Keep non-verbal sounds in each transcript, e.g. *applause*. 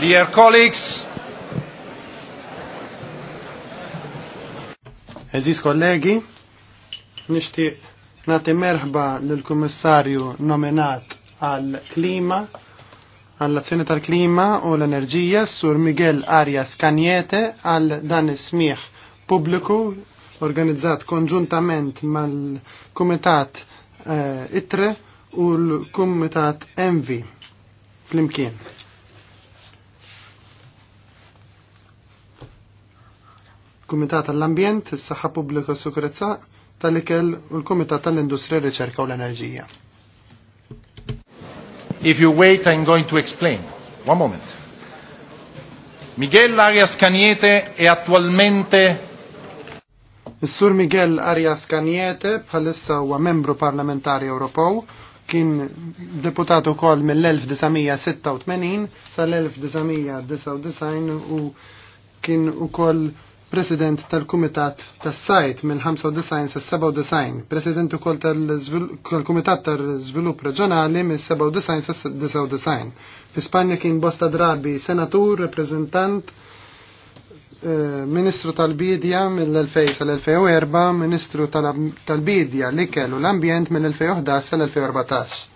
Dear colleagues, Eżis kollegi, nishti nati merħba l-Kummissarju nominat għal-klima, għall-azzjoni tal-klima u l-enerġija, Sur Miguel Arias Kanjete għal dan ismiħ pubbliku organizzat konġuntament mal-Kumitat eh, ITRE u l-Kumitat ENVI fl-imkien. Kumitat tal-Ambjent, is-Saħħa Pubblika u Sikurezza tal-Ikel u l-Kumitat tal-Industrija, Riċerka u l-Enerġija. If you wait, I'm going to explain. One moment. Miguel Arias Caniete è attualmente Is-Sur Miguel Arias Caniete bħalissa huwa membru parlamentari Ewropew kien deputato ukoll mill-1986 sal-1999 u kien ukoll President tal-Kumitat tas-Sajt mill-95 sa' 97, President ukoll tal-Kumitat tal-Żvilupp Reġjonali mill-97 sa' 99. Fi Spanja kien bosta drabi senatur, reprezentant, eh, Ministru tal-Bidja mill-2000 sal-2004, Ministru tal-Bidja li kellu l-Ambjent mill-2011 sal-2014.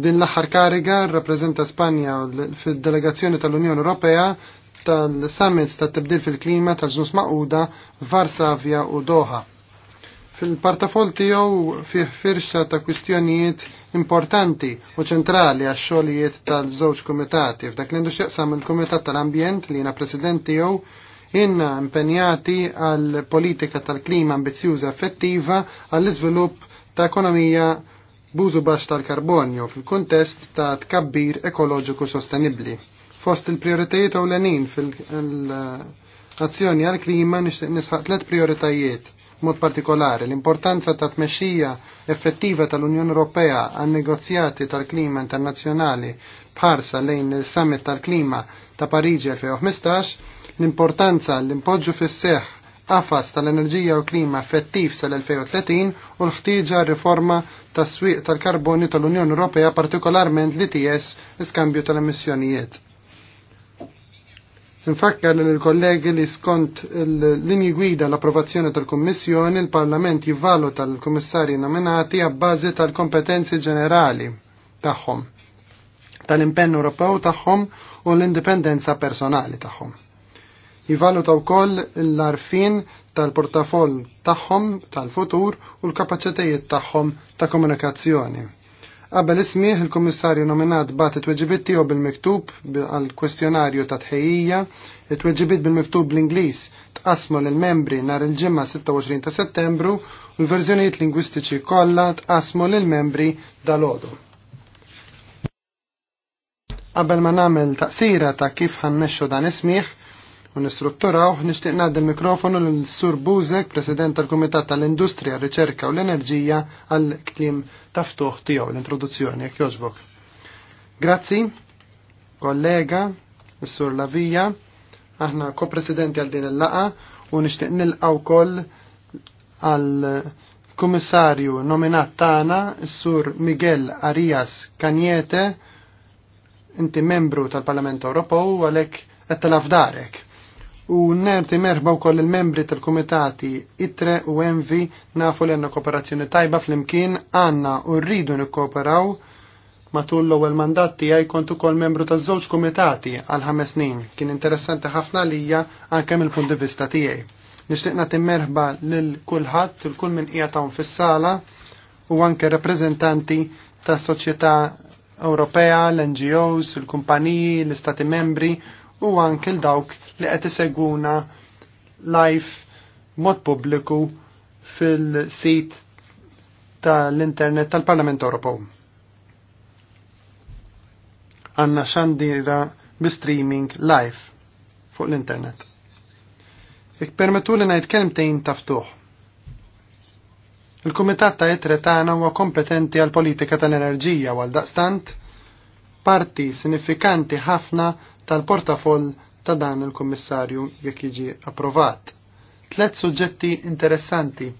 Din l-aħħar kariga rappresenta Spanja fil delegazzjoni tal-Unjoni Ewropea tal-summits ta' tibdil fil-klima ta' ġnus maquda Varsavja u Doha. Fil-partafol tiegħu fih firxa ta' kwistjonijiet importanti u ċentrali għax xogħlijiet tal-żewġ kumitati. F'dak li jaqsam il-Kumitat tal-Ambjent li jiena President tiegħu inna impenjati għal politika tal-klima ambizjuża e effettiva għall iżvilupp ta' ekonomija bużu baxx tal-karbonju fil-kuntest ta' tkabbir ekoloġiku sostenibbli. Fost il-prioritajiet u l-enin fil-azzjoni għal-klima nisħaq tlet prioritajiet mod partikolari l-importanza ta' tmexxija effettiva tal-Unjoni Ewropea għan negozjati tal-klima internazzjonali bħarsa lejn il-Summit tal-Klima ta' Pariġi 2015, l-importanza l-impoġġu fis-seħ għafas tal-enerġija u klima effettiv sal-2030 u l-ħtieġa riforma tas-swieq tal karboni tal-Unjoni Ewropea partikolarment l-ITS iskambju tal-emissjonijiet. Infakkar l-kollegi li skont l-linji gwida l-approvazzjoni tal-Kommissjoni, il-Parlament jivvaluta l kommissari nominati għabbażi tal-kompetenzi ġenerali tagħhom, tal-impenn Ewropew tagħhom u l-indipendenza personali tagħhom. Jivvaluta wkoll l-arfin tal-portafoll tagħhom tal-futur u l-kapaċitajiet tagħhom ta' komunikazzjoni Qabel ismih il-Kummissarju nominat bat it-tweġibit tiegħu bil-miktub għal kwestjonarju ta' tħejjija, it-tweġibit bil-miktub bl-Ingliż tqasmu lil membri nhar il-ġimgħa 26 ta' Settembru u l-verżjonijiet lingwistiċi kollha tqasmu lil membri dal-għodu. Qabel ma nagħmel taqsira ta' kif ħannexxu dan ismih, u nistrutturaw, nixtieq il mikrofonu l Sur Buzek, President tal-Kumitat tal-Industrija, Riċerka u l-Enerġija għal kliem taftuħ tiegħu l-introduzzjoni jekk jogħġbok. Grazzi, kollega, Sur Lavija, aħna ko-presidenti għal din il-laqa u nixtieq għaw koll għal kummissarju nominat tagħna Sur Miguel Arias Kanjete, inti membru tal-Parlament Ewropew għalhekk qed telaf darek U nerti merħba wkoll il-membri tal-kumitati ITRE u ENVI nafu l għandna kooperazzjoni tajba fl-imkien għandna u rridu nikkooperaw matul l-ewwel mandat tiegħi kont ukoll membru taż-żewġ kumitati għal ħames snin. Kien interessanti ħafna lija anke mill-punt di vista tiegħi. Nixtieq nagħti merħba lil kulħadd, il kull min qiegħed hawn fis-sala u anke rappreżentanti tas-soċjetà Ewropea, l-NGOs, il-kumpaniji, l-istati membri u anke l-dawk li qed iseguna live mod pubbliku fil-sit tal-internet tal-Parlament Ewropew. Għanna xandira bi streaming live fuq l-internet. Ik permetu li najt kelmtejn taftuħ. Il-Kumitat ta' Etre tagħna huwa kompetenti għal politika tal-enerġija għal daqstant parti sinifikanti ħafna tal-portafoll ta' dan il-Kummissarju jekk jiġi approvat. Tlet suġġetti interessanti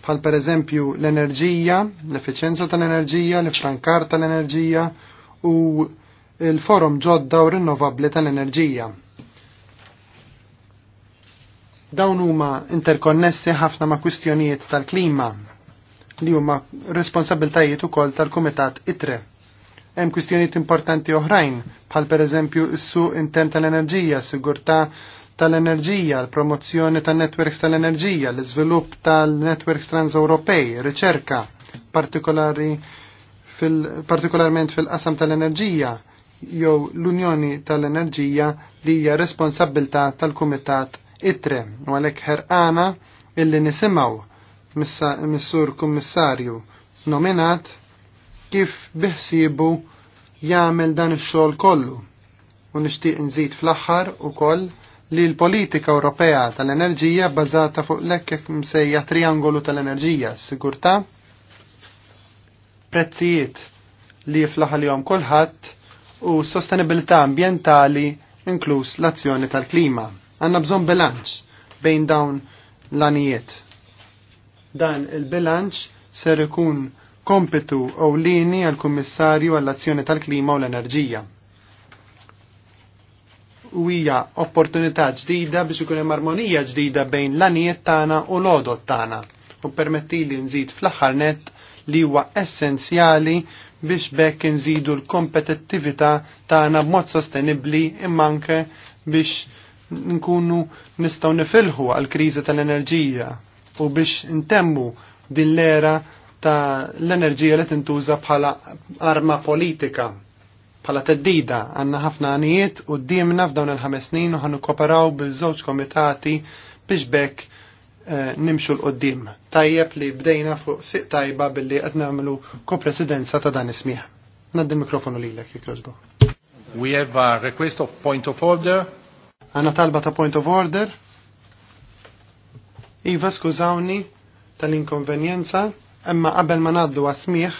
bħal per eżempju l-enerġija, l-efficienza tal-enerġija, l-frankar tal-enerġija u il-forum ġodda u rinnovabli tal-enerġija. Dawn huma interkonnessi ħafna ma' kwistjonijiet tal-klima li huma responsabiltajiet ukoll tal-Kumitat ITRE Hemm kwistjonijiet importanti oħrajn, bħal pereżempju s-suq intern tal-enerġija, sigurtà tal-enerġija, l-promozzjoni tan-netwerks tal-enerġija, l-iżvilupp tal-netwerks transewropej, riċerka, partikolari fil partikolarment fil-qasam tal-enerġija, jew l-Unjoni tal-Enerġija li hija responsabilità tal-Kumitat ITRE u għalhekk ħerqana illi nisimgħu mis-sur kummissarju nominat kif biħsibu jagħmel dan ix-xogħol kollu. U nixtieq nżid fl-aħħar ukoll li l-politika Ewropea tal-enerġija bbażata fuq l-ekkek msejja triangolu tal-enerġija, sigurtà, prezzijiet li fl-aħħar kulħadd u sostenibilità ambjentali inkluż l-azzjoni tal-klima. Għandna bżonn bilanċ bejn dawn l-anijiet. Dan il-bilanċ ser ikun kompetu ewlieni għal kummissarju għall-azzjoni tal-klima u l-enerġija. U hija opportunità ġdida biex ikun hemm armonija ġdida bejn l-anijiet tagħna u l-għodot tagħna u permettili nżid fl-aħħar net li huwa essenzjali biex bekk nżidu l-kompetittività tagħna b'mod sostenibbli imma anke biex nkunu nistgħu nifilħu għall kriżi tal-enerġija u biex ntemmu din l-era ta' l-enerġija li tintuża bħala arma politika, bħala teddida. Għanna ħafna għanijiet u d-diemna f'dawn il-ħames snin u ħannu koperaw bil-żewġ komitati biex bekk eh, nimxu l-qoddim. Tajjeb li bdejna fuq siq tajba billi qed nagħmlu ko-presidenza ta' dan ismieħ. Naddi mikrofonu lilek, jikrożbu. We have a request of point of order. Għanna talba ta' point of order. Iva, skużawni tal-inkonvenjenza Imma qabel ma naddu għasmiħ,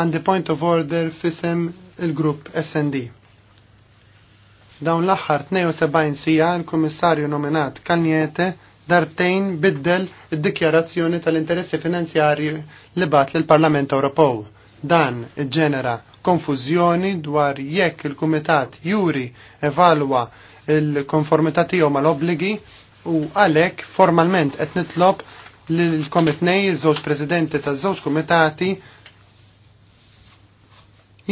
għandi point of order fisem il-grupp SND. Dawn l-axħar 72 sija il-Kummissarju nominat Kalniete darbtejn biddel id-dikjarazzjoni tal-interessi finanzjarji li bat l-Parlament Ewropew. Dan ġenera konfużjoni dwar jekk il-Kumitat juri evalwa il-konformità tiegħu mal-obbligi u għalhekk formalment qed nitlob l-komitnej, iż-żewġ presidenti ta' żewġ komitati,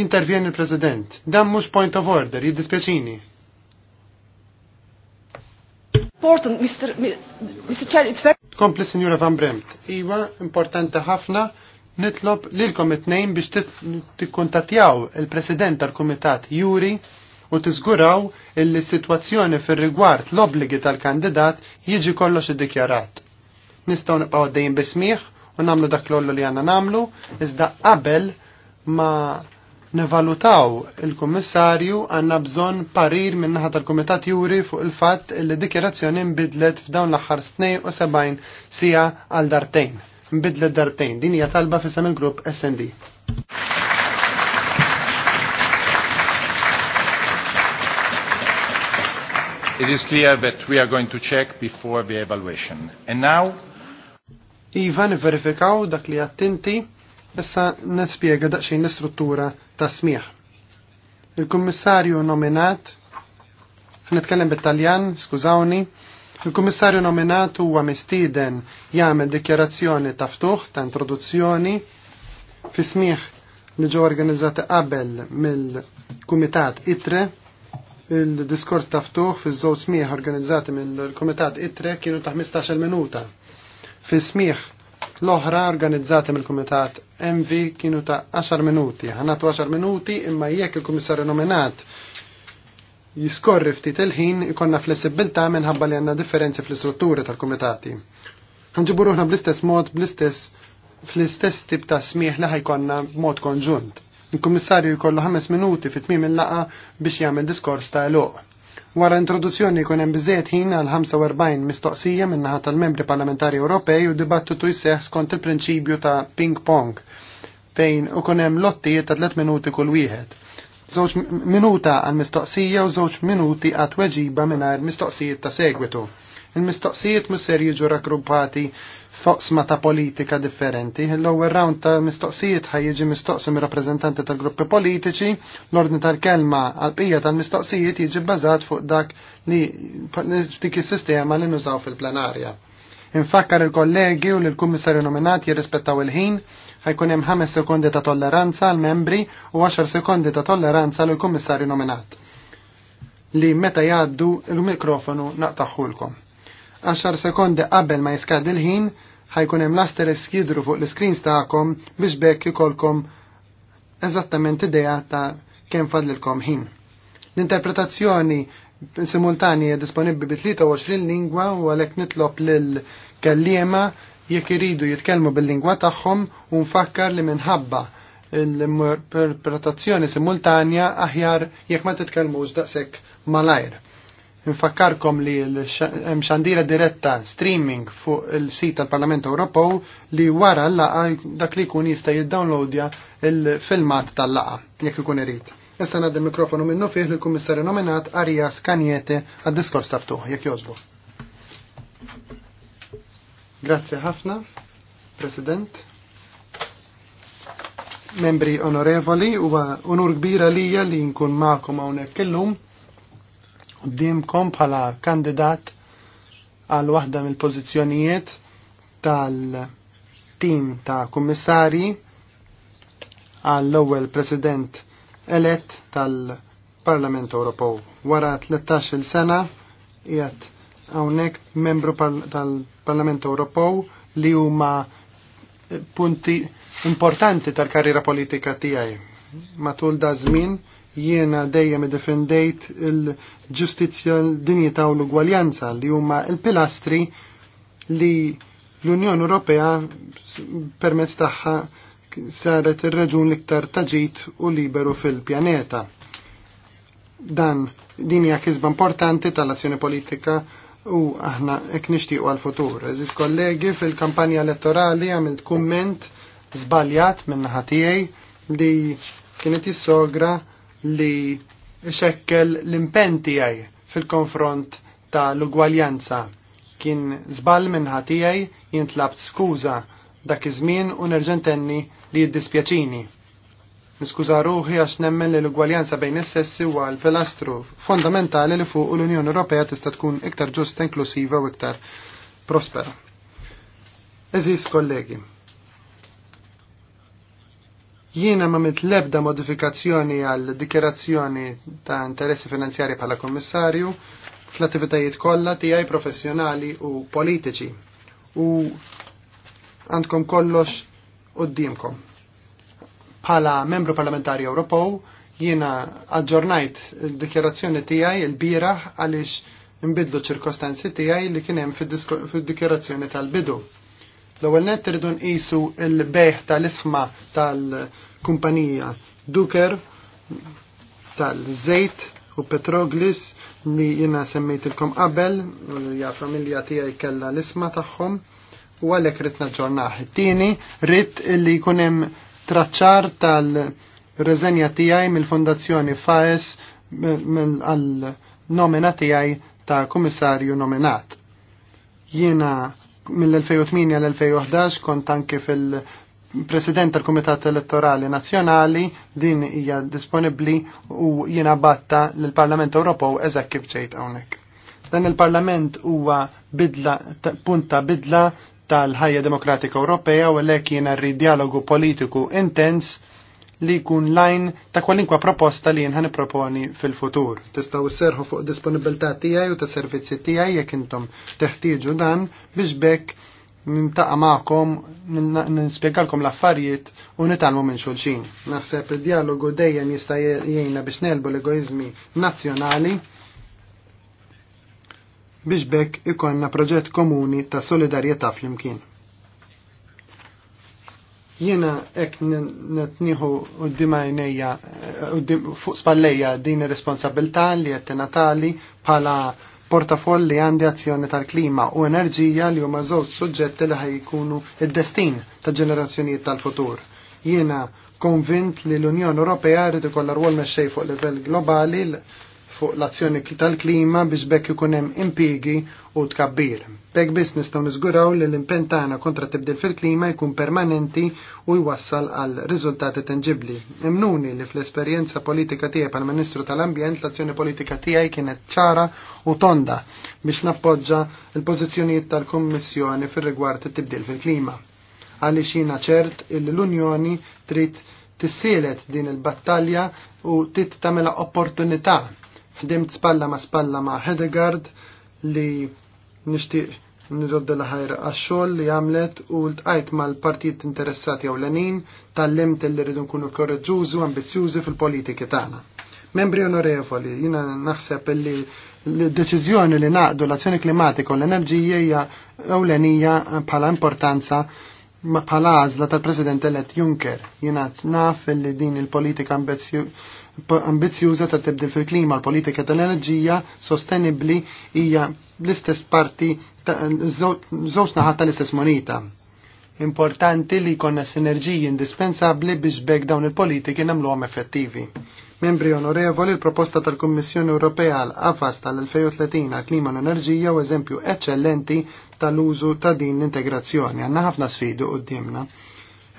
intervjen il-president. Dan mhux point of order, jiddispjaċini. Important, Mr. Mr. Chair, it's very... Kompli Signora Van Bremt. Iwa, importanti ħafna, nitlob li l-komitnejn biex t-kontatjaw il-president tal-komitat Juri u tiżguraw il-situazzjoni fil-rigward l-obligi tal-kandidat jiġi kollox iddikjarat nistgħu nibqgħu għaddejn bismiħ u nagħmlu dak l-ollu li għandna nagħmlu, iżda qabel ma nevalutaw il-Kummissarju għandna bżonn parir min-naħa tal-Kumitat Juri fuq il-fatt li dikjerazzjoni nbidlet f'dawn l-aħħar 72 sija għal dartejn. Nbidlet dartejn, din hija talba fisem il-grupp SD. It is clear that we are going to check before the evaluation. And now Iva niverifikaw dak li attinti, issa nispjega daqsxejn l-istruttura ta' smieħ. Il-kummissarju nominat, nitkellem bit-Taljan, skużawni, il-kummissarju nominat huwa mistieden jagħmel dikjarazzjoni ta' ftuħ ta' introduzzjoni fi smieħ li ġew organizzati qabel mill-Kumitat ITRE il-diskors ta' ftuħ fi żewġ smieħ organizzati mill-Kumitat ITRE kienu ta' 15-il minuta Fi smiħ, l-oħra organizzati mill-Kumitat MV kienu ta' 10 minuti. Għanatu 10 minuti imma jekk il-Kummissarju nominat jiskorri ftit il-ħin ikonna flessibilta minħabba li għanna differenzi fl-istrutturi tal-Kumitati. Għanġiburuħna bl-istess mod, bl-istess fl-istess tip ta' smiħ li ħajkonna mod konġunt. Il-Kummissarju jkollu 5 minuti fit-tmiem il-laqa biex jagħmel diskors ta' eluq Wara introduzzjoni jkun hemm biżejjed ħin għal 45 mistoqsija min-naħa tal-Membri Parlamentari Ewropej u dibattitu jseħħ skont il-prinċipju ta' ping pong fejn ukun hemm lottijiet ta' 3 minuti kull wieħed. Żewġ minuta għal mistoqsija u żewġ minuti għat weġiba mingħajr mistoqsijiet ta' segwitu. Il-mistoqsijiet mhux ser jiġu raggruppati foqsma ta' politika differenti. L-ewwel round ta' mistoqsijiet ħaj jiġi mistoqsim ir rappreżentanti tal-gruppi politiċi, l-ordni tal-kelma għal-qija tal-mistoqsijiet jiġi bbażat fuq dak li dik is-sistema li nużaw fil-plenarja. Infakkar il-kollegi u l-kummissarju nominat jirrispettaw il-ħin, ħajkun hemm 5 sekondi ta' tolleranza għal membri u 10 sekondi ta' tolleranza l kummissarju nominat. Li meta jgħaddu il-mikrofonu naqtaħħulkom. 10 sekondi qabel ma jiskad il-ħin ħajkun hemm l-asterisk jidru fuq l-screens tagħkom biex bekk ikolkom eżattament idea ta' kemm fadlilkom ħin. L-interpretazzjoni hija disponibbli bi 23 lingwa u għalhekk nitlob lil kelliema jekk iridu jitkellmu bil-lingwa tagħhom u nfakkar li minħabba l-interpretazzjoni simultanja aħjar jekk ma titkellmux daqshekk malajr. Infakkarkom li hemm xandira diretta streaming fuq il-sit tal-Parlament Ewropew li wara l-laqa dak li jkun jista' jiddownloadja il-filmat tal-laqa jekk ikun irid. Issa ngħaddi l-mikrofonu minnu fih li kummissarju nominat Arias Kanjete għad-diskors taftuħ jekk jogħġbu. Grazzi ħafna, President membri onorevoli, huwa unur kbira lija li nkun magħkom hawnhekk illum qudiemkom bħala kandidat għal waħda mill-pożizzjonijiet tal-tim ta' kummissari għall ewwel president elett tal-Parlament Ewropew. Wara 13 il sena qiegħed hawnhekk membru tal-Parlament Ewropew li huma punti importanti tal-karriera politika tiegħi. Matul da żmien jiena dejjem defendejt il-ġustizzja, l-dinjità u l-ugwaljanza li huma il-pilastri li l-Unjoni Ewropea permezz tagħha saret ir-raġun l-iktar taġit u liberu fil-pjaneta. Dan din hija kisba importanti tal-azzjoni politika u aħna hekk nixtiequ għal-futur. Eżis kollegi fil-kampanja elettorali għamilt kumment żbaljat minn naħa tiegħi li kienet jissogra sogra li xekkel l-impen tiegħi fil-konfront ta' l-ugwaljanza. Kien żball minnħa tiegħi jien tlabt skuża dak iż-żmien u nerġentenni li jiddispjaċini. Niskuża ruħi għax nemmen li l-ugwaljanza bejn is-sessi huwa l-pilastru fondamentali li fuq l-Unjoni Ewropea tista' tkun iktar ġusta, inklusiva u iktar prospera. Eżis kollegi. Jiena ma mit lebda modifikazzjoni għal dikjerazzjoni ta' interessi finanzjari bħala kommissarju fl-attivitajiet kollha tiegħi professjonali u politiċi u għandkom kollox qudiemkom. Bħala membru parlamentari Ewropew jiena aġġornajt id-dikjerazzjoni tiegħi l-bieraħ għaliex nbidlu ċirkostanzi tiegħi li kien hemm fid-dikjerazzjoni tal-bidu L-ewwel nett irridu nqisu l-beħ tal-isħma tal-kumpanija Duker tal-żejt u Petroglis li jiena semmejtilkom qabel, hija familja tiegħi kellha l-isma tagħhom u għalhekk rid naġġornaħ. Tieni rid li jkun hemm traċċar tal-reżenja tiegħi mill-Fondazzjoni FAES għal nomina tiegħi ta' kummissarju nominat. Jiena mill-2008 għal-2011 kont anki fil-President tal-Kumitat Elettorali Nazzjonali din hija disponibbli u jiena batta lill-Parlament Ewropew eżak kif ġejt hawnhekk. Dan il-Parlament huwa bidla punta bidla tal-ħajja demokratika Ewropea u lek jiena rrid dialogu politiku intens li jkun lajn ta' kwalinkwa proposta li jenħan proponi fil-futur. Tista' serħu fuq disponibilità tiegħi u ta' servizzi tiegħi jekk intom teħtieġu dan biex bekk nintaqa' magħkom nispjegalkom l-affarijiet u nitalmu minn xulxin. Naħseb id-dialogu dejjem jista' jgħinna biex nelbu l-egoizmi nazzjonali biex bekk ikonna proġett komuni ta' solidarjetà flimkien. Jena ek netniħu u dimajnija, fuq spalleja din responsabilta li jettina tali pala portafoll li għandi azzjoni tal-klima u enerġija li huma żewġ suġġetti li ħajkunu id-destin ta' ġenerazzjonijiet tal-futur. Jiena konvint li l-Unjoni Ewropea rrid ikollha rwol mexxej fuq livell globali fuq l-azzjoni tal-klima biex bekk ikun hemm impigi u tkabbir. Bekk biss nistgħu nizguraw li l impentana kontra tibdil fil-klima jkun permanenti u jwassal għal riżultati tangibli. Imnuni li fl-esperjenza politika tiegħi pal Ministru tal-Ambjent l-azzjoni politika tiegħi kienet ċara u tonda biex nappoġġa l-pożizzjonijiet tal-Kummissjoni fir-rigward it-tibdil fil-klima. Għaliex jiena ċert il l-Unjoni trid tissielet din il-battalja u tit tamela opportunità ħdimt spalla ma spalla ma Hedegard li nishtiq nirrodda l għaxxol għax-xogħol li għamlet u l-tqajt mal partijiet interessati ewlenin tal-limt li rridu nkunu korreġużu ambizjużi fil-politiki tagħna. Membri onorevoli, jina naħseb li l-deċiżjoni li naqdu l-azzjoni klimatika u l-enerġija hija ewlenija bħala importanza bħala għażla tal-President elett Juncker. Jina naf li din il-politika ambizjużi ambizjuża ta' tibdil fil-klima, l-politika tal-enerġija sostenibli hija l-istess parti żewġ naħat tal-istess moneta. Importanti li konna sinerġiji indispensabbli biex bek dawn il-politiki nagħmluhom effettivi. Membri onorevoli, il-proposta tal-Kommissjoni Ewropea għal afas tal-2030 għal klima u enerġija u eżempju eccellenti tal-użu ta' din l-integrazzjoni. Għanna ħafna sfidu qoddimna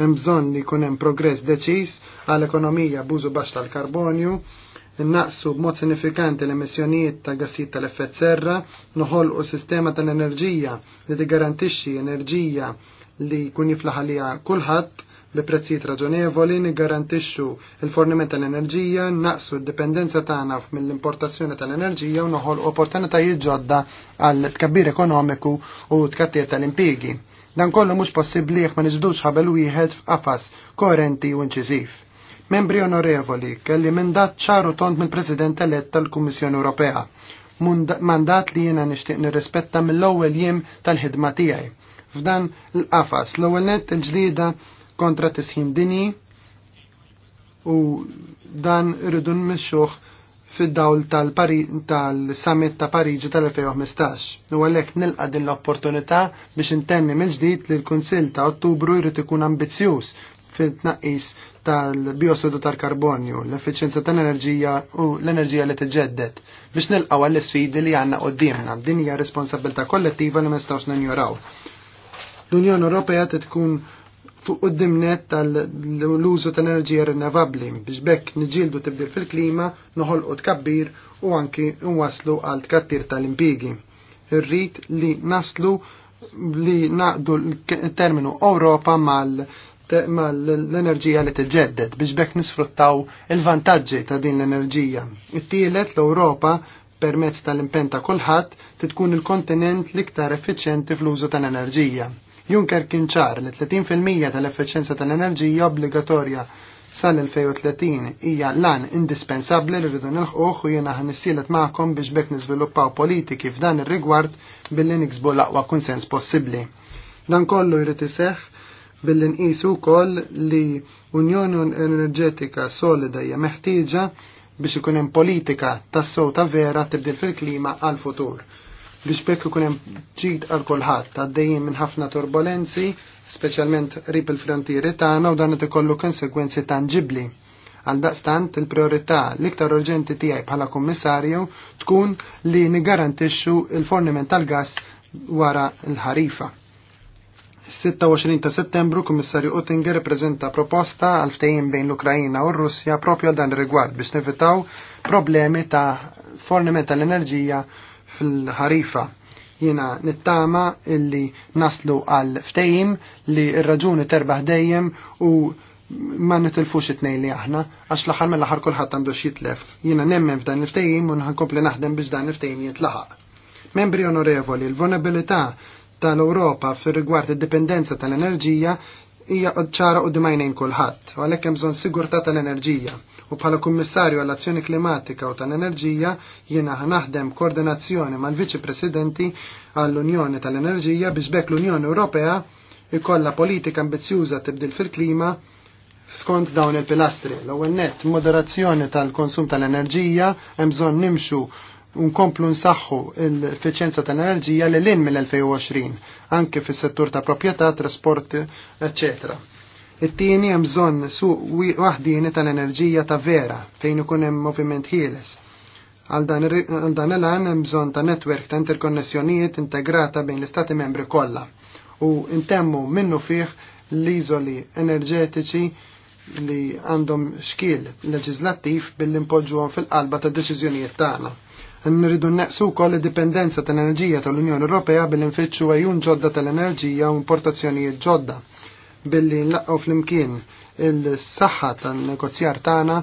hemm bżonn li jkun hemm progress deċiż għall ekonomija b'użu baxx tal-karbonju, innaqsu b'mod sinifikanti l-emissjonijiet ta' gassijiet tal-effett serra, noħolqu sistema tal-enerġija li tigarantixxi enerġija li jkun jiflaħ għaliha kulħadd bi prezzijiet raġonevoli niggarantixxu il-forniment tal-enerġija, naqsu d-dipendenza tagħna mill-importazzjoni tal-enerġija u noħolqu opportunitajiet ġodda għall tkabbir ekonomiku u tkattir tal impjiegi Dan kollu mhux possibbli ma niżdux ħabel wieħed f'qafas koerenti u inċiżiv. Membri onorevoli, kelli mandat ċaru tont mill-President elett tal-Kummissjoni Ewropea. Mandat li jiena nixtieq nirrispetta mill-ewwel jiem tal-ħidma tiegħi. F'dan l-qafas, l-ewwel nett il-ġlida kontra tisħin dinji u dan irridu nmixxuh fid-dawl tal-summit ta' Pariġi tal-2015. U għalek nilqa din l-opportunità biex intenni mill-ġdid li l-Kunsil ta' Ottubru jrid ikun ambizzjuż fit-tnaqqis tal biosodu tal-karbonju, l efficienza tal-enerġija u l-enerġija li tiġġedded biex nilqaw għall-sfidi li għandna qoddimna. Din hija responsabilità kollettiva li ma nistgħux ninjoraw. L-Unjoni Ewropea tkun fuq qudiemnet tal-użu tal-enerġija rinnovabbli biex bekk niġildu tibdil fil-klima, noħolqu tkabbir u anki nwaslu għal tkattir tal-impigi. Irrid li naslu li naqdu l-terminu Ewropa mal enerġija li tiġġedded biex bekk nisfruttaw il-vantaġġi ta' din l-enerġija. It-tielet l-Ewropa permezz tal impenta ta' kulħadd titkun il-kontinent l-iktar effiċjenti fl-użu tal-enerġija. Juncker kien ċar li 30% tal-effiċenza tal-enerġija obbligatorja sal-2030 hija lan indispensabbli li rridu nilħuħ u jiena ħanissielet magħkom biex bekk niżviluppaw politiki f'dan ir-rigward billi niksbu l-aqwa kunsens possibbli. Dan kollu jrid iseħħ billi nqisu wkoll li Unjoni Enerġetika Solida hija meħtieġa biex ikun hemm politika tas sowta vera tibdil fil-klima għal futur biex bekk kun hemm ġid għal kulħadd għaddejjin minn ħafna turbulenzi, speċjalment rib il-frontieri tagħna u dan qed ikollu konsegwenzi tangibbli. Għal daqstant il-priorità l-iktar urġenti tiegħi bħala kummissarju tkun li nigarantixxu il-forniment tal-gass wara l-ħarifa. 26 ta' settembru kummissarju Oettinger reprezenta proposta għal ftehim bejn l-Ukrajina u r-Russja propju għal dan ir-rigward biex nevitaw problemi ta' forniment tal-enerġija fil-ħarifa jina nittama illi naslu għal ftejim li r-raġuni terbaħ dejjem u ma nitilfux it-nejn li aħna, għax l-ħar mill ħar kullħat għandu xitlef. Jina nemmen f'dan il-ftejim u nħankompli naħdem biex dan il-ftejim jitlaħaq. Membri onorevoli, il-vulnerabilità tal-Europa fir rigward id-dipendenza tal-enerġija hija ċara u dimajnejn kulħadd, u għalhekk hemm bżonn sigurtà tal-enerġija u bħala kummissarju għall-azzjoni klimatika u tal-enerġija jiena naħdem koordinazzjoni mal-Viċi Presidenti għall-Unjoni tal-Enerġija biex bekk l-Unjoni Ewropea ikolla politika ambizzjuża tibdil fil-klima skont dawn il-pilastri. L-ewwel nett moderazzjoni tal-konsum tal-enerġija hemm bżonn nimxu nkomplu nsaħħu l-efficienza tal-enerġija lil l-in mill-2020, anke fis settur ta' proprjetà, trasport, eċċetera. It-tieni hemm bżonn suq waħdini tal-enerġija ta' vera fejn ikun hemm moviment ħieles. Għal dan il-għan hemm bżonn ta' netwerk ta' interkonnessjonijiet integrata bejn l-Istati membri kollha u intemmu minnu fih l-iżoli enerġetiċi li għandhom xkil leġislattiv billi impoġġuhom fil-qalba ta' deċiżjonijiet tagħna. Nridu neqsu wkoll id-dipendenza tal-enerġija tal-Unjoni Ewropea billi nfittxu għajun ġodda tal-enerġija u importazzjonijiet ġodda billi nlaqgħu fl-imkien il-saħħa tan-negozjar tagħna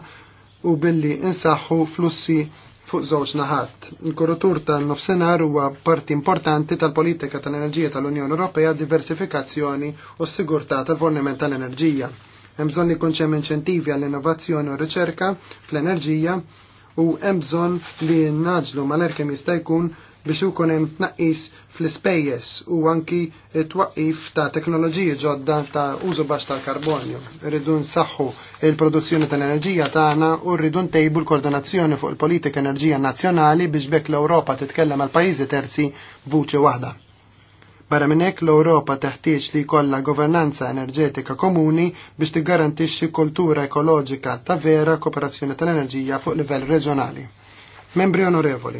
u billi insaħħu flussi fuq żewġ naħat. Il-korrutur tan-nofsinhar huwa parti importanti tal-politika tal-enerġija tal-Unjoni Ewropea diversifikazzjoni u s-sigurtà tal-forniment tal-enerġija. Hemm bżonn ikun hemm inċentivi għall-innovazzjoni u r-riċerka fl-enerġija u hemm bżonn li naġlu mal-erkem jista' jkun biex u hemm tnaqqis fl-ispejjeż u anki twaqif ta' teknoloġiji ġodda ta' użu baxx tal-karbonju. Rridu nsaħħu il-produzzjoni tal-enerġija tagħna u rridu ntejbu l-koordinazzjoni fuq il-politika enerġija nazzjonali biex bekk l-Ewropa titkellem għal pajjiżi terzi vuċi waħda. Barra minn hekk l-Ewropa teħtieġ li jkollha governanza enerġetika komuni biex tiggarantixxi kultura ekoloġika ta' vera kooperazzjoni tal-enerġija fuq livell reġjonali. Membri onorevoli,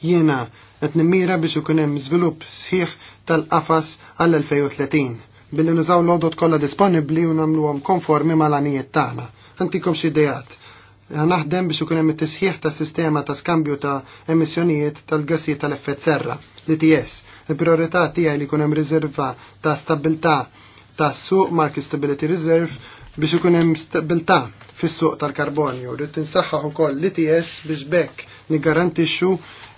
Jiena qed nimmira biex ikun hemm żvilupp sħiħ tal-qafas għall-2030 billi nużaw l-għodot kollha disponibbli u nagħmluhom konformi mal-għanijiet tagħna. Għantikom xi Għanaħdem Naħdem biex ikun hemm it sħiħ ta' sistema ta' skambju ta' emissjonijiet tal-gassijiet tal-effett serra, l-ITS. Il-priorità tiegħi li jkun hemm riserva ta' stabilità ta' suq Market Stability Reserve biex ikun hemm stabilta fis-suq tal-karbonju. Rrid tinsaħħaħ kol l-ITS e biex bekk niggarantixxu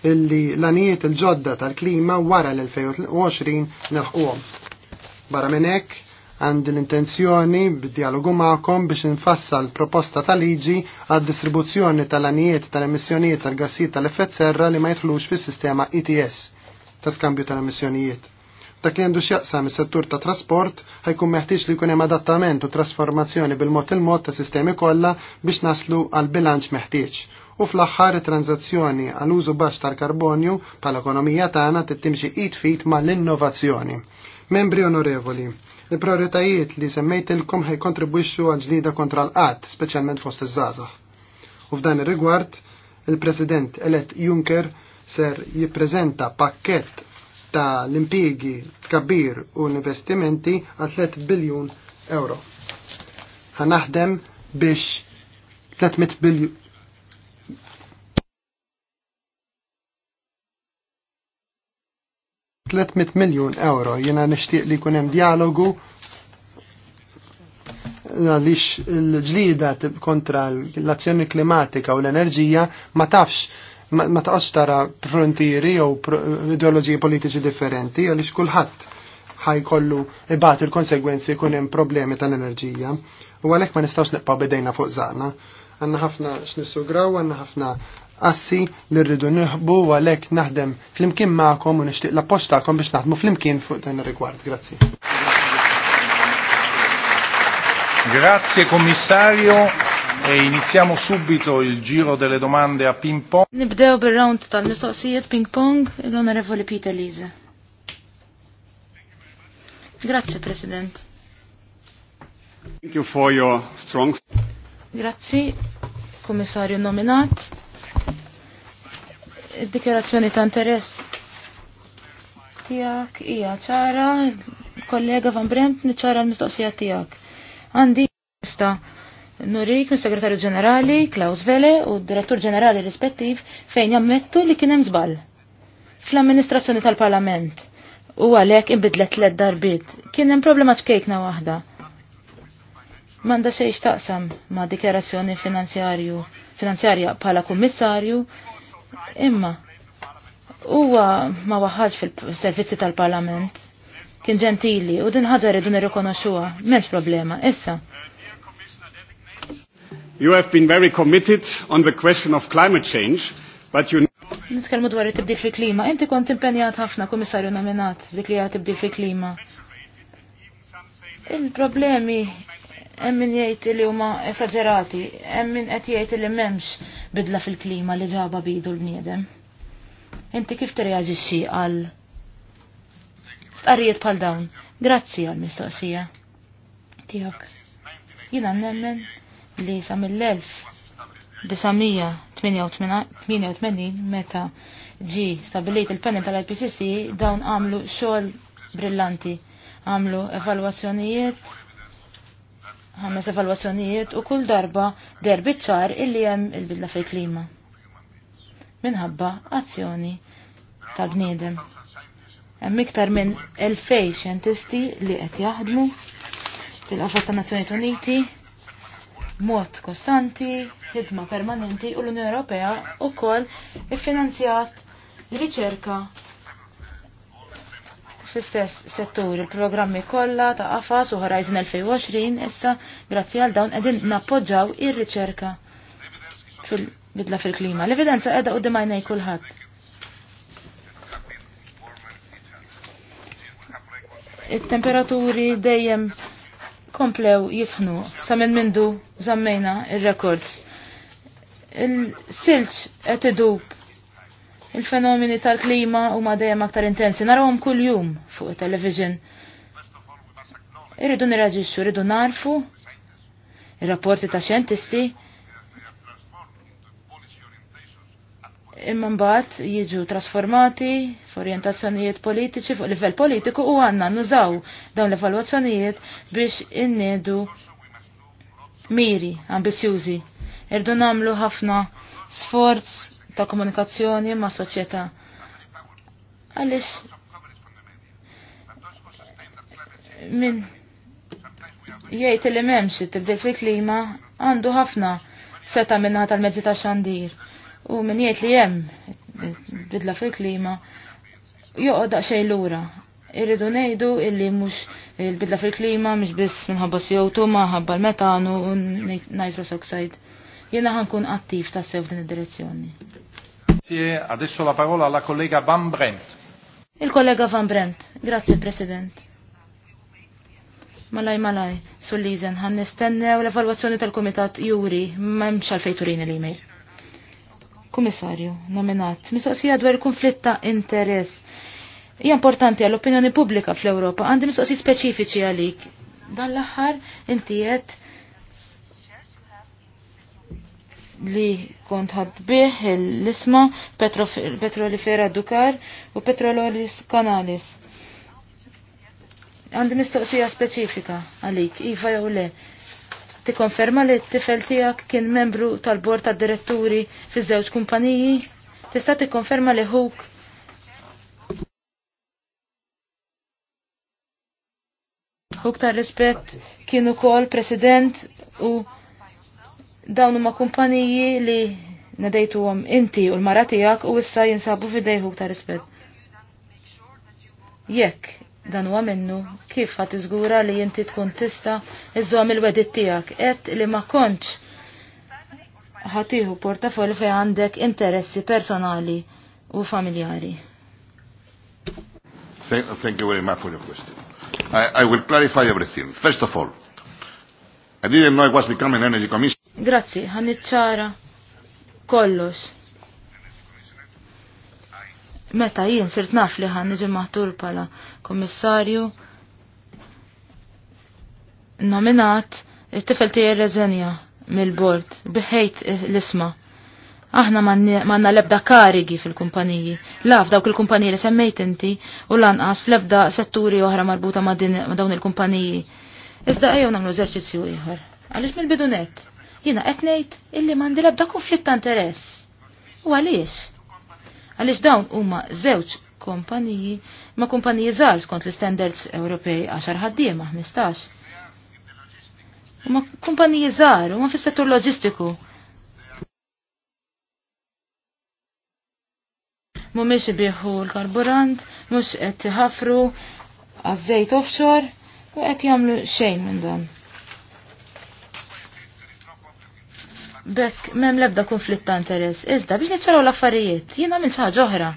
illi l-anijiet il-ġodda tal-klima wara l-2020 nilħquhom. Barra minn hekk għandi l-intenzjoni b'dialogu ma'kom biex l proposta ta' liġi għad distribuzzjoni tal-anijiet tal-emissjonijiet tal-gassijiet tal-effett serra li ma jitħlux fis sistema ETS ta' skambju tal-emissjonijiet. Dak li għandu x'jaqsam is-settur ta' trasport ħajkun meħtieġ li jkun hemm adattament u trasformazzjoni bil-mod il-mod ta' sistemi kollha biex naslu għal bilanċ meħtieġ u fl-aħħar tranzazzjoni għal użu baxx tal-karbonju tal-ekonomija tagħna tittimxi it fit ma l-innovazzjoni. Membri onorevoli, il-prioritajiet li semmejtilkom ħaj kontribwixxu għal ġlida kontra l-qatt, speċjalment fost iż-żgħażagħ. U f'dan ir-rigward, il-President elett Juncker ser jippreżenta pakkett ta' l impiegi tkabbir u investimenti għal 3 biljun euro. Ħanaħdem biex 300 biljun. 300 miljon euro. Jena nishtiq li kunem dialogu lix l-ġlida kontra l-azzjoni klimatika u l-enerġija ma tafx ma taqax tara frontieri jew ideoloġiji politiċi differenti għaliex kulħadd ħajkollu ibat il-konsegwenzi jkun hemm problemi tal-enerġija. U għalhekk ma nistgħux neqpa' bidejna fuq zaħna għanna ħafna x'nissugraw, għandna ħafna assi li rridu nħbu u għalhekk naħdem flimkien magħkom u nishtiq la appoġġ tagħkom biex naħdmu flimkien fuq dan il rigward Grazie. Grazie Commissario e iniziamo subito il giro delle domande a ping pong. Nibdew bil-round tal-mistoqsijiet ping pong l-Onorevoli Peter Lise. Grazie President. Thank you for your strong... Grazzi, Komissarju nominat id-dikjerazzjoni ta' interess tiegħek hija ċara, kollega Van Brent niċċara l-mistoqsija tiegħek. Għandi lista Nurik, mis-Segretarju Ġenerali, Klaus Vele u d-Direttur Ġenerali rispettiv fejn jammettu li kien hemm żball fl-amministrazzjoni tal-Parlament u għalhekk inbidlet tliet darbiet. Kien hemm problema ċkejkna waħda. Manda xejn taqsam ma' dikjerazzjoni finanzjarju finanzjarja bħala kummissarju Imma, huwa ma waħħaġ fil-servizzi tal-Parlament. Kien ġentili u din ħaġa rridu nirrikonoxuha, m'hemmx problema. Issa. You have been very committed on the question of climate change, but you Nitkellmu dwar it-tibdil fil-klima. Inti kont impenjat ħafna kummissarju nominat dik li tibdil fil-klima. Il-problemi hemm min jgħid li huma esaġerati, hemm min qed jgħid li m'hemmx bidla fil-klima li ġaba bidu l-bniedem. Inti kif tirreaġixxi għal f'qarrijiet bħal dawn? Grazzi għal mistoqsija. Tiegħek. Jiena nemmen li sa mill-1988 meta ġi stabilit il-panel tal-IPCC dawn għamlu xogħol brillanti, għamlu evalwazzjonijiet ħames evalwazzjonijiet u kull darba derbi ċar illi hemm il-bidla fil-klima. Minħabba azzjoni tal-bniedem. Hemm iktar minn elfej xjentisti li qed jaħdmu fil-qafas ta' Nazzjonijiet Uniti mod kostanti, ħidma permanenti u l-Unjoni Ewropea wkoll iffinanzjat riċerka fl-istess settur il-programmi kollha ta' AFAS u Horizon 2020 issa grazzi għal dawn qegħdin nappoġġaw ir-riċerka fil-bidla fil-klima. L-evidenza qiegħda qudiem għajnej kulħadd. Il-temperaturi dejjem komplew jisħnu sa minn mindu zammejna ir-rekords. Il-silġ qed idub il-fenomeni tal-klima huma dejjem aktar intensi. Narawhom kuljum fuq television. Irridu nirraġixxu, irridu narfu ir-rapporti ta' xjentisti. Imma mbagħad jiġu trasformati f'orjentazzjonijiet politiċi fuq livell politiku u għandna nużaw dawn l-evalwazzjonijiet biex innedu miri ambizjużi. Irdu namlu ħafna sforz ta' komunikazzjoni ma' soċjetà. Għaliex min jgħid li m'hemmx tibdil fil-klima għandu ħafna seta minnaħa tal-mezzi ta' xandir. U min jgħid li hemm bidla fil-klima joqgħod daqsxejn lura. Irridu ngħidu illi mhux il-bidla fil-klima mux biss minħabba CO2 ma l-metanu u nitrous oxide. Jena ħankun attiv ta' sew din id-direzzjoni. Adesso la parola alla collega Van Brent. Il-kollega Van Brent, grazie President. Malaj, malaj, sull lizen għan nistennew l-evaluazzjoni tal-Komitat Juri, memx għalfej turini l-email. Komissarju, nominat, mistoqsija dwar konflitt ta' interess. Hija importanti għall-opinjoni pubblika fl-Ewropa, għandi mistoqsi speċifiċi għalik. Dan l-aħħar inti qed li kont ħadbih l-isma Petrolifera Dukar u Petrololis Kanalis. Għandi mistoqsija speċifika għalik, Iva jew le. Tikkonferma li t-tifel tiegħek kien membru tal-bord tad diretturi fi żewġ kumpaniji? Tista' tikkonferma li huk Huk ta' rispett kien ukoll president u Dawn huma kumpaniji li għom inti u l-mara tiegħek u issa jinsabu fidejhu ta' rispett. Jekk dan huwa minnu kif ħadd iżgura li inti tkun tista' iżżomm il wedit tiegħek et li ma kontx ħatiħu portafoll fej għandek interessi personali u familjari. Thank, thank you very much for your question. I, I will clarify everything. First of all, I didn't know I was becoming energy commissioner. Grazzi, ħan kollox. Meta jien sirt naf li ħan niġi maħtur pala kommissarju nominat it-tifel tiegħi reżenja mill-bord biħejt l-isma. Aħna manna lebda karigi fil-kumpaniji. Laf dawk il-kumpaniji li semmejt inti u lanqas fl-ebda setturi oħra marbuta ma' dawn il-kumpaniji. Iżda ejjew nagħmlu eżerċizzju ieħor. Għaliex mill-bidunet? Jina qed ngħid illi m'għandi l-ebda konflitt ta' interess. U għaliex? Għaliex dawn huma żewġ kumpaniji ma kumpaniji żgħar skont l-standards Ewropej 10 ħaddiema 15. Huma kumpaniji żgħar huma fis-settur loġistiku. Mhumiex biħu l-karburant, mhux qed ħafru għazzejt offshore u qed jagħmlu xejn minn dan. Bekk mem lebda konflitt ta' interess. Iżda biex niċċaraw l-affarijiet, jiena minn ħaġa oħra.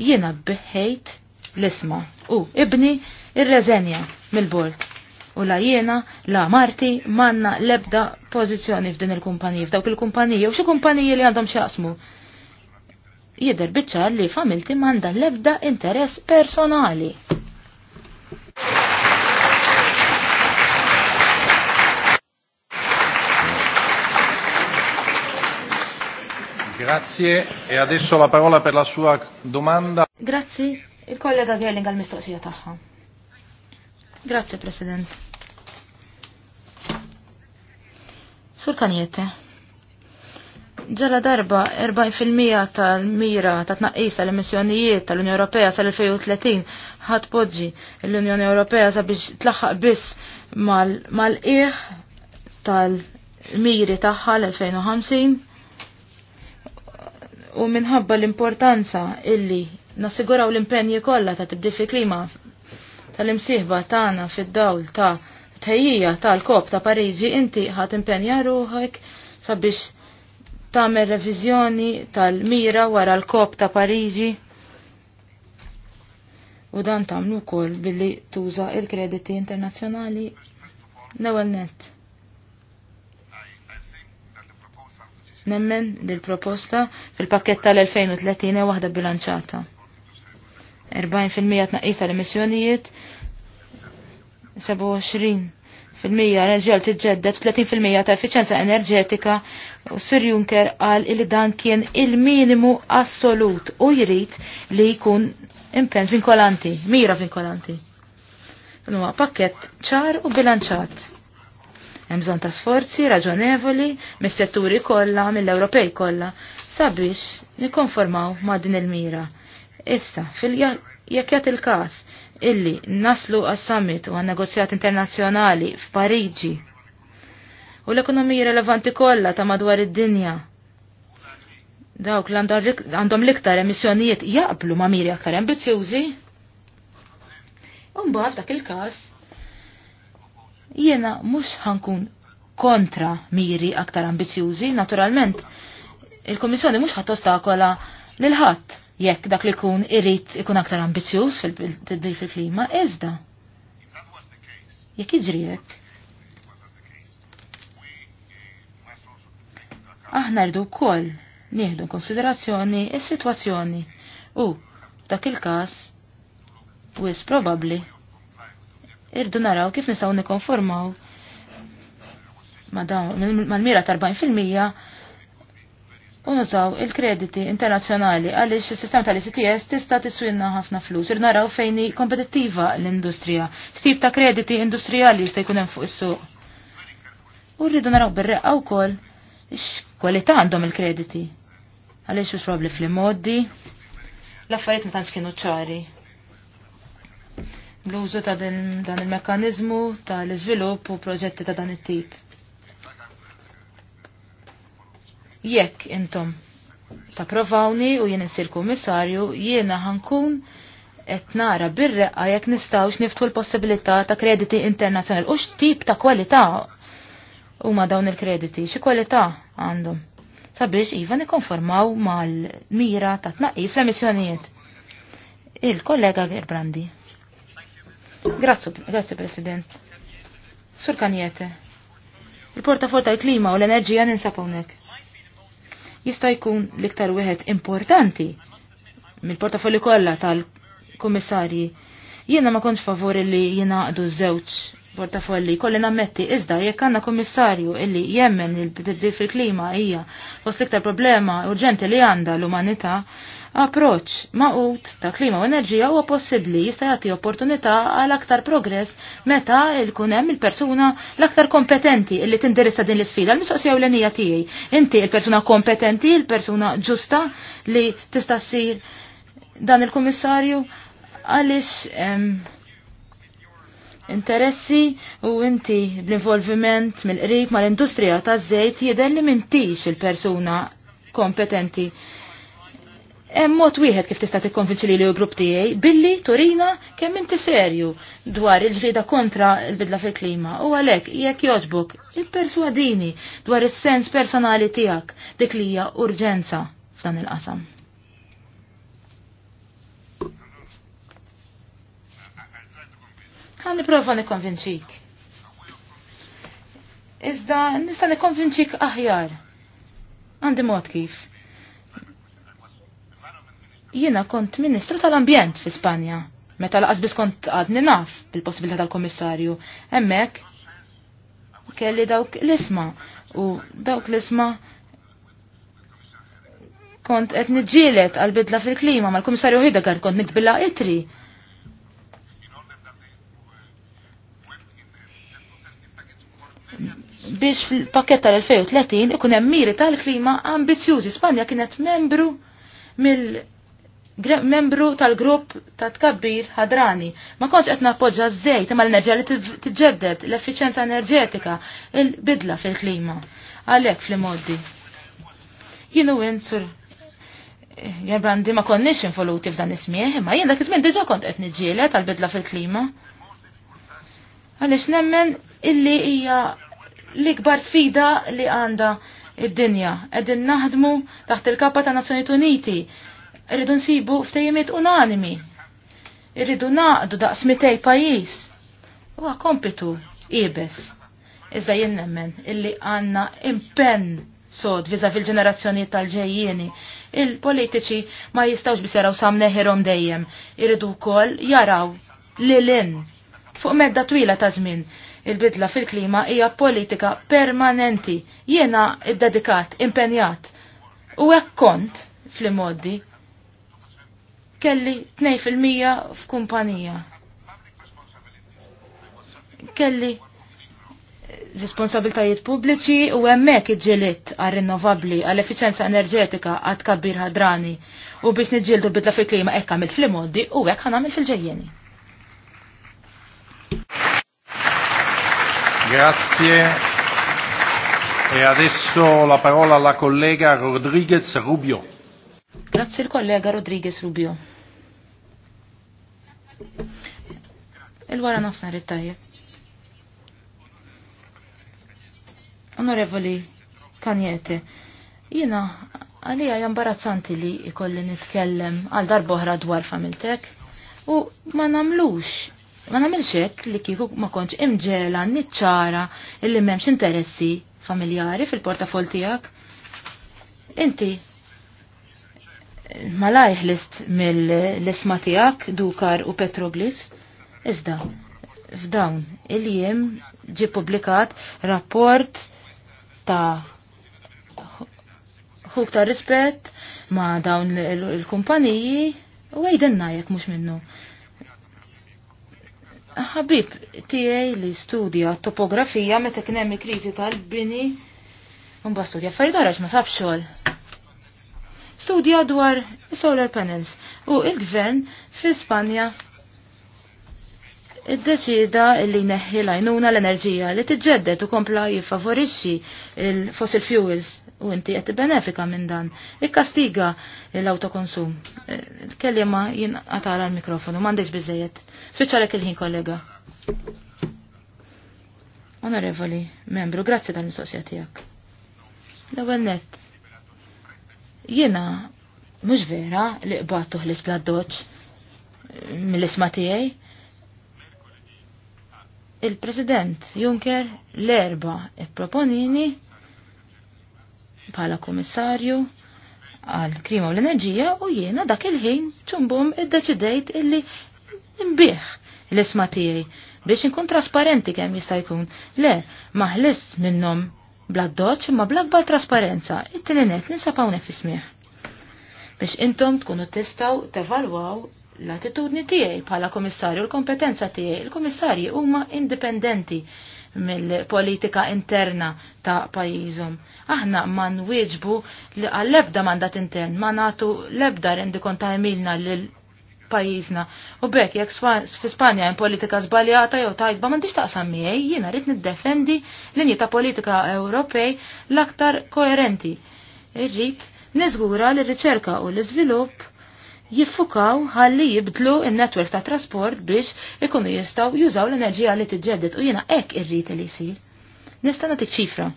Jiena biħejt l-isma u ibni ir-reżenja mill-bord. U la jiena, la Marti, manna lebda pożizzjoni f'din il-kumpanija, f'dawk il-kumpanija, u xi kumpaniji li għandhom xaqsmu. Jider biċċar li familti manda lebda interess personali Grazie, e adesso la parola per la sua domanda. Grazie, il kollega Gerling għal-mistoqsija tagħha. Grazie, President. Sur kanjete. Ġala darba 40% tal-mira ta' tnaqqis tal-emissjonijiet tal-Unjoni Ewropea sal-2030 ħadd poġġi l-Unjoni Ewropea sabiex tlaħħaq biss mal-qiegħ tal-miri tagħha l-2050 u minħabba l-importanza illi nassiguraw l-impenji kollha ta' tibdil fil-klima tal-imsieħba tagħna fid-dawl ta' tħejjija tal-kop ta' Pariġi inti ħat impenja ruħek sabiex tagħmel reviżjoni tal-mira wara l-kop ta' Pariġi u dan tagħmlu wkoll billi tuża il-krediti internazzjonali l-ewwel nett. Nemmen dil proposta fil-pakket tal-2030 waħda bilanċata. 40% tnaqqis tal-emissjonijiet, 27% reġjal tiġġedded, 30% ta' effiċenza enerġetika u Sir Juncker qal li dan kien il-minimu assolut u jrid li jkun impenn vinkolanti, mira vinkolanti. Nuwa pakket ċar u bilanċat Hemm bżonn ta' sforzi raġonevoli mis-setturi kollha mill-Ewropej kollha sabiex nikkonformaw ma' din il-mira. Issa, jekk jagħti il-każ illi naslu għas-summit u għan-negozjat internazzjonali f'Pariġi u l-ekonomiji relevanti kollha ta' madwar id-dinja dawk li għandhom l-iktar emissjonijiet jaqblu ma' miri aktar ambizjużi. Mbagħad dak il-każ Jiena mhux ħankun kontra miri aktar ambizjużi, naturalment il-Komissjoni mhux ħadd ostakola lil ħadd jekk dak li jkun irid ikun aktar ambizjuż fil fil-klima, iżda. Jekk jiġri Aħna rridu wkoll nieħdu konsiderazzjoni is-sitwazzjoni u f'dak il-każ wis probabbli irdu naraw kif nistgħu nikkonformaw mal-mira ta' 40 u nużaw il-krediti internazzjonali għaliex is-sistema tal-ICTS tista' tiswinna ħafna flus. Ir naraw fejn kompetittiva l-industrija. Stib ta' krediti industrijali jista' jkun hemm fuq is-suq. U rridu naraw bir-reqqa wkoll x'kwalità għandhom il-krediti. Għaliex wis probabli fl-immoddi, l-affarijiet ma tantx kienu ċari l użu ta' din, dan il ta' tal-iżvilupp u proġetti ta' dan it-tip. Jekk intom ta' provawni u jien insir kummissarju, jiena ħankun qed nara birreqqa jekk nistgħux niftu l-possibilità ta' krediti internazzjonali u x'tip ta' kwalità huma dawn il-krediti, xi kwalità għandhom sabiex iva nikkonformaw mal-mira ta' tnaqqis fl-emissjonijiet. Il-kollega Gerbrandi. Grazzi, President. Sur Kanjete. Il-portafol tal-klima u l-enerġija ninsab hawnhekk. Jista' jkun l-iktar wieħed importanti mill-portafolli kollha tal-kummissarji. Jiena ma kontx favori li jingħaqdu żewġ portafolli. Kolli nammetti, iżda jekk għandna kummissarju illi jemmen il-bdil fil-klima hija fost l-iktar problema urġenti li għandha l-umanità, Approċ maqut ta' klima u enerġija huwa possibbli jista' jagħti opportunità għal aktar progress meta jkun hemm il-persuna l-aktar kompetenti li tinteressa din l-isfida l-mistoqsija ewlenija tiegħi. Inti il-persuna kompetenti, il-persuna ġusta li tista' ssir dan il-kummissarju għaliex interessi u inti l-involviment mill-qrib mal-industrija taż-żejt jidher li mintix il-persuna kompetenti Hemm mod wieħed kif tista' tikkonvinċi li l-grupp tiegħi billi Torina kemm inti serju dwar il-ġlieda kontra l-bidla fil-klima u għalhekk jekk jogħġbok ipperswadini dwar is-sens personali tiegħek dik li hija urġenza f'dan il-qasam. Ħa niprofa nikkonvinċik. Iżda nista nikkonvinċik aħjar. Għandi mod kif Jiena kont Ministru tal-Ambjent fi Spanja, meta laqas biss kont għadni naf bil-possibilità tal-Komissarju. Hemmhekk kelli dawk l-isma u dawk l-isma kont qed niġġielet għal bidla fil-klima mal-Kummissarju Hidegard kont nikbilla itri. biex fil-pakket tal-2030 ikun hemm miri tal-klima ambizjużi. Spanja kienet membru mill- membru tal-grupp ta' tkabbir ħadrani. Ma konċ qed nappoġġa żejt imma l-enerġija li tiġġedded l-effiċenza enerġetika, il-bidla fil-klima. Għalhekk fl-modi. Jienu wien sur Gerbrandi ma konniex involuti f'dan ismieħ, imma jien dak iż-żmien diġà kont qed niġġieled tal-bidla fil-klima. Għaliex nemmen illi hija l-ikbar sfida li għandha id-dinja. Qegħdin naħdmu taħt il-kappa ta' Nazzjonijiet Uniti Irridu nsibu ftejjimiet unanimi. Irridu naqdu daqs mitej pajis. Huwa kompitu ibes. Iżda jien nemmen illi għanna impenn sod viza fil-ġenerazzjoni tal-ġejjieni. Il-politiċi ma jistawx biseraw samneħirom dejjem. Irridu kol jaraw lilin fuq medda twila ta' żmien. Il-bidla fil-klima hija politika permanenti. Jiena id-dedikat, impenjat. U hekk kont fl-modi kelli 2% f'kumpanija. Kelli responsabiltajiet pubbliċi u hemmhekk iġġieliet għar rinnovabbli għall effiċenza enerġetika għad kabbir ħadrani u biex niġġieldu bidla fil-klima hekk għamil fil-modi u hekk ħanamil fil-ġejjeni. Grazie. E adesso la parola alla collega Rodriguez Rubio. Grazie il collega Rodriguez Rubio. Il-wara nofsna rittajjeb. Onorevoli Kanjete, jina għalija jambarazzanti li ikolli nitkellem għal darboħra dwar familtek u ma namlux ma namilx hekk li kieku ma kontx imġela niċċara illi memx interessi familjari fil-portafol tiegħek. Inti malajħ list mill-isma tijak, Dukar u Petroglis, iżda f'dawn il-jiem ġi publikat rapport ta' huk ta' rispett ma' dawn il-kumpaniji u għajdenna jek mux minnu. Ħabib, tijaj li studja topografija meta kien hemm kriżi tal-bini, un studja affarijiet ma sabxol. xogħol studja dwar solar panels u il-gvern fi Spanja id-deċida illi neħi lajnuna l-enerġija li t-ġeddet u kompla jifavorixxi il-fossil fuels u inti qed benefika minn dan. Ikkastiga l-autokonsum. Eh, il-kelliema jinqatala l-mikrofonu, m'għandekx biżejjed. Spiċċalek il-ħin kollega. Onorevoli membru, grazzi tal-mistoqsija tiegħek. L-ewwel nett Jena, mux vera li qbattu ħlis bla doċ eh, mill-isma tiegħi. Il-President Juncker l-erba ipproponini bħala komissarju għal krima u l-enerġija u jiena dak il-ħin ċumbum id-deċidejt illi imbieħ l-isma tiegħi biex nkun trasparenti kemm jista' jkun. Le, maħlis minnhom bla doċ ma bla gbar trasparenza, it-tini net ninsab hawnhekk fismih. Biex intom tkunu testaw tevalwaw l-attitudni tiegħi bħala komissarju l-kompetenza tiegħi. Il-komissarji huma indipendenti mill-politika interna ta' pajjiżhom. Aħna ma nwieġbu għall-ebda mandat intern, ma natu l-ebda rendi konta emilna pajjiżna. U bekk jekk fi Spanja hemm politika żbaljata jew tajba m'għandix taqsam miegħi, jiena rrit niddefendi linji ta' politika Ewropej l-aktar koerenti. Irrid niżgura li r-riċerka u l-iżvilupp jiffukaw ħalli jibdlu il-netwerk ta' trasport biex ikunu jistaw jużaw l-enerġija li t u jiena hekk irrid li jsir. Nista' t ċifra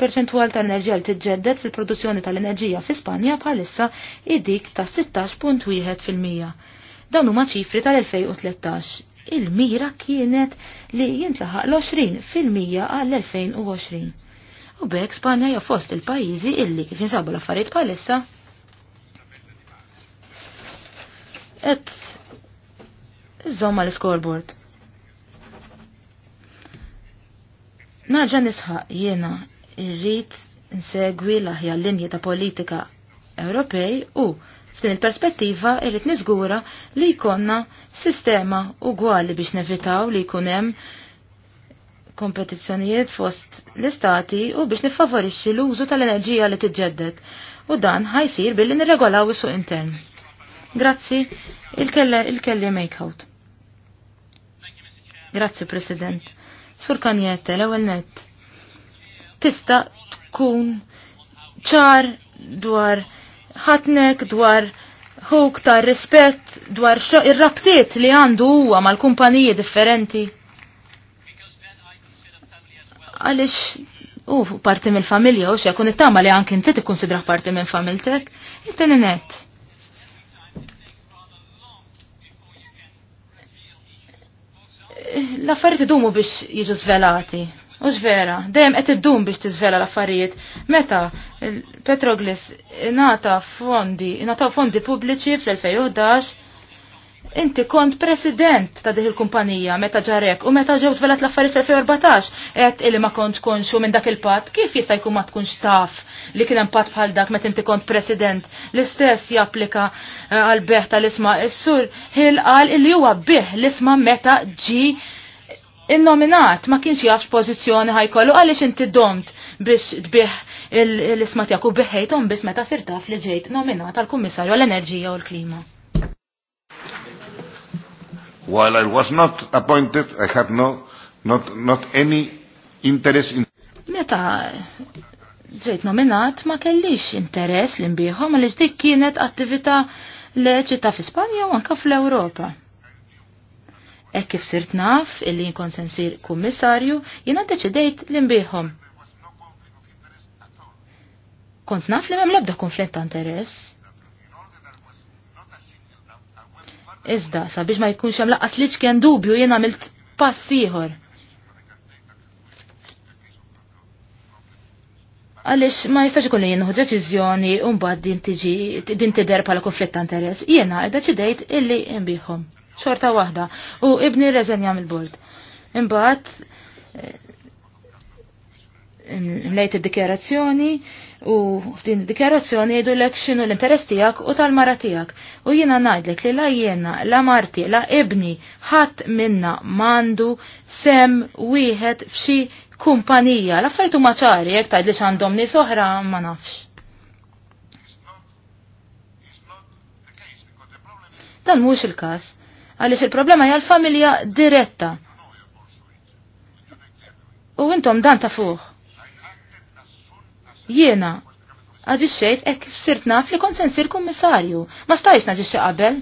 perċentwal ta' enerġija li tiġġedded fil-produzzjoni tal-enerġija fi Spanja bħalissa id-dik ta' 16.1%. Dan huma ċifri tal-2013. Il-mira kienet li jintlaħaq l-20% għall-2020. U bekk Spanja hija fost il-pajjiżi illi kif jinsabu l-affarijiet bħalissa qed żomma l-scoreboard. Narġa nisħaq jiena irrid insegwi l-aħja linji ta' politika Ewropej u f'din il-perspettiva irrit niżgura li jkollna sistema ugwali biex nevitaw li jkun hemm kompetizzjonijiet fost l-istati u biex niffavorixxi l-użu tal-enerġija li tiġġedded u dan ħajsir billi nirregolaw is-suq intern. Grazzi, il-kelli make-out. Grazzi, President. Sur kanjette, l ewwel net tista tkun ċar dwar ħatnek, dwar hook ta' rispett, dwar ir-rabtiet li għandu huwa mal-kumpaniji differenti. Għalix u parti mill familja u xe kun it-tama li anki inti tikkonsidraħ parti minn familtek, inti ninet. L-affarijiet idumu biex jiġu svelati. Mhux vera, dejjem qed iddum biex tiżvela l-affarijiet. Meta Petroglis nata fondi, ingħataw fondi pubbliċi fl-2011, inti kont president ta' dik il-kumpanija meta ġarek u meta ġew żvelat l-affarijiet fl-2014 qed illi ma kontx konxu minn dak il-patt, kif jista' jkun ma tkunx taf li kien hemm patt bħal dak meta inti kont president l-istess japplika eh, għal beħ tal-isma' is-sur Hill qal illi huwa bih l-isma' meta ġi il-nominat ma kienx jafx pozizjoni ħajkollu għaliex inti domt biex tbih l-isma tiegħek u biħejthom biss meta sir taf li ġejt nominat għal kummissarju għall enerġija u l-klima. While I was not appointed, I had no not, not any interest in Meta ġejt nominat ma kellix interess li imbiħom għaliex dik kienet attività leċita fi Spanja u anka fl-Ewropa. E kif sirt naf illi jinkon sensir kummissarju, jina deċidejt li nbieħom. Kont naf li l lebda konflitt ta' interess. Iżda, sabiex ma jkunx hemm laqqas li kien dubju jien għamilt pass ieħor. Għalix ma jistax ikun li jienħu deċiżjoni u mbagħad din tiġi din tidher bħala konflitt ta' interess. Jiena deċidejt illi nbieħom xorta waħda u ibni reżenja mill-bord. Imbagħad eh, mlejt id-dikjarazzjoni u f'din id-dikjarazzjoni jgħidu lek x'inhu l-interess tiegħek u tal-mara tiegħek. U jiena ngħidlek li la jiena, la marti, la ibni ħadd minna mandu sem wieħed f'xi kumpanija. L-affarijiet huma ċari jekk tgħidli x'għandhom nies oħra ma nafx. Dan mhux il-każ. Għaliex il-problema hija l-familja diretta. U intom dan ta' fuq. Jiena, għagġiċċejt ek sirt naf li kont sensir kummissarju. Ma stajx naġiċċe qabel.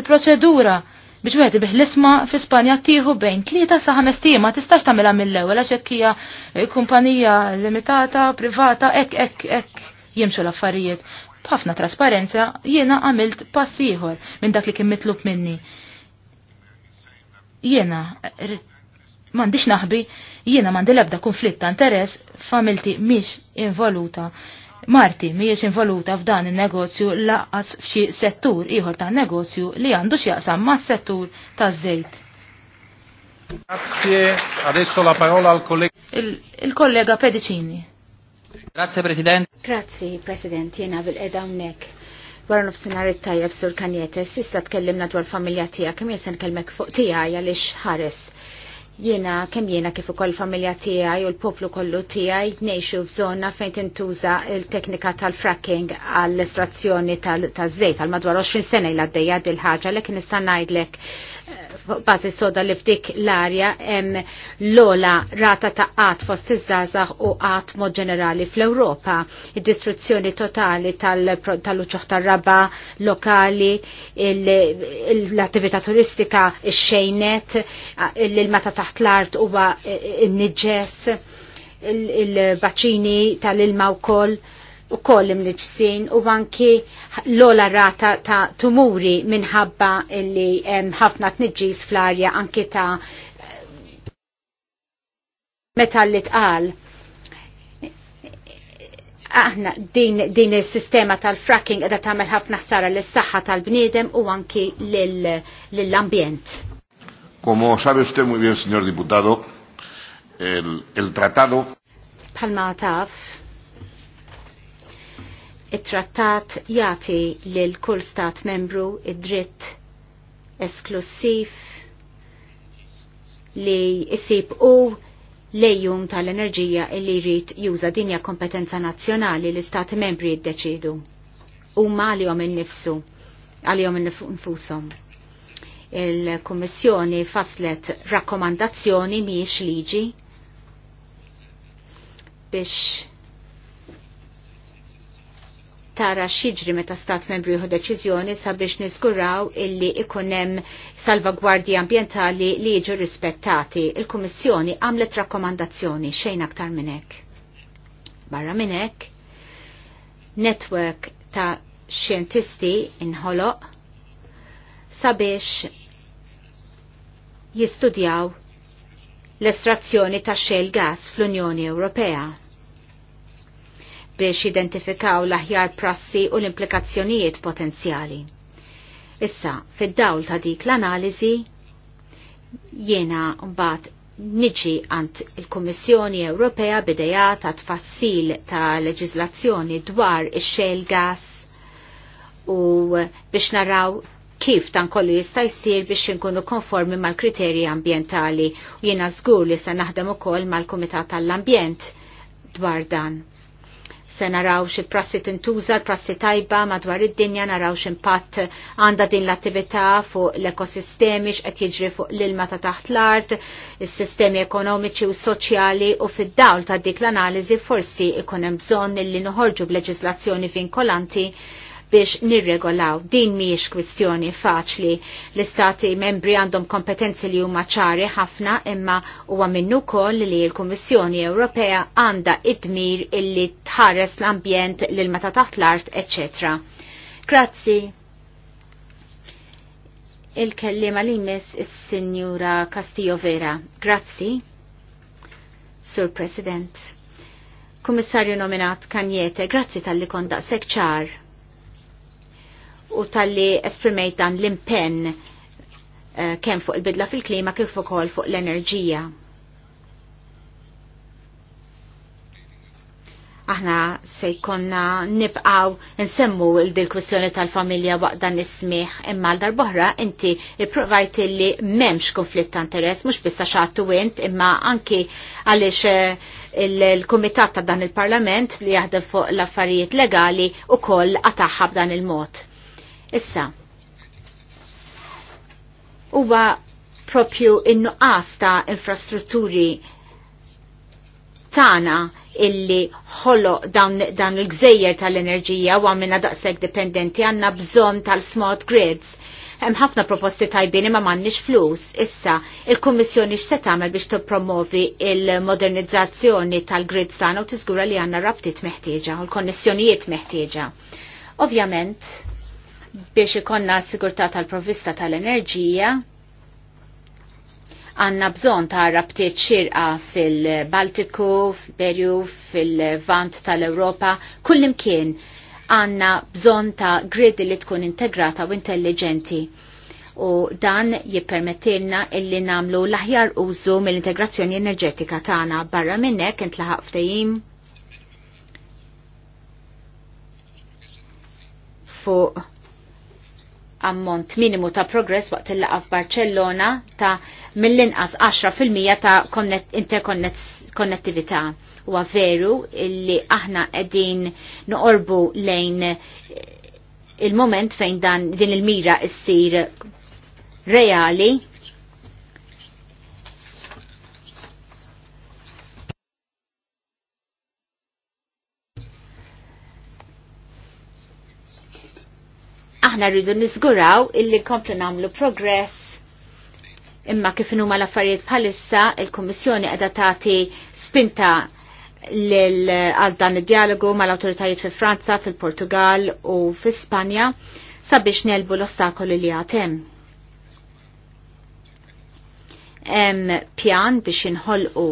Il-proċedura biex wieħed bih l-isma fi Spanja tiħu bejn tlieta sa ħames tiema tistax tagħmilha mill-ewwel għax hekk kumpanija limitata, privata, hekk ek, ek, jimxu l-affarijiet b'ħafna trasparenza jiena għamilt pass ieħor minn dak li kien mitlub minni. Jiena m'għandix naħbi, jiena m'għandi l-ebda konflitt ta' interess familti miex involuta. Marti mhijiex involuta f'dan in-negozju laqqas f'xi settur ieħor ta' negozju li għandu x'jaqsam mas-settur taż-żejt. Grazie, adesso la parola al collega. Il, il collega Pedicini. Grazie, President. Grazie, President. Jena bil-edha unnek. Wara nofsinhar it-tajjeb sur kanjete, sissa tkellimna dwar familja tiegħek kemm jesen kelmek fuq tiegħi għaliex ħares. Jiena kemm jiena kif ukoll familja tiegħi u l-poplu kollu tiegħi ngħixu f'żona fejn tintuża il-teknika tal-fracking teknika tal-fracking għall estrazzjoni taż-żejt għal madwar 20 sena il għaddejja dil ħaġa lekin nista' ngħidlek bazi soda li f'dik l-arja hemm l-ola rata ta' qatt fost iż-żgħażagħ u qatt mod ġenerali fl-Ewropa. Id-distruzzjoni totali tal-uċuħ tar-raba lokali, l-attività turistika, ix-xejnet, l-ilmata taħt l-art huwa eh, eh, n-niġġes, il-baċini tal-ilma wkoll u koll imniċsin u anki l-ola rata ta' tumuri minħabba illi ħafna tniġġis fl-arja anki ta' metalli tqal. Aħna din, din is-sistema tal-fracking qiegħda tagħmel ħafna ħsara lis-saħħa tal-bniedem u anki lill-ambjent. Como sabe usted muy bien, señor diputado, el, el tratado. Palma taf, it-trattat jati lil kull stat membru id-dritt esklusiv li jisib u lejjum tal-enerġija li jrid juża dinja kompetenza nazzjonali li stati membri id-deċidu U ma għalihom innifsu, għalihom infushom. Il-Kummissjoni faslet rakkomandazzjoni miex liġi biex tara xiġri meta stat membru jieħu deċiżjoni sabiex nisguraw illi ikun hemm salvagwardji ambjentali li jiġu rispettati. Il-Kummissjoni għamlet rakkomandazzjoni xejn aktar minn hekk. Barra minn hekk, network ta' xjentisti inħoloq sabiex jistudjaw l-estrazzjoni ta' xejl gas fl-Unjoni Ewropea biex identifikaw l-aħjar prassi u l-implikazzjonijiet potenzjali. Issa, fid-dawl ta' dik l-analizi, jiena mbagħad niġi għand il-Kommissjoni Ewropea bideja ta' tfassil ta' leġizlazzjoni dwar ix xel gas u biex naraw kif dan kollu jista' jsir biex inkunu konformi mal-kriterji ambjentali u jiena żgur li se naħdem ukoll mal-Kumitat tal-Ambjent dwar dan se naraw il prassi tintuża, l-prassi tajba madwar id-dinja, naraw x'impatt għandha din l-attività fuq l-ekosistemi, x'qed jiġri fuq l-ilma ta' taħt l-art, il sistemi ekonomiċi u soċjali u fid-dawl ta' dik l-analiżi forsi ikun hemm bżonn li noħorġu b'leġislazzjoni vinkolanti biex nirregolaw. Din miex kwistjoni faċli. L-istati membri għandhom kompetenzi li huma ċari ħafna imma huwa minnu kol li l-Kummissjoni Ewropea għandha id-dmir illi tħares l-ambjent lil meta taħt l-art, etc. Grazzi il-kellima li mis il-Sinjura Castillo Vera. Grazzi, Sur President. Kummissarju nominat Kanjete, grazzi tal-li kondaq sekċar u tal-li esprimejt dan l-impenn kem eh, kemm fuq il-bidla fil-klima kif ukoll fuq l-enerġija. Aħna se jkonna nibqaw nsemmu il-dil kwistjoni tal-familja waqt dan ismiħ imma l-darbohra inti ipprovajt li memx konflitt ta' interess mhux bissa xattu int imma anki għaliex eh, il-Kumitat ta' dan il-Parlament li jaħdem fuq l-affarijiet legali u koll għataħħab dan il-mod. Issa, huwa propju in-nuqqas ta' infrastrutturi tana illi ħollo dan, dan il-gżejjer tal-enerġija u għamina daqseg dipendenti għanna bżon tal-smart grids. Hemm ħafna proposti tajbini ma m'għandniex flus. Issa, il-Kummissjoni x'se tagħmel biex tippromovi il-modernizzazzjoni tal-grid sana u tiżgura li għandna rabtiet meħtieġa u l-konnessjonijiet meħtieġa. Ovvjament, biex ikonna sigurtà tal-provvista tal-enerġija għanna bżon ta' rabtiet xirqa fil-Baltiku, fil-Berju, fil-Vant tal-Europa, kullimkien għanna bżon ta' grid li tkun integrata u intelligenti. U dan jippermettilna illi namlu l-aħjar użu mill-integrazzjoni enerġetika tagħna barra minnek int laħaq ftehim fuq ammont minimu ta' progress waqt il laqaf Barcellona ta' mill-inqas 10% ta' interkonnettività. Huwa veru illi aħna qegħdin noqorbu lejn il-moment fejn dan din il-mira issir reali aħna rridu nizguraw illi komplu namlu progress imma kif huma l-affarijiet bħalissa il-Kummissjoni qiegħda tagħti spinta għal dan id-dialogu mal-awtoritajiet fi Franza, fil-Portugal u fi Spanja sabiex nelbu l-ostakoli li għatem. Em pjan biex inħolqu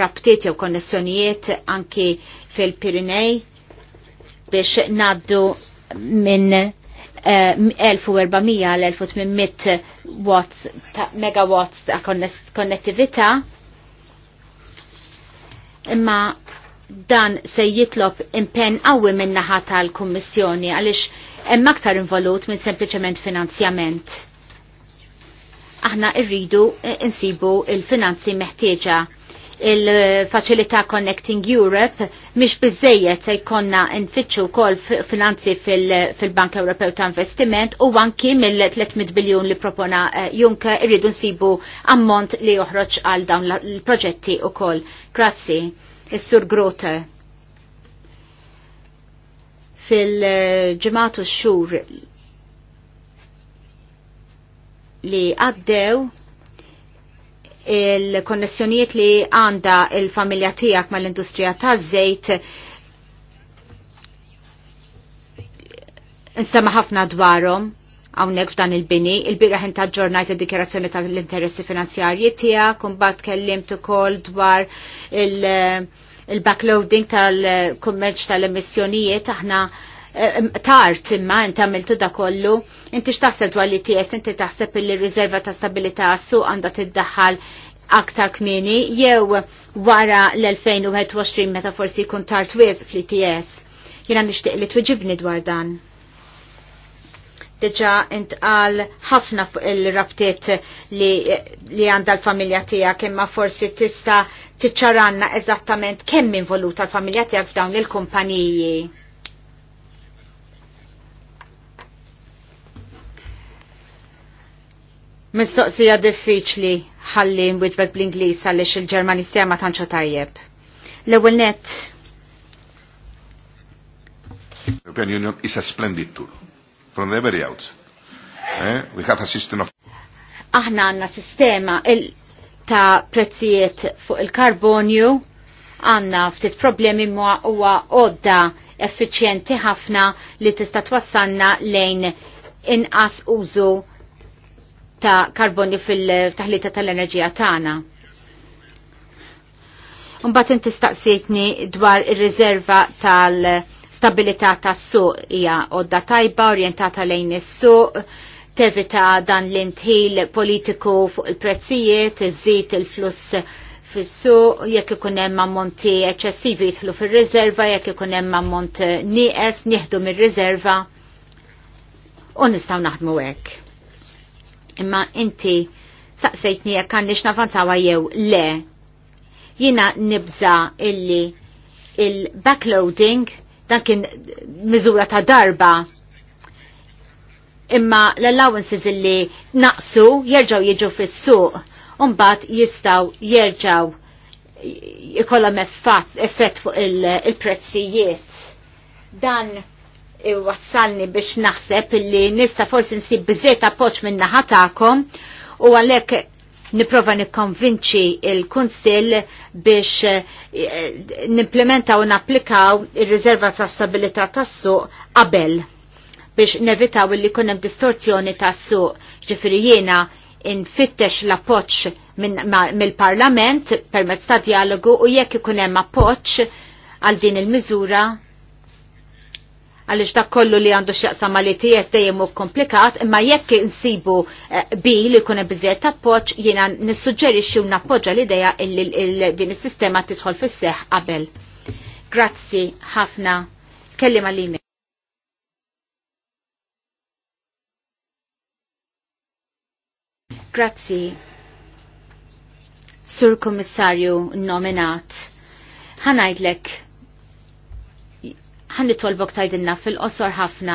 rabtiet jew konnessjonijiet anki fil-Pirinej biex naddu minn 1400 eh, għal 1800 watts ta' megawatts ta' konnettività imma dan se jitlob impenn qawwi min naħa tal-Kummissjoni għaliex hemm aktar involut minn sempliċement finanzjament. Aħna rridu eh, insibu il-finanzi meħtieġa il-facilità Connecting Europe miex bizzejiet se jkonna nfittxu kol finanzi fil-Bank fil Ewropew ta' Investiment u anki mill-300 biljun li propona eh, Juncker irridu nsibu ammont li joħroġ għal dawn l-proġetti u kol. Grazzi, Is-Sur Grote. Fil-ġematu xur li għaddew il-konnessjonijiet li għanda il-familja tijak mal-industrija ta' zejt nistama ħafna dwarom għawnek f'dan il-bini, il birra ħinta ġornajt il-dikjerazzjoni tal-interessi finanzjarji tijak, kumbat kellimt ukoll dwar il- il-backloading tal-kummerċ tal-emissjonijiet, aħna tart imma inti għamiltu da kollu, inti x'taħseb dwar li ties, inti taħseb li riserva ta' stabilità għassu għandha tiddaħħal aktar kmini jew wara l-2021 meta forsi jkun tart wies fl-ITS. Jiena nixtieq li twiġibni dwar dan. Diġà intqal ħafna fuq il-rabtiet li għandha l-familja tiegħek imma forsi tista' tiċċaranna eżattament kemm involuta l-familja tiegħek f'dawn il-kumpaniji Mistoqsija diffiċli ħalli nwidbek bl-Inglis għaliex il-Ġermanistija ma tanċo tajjeb. L-ewwel net. European Union is a splendid tool from the very out. Eh? We have a system of Aħna għandna sistema ta' prezzijiet fuq il-karbonju għandna ftit problemi ma huwa għodda effiċjenti ħafna li tista' twassanna lejn inqas użu ta' karboni fil-taħlita tal-enerġija tagħna. Mbagħad inti staqsitni dwar ir-riserva tal-stabilità tas-suq hija għodda tajba orjentata lejn is-suq tevita dan l-intħil politiku fuq il-prezzijiet, iżżid il-fluss fissu jekk ikun hemm ammonti eċċessivi jidħlu fir-riserva, jekk ikun hemm ammont nieqes nieħdu mir-riserva u nistgħu naħdmu hekk. Imma inti saqsejtni jekk għandix nafanzawa jew le. Jina nibża illi il-backloading dan kien miżura ta' darba imma l-allowances illi naqsu jerġaw jiġu fis-suq Umbat jistaw jerġaw ikollhom effett fuq il-prezzijiet. dan wassalni biex naħseb li nista forsi nsib bizzet appoċ minna ħatakom u għalek niprofa nikkonvinċi il-Kunsil biex eh, eh, nimplementaw u napplikaw il-rizerva ta' stabilità tas-suq qabel biex nevitaw li kunem distorzjoni tas-suq ġifiri jiena infittex l-appoċ mill-Parlament permezz ta' dialogu u jekk ikun hemm appoċ għal din il-miżura għaliex dak kollu li għandu xieqsa ma' l-ITS dejjem komplikat, imma jekk insibu eh, li ikun hemm biżejjed appoġġ jiena nissuġġerixxi xiu nappoġġa l-idea illi din is-sistema tidħol fis qabel. Grazzi ħafna. Kellim għal Grazzi. Sur Kommissarju nominat. Ħanajdlek ħan tolbok tajdinna fil-qosor ħafna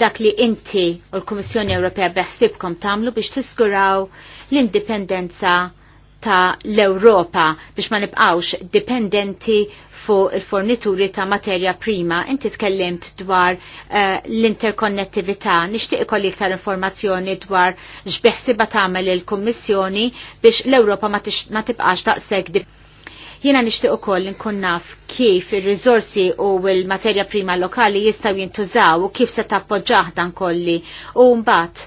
dak li inti u l-Komissjoni Ewropea beħsibkom tamlu biex tiskuraw l-indipendenza ta' l-Europa biex ma nibqawx dipendenti fuq il-fornituri ta' materja prima. Inti tkellimt dwar uh, l-interkonnettività. Nixtieq ikolli iktar informazzjoni dwar x'beħsiba tagħmel il-Kummissjoni biex l-Ewropa ma tibqax taqseg dipendenti Jiena nixtieq ukoll koll naf kif ir rizorsi u l-materja prima lokali jistgħu jintużaw u kif se tappoġġah dan kolli u mbagħad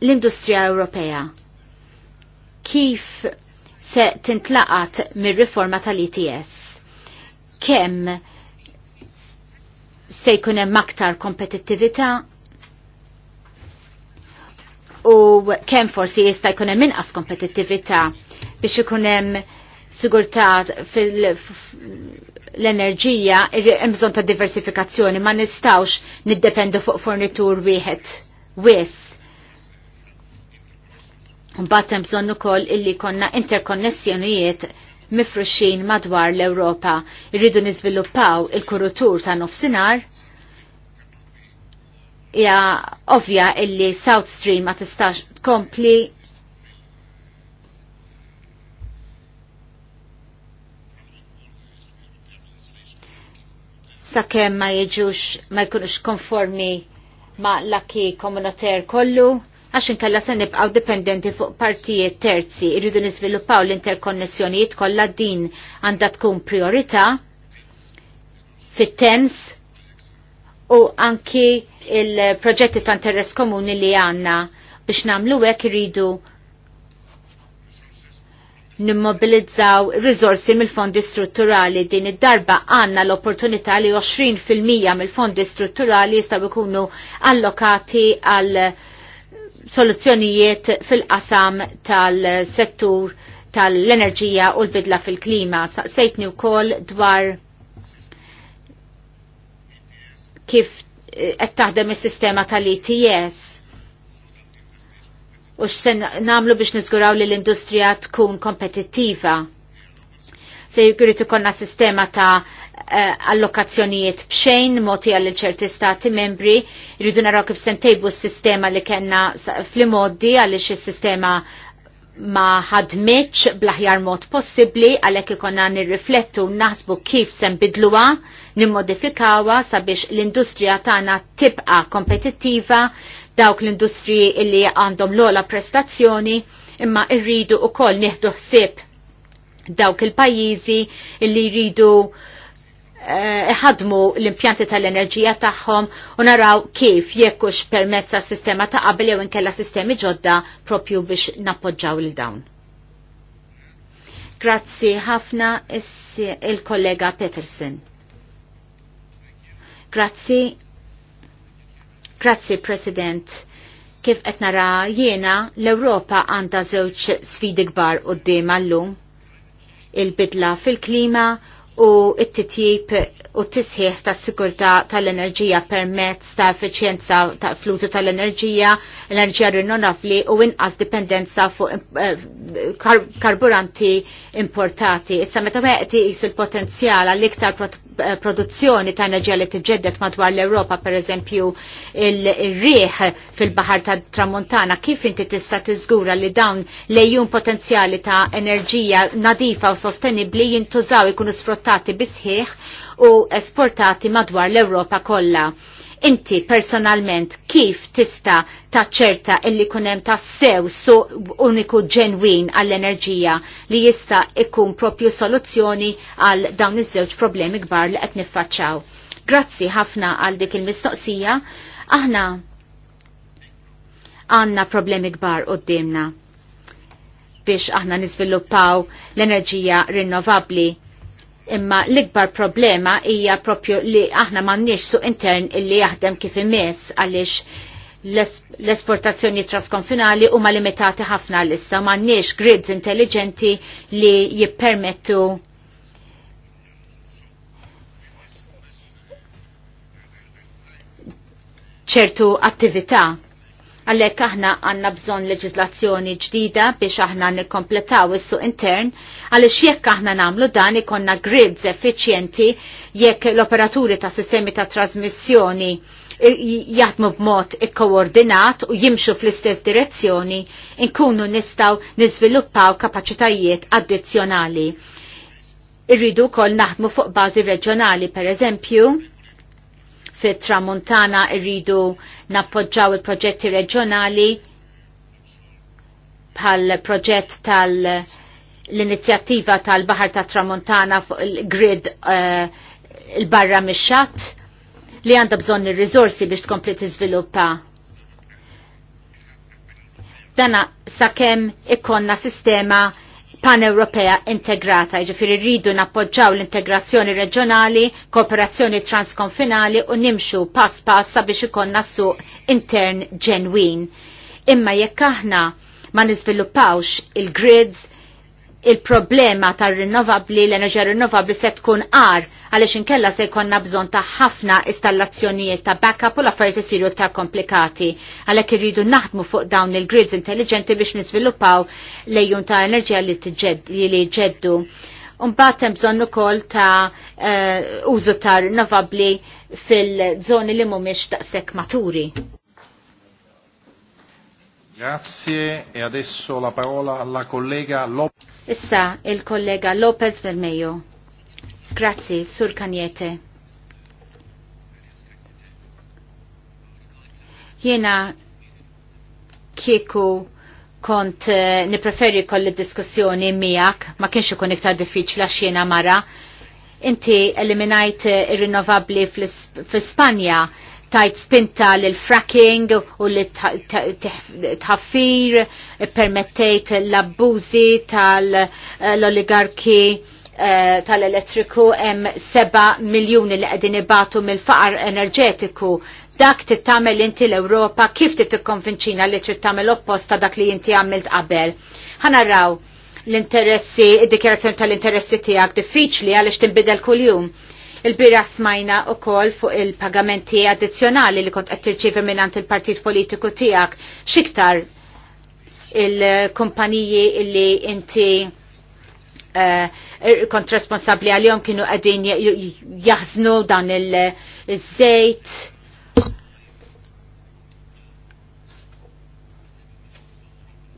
l-industrija Ewropea. Kif se tintlaqat mir-riforma tal-ETS? Kemm se jkun hemm aktar kompetittività u kemm forsi jista' jkun hemm inqas kompetittività biex ikun hemm sigurtà fil-enerġija l hemm bżonn ta' diversifikazzjoni ma nistgħux niddependu fuq fornitur wieħed wis. Mbagħad hemm bżonn ukoll illi konna interkonnessjonijiet mifruxxin madwar l-Ewropa. Irridu niżviluppaw il-kurutur ta' nofsinhar ja ovvja illi South Stream ma tistax tkompli sakemm ma jiġux ma jkunux konformi ma l-akki komunitar kollu għax inkella se nibqgħu dipendenti fuq partijiet terzi irridu niżviluppaw l-interkonnessjonijiet kollha din għandha tkun priorità fit-tens u anki il-proġetti ta' interess komuni li għandna biex nagħmlu hekk irridu nimmobilizzaw rizorsi mill-fondi strutturali din id-darba għanna l-opportunità li 20% mill-fondi strutturali jistaw ikunu allokati għal soluzzjonijiet fil-qasam tal-settur tal-enerġija u l-bidla fil-klima. Sejtni u kol dwar kif eh, qed taħdem is-sistema tal-ETS u x'sen namlu biex niżguraw li l-industrija tkun kompetittiva. Se jrid ikollna sistema ta' eh, allokazzjonijiet bxejn moti għall ċerti stati membri jridu naraw kif tejbu s-sistema li kena fl moddi għaliex is-sistema ma ħadmitx blaħjar mod possibli għalhekk ikonna nirriflettu naħsbu kif se bidluwa, nimmodifikawa sabiex l-industrija tagħna tibqa' kompetittiva dawk l-industriji illi għandhom l-ola prestazzjoni imma irridu u koll nieħdu ħsieb dawk il-pajjiżi illi jridu eh, ħadmu e, l-impjanti tal-enerġija tagħhom u naraw kif jekkux permezz tas sistema ta' qabel jew inkella sistemi ġodda propju biex nappoġġaw lil dawn. Grazzi ħafna il-kollega Peterson. Grazzi Grazzi, President. Kif qed nara jiena, l-Ewropa għandha żewġ sfidi kbar quddiem għallum. Il-bidla fil-klima u it-titjib u t-tisħiħ ta' sigurta tal-enerġija permezz ta' efficienza ta' flużu tal-enerġija, enerġija rinnovabli u inqas dipendenza fuq eh, karburanti importati. Issa meta meqti jis il-potenzjal għall-iktar eh, produzzjoni ta' enerġija li t-ġeddet madwar l europa per eżempju il-riħ fil-Bahar ta' Tramontana, kif inti tista' tiżgura li dawn lejjum potenzjali ta' enerġija nadifa u sostenibli jintużaw ikunu sfruttati importati bisħiħ u esportati madwar l-Ewropa kollha. Inti personalment kif tista taċċerta illi kunem ta' sew su uniku ġenwin għall-enerġija li jista' ikun propju soluzzjoni għal dawn iż-żewġ problemi kbar li qed niffaċċaw. Grazzi ħafna għal dik il-mistoqsija. Aħna għanna problemi kbar qudiemna biex aħna niżviluppaw l-enerġija rinnovabli Imma l-ikbar problema hija propju li aħna m'għandniex suq intern illi jaħdem kif imiss għaliex l-esportazzjoni trasconfinali huma limitati ħafna l-issa m'għandniex grids intelligenti li jippermettu ċertu attività Għallek aħna għanna bżon leġizlazzjoni ġdida biex aħna nikkompletaw is-suq intern, għaliex jekk aħna namlu dan ikonna grids effiċjenti jekk l-operaturi ta' sistemi ta' trasmissjoni jaħdmu b'mod ikkoordinat u jimxu fl-istess direzzjoni, inkunu nistaw niżviluppaw kapaċitajiet addizzjonali. Irridu kol naħdmu fuq bażi reġjonali, per eżempju, fit tramuntana irridu nappoġġaw il-proġetti reġjonali bħal proġett tal l-inizjattiva tal-Bahar ta' Tramontana fuq il-grid eh, il-barra mix-xatt li għandha bżonn ir-riżorsi biex tkompli tiżviluppa. Dana sakemm ikonna sistema pan-Ewropea integrata, ġifiri rridu nappoġġaw l-integrazzjoni reġjonali, kooperazzjoni transkonfinali u nimxu pass pass sabiex ikonna suq intern ġenwin. Imma jekk aħna ma niżviluppawx il-grids, il-problema tar rinnovabli l-enerġija rinnovabli se tkun għar għaliex inkella se jkollna bżonn ta' ħafna installazzjonijiet ta' backup u l-affarijiet isiru ta' komplikati. Għalhekk irridu naħdmu fuq dawn il-grids intelligenti biex niżviluppaw lejjun ta' enerġija li ġeddu. Mbagħad hemm bżonn ukoll ta' eh, użu ta' rinnovabbli fil-żoni li mhumiex daqshekk maturi. Grazie e adesso la parola alla collega Lopez. Issa il-kollega Lopez Vermejo. Grazzi, Sur Kanjete. Jena kieku kont eh, nipreferi kolli diskussjoni miak, ma kienx ikun iktar diffiċli għax jiena mara. Inti eliminajt eh, ir-rinnovabbli fl-Ispanja, fl tajt spinta l-fracking u l-tħaffir, permettejt l-abbużi tal-oligarki eh, eh, tal-elettriku hemm 7 miljuni li qegħdin ibatu mill-faqar enerġetiku dak tittamel inti l-Ewropa kif tittikkonvinċina li trid tagħmel opposta dak li inti għamilt qabel. Ħanarraw l-interessi, id dikjerazzjoni tal-interessi tiegħek diffiċli għaliex tinbidel kuljum Il-bira smajna u kol fuq il-pagamenti addizjonali li kont għattirċivi minnant il-partit politiku tijak. Xiktar il-kumpaniji li inti eh, kont responsabli għal-jom kienu għadin jahznu dan il-żejt.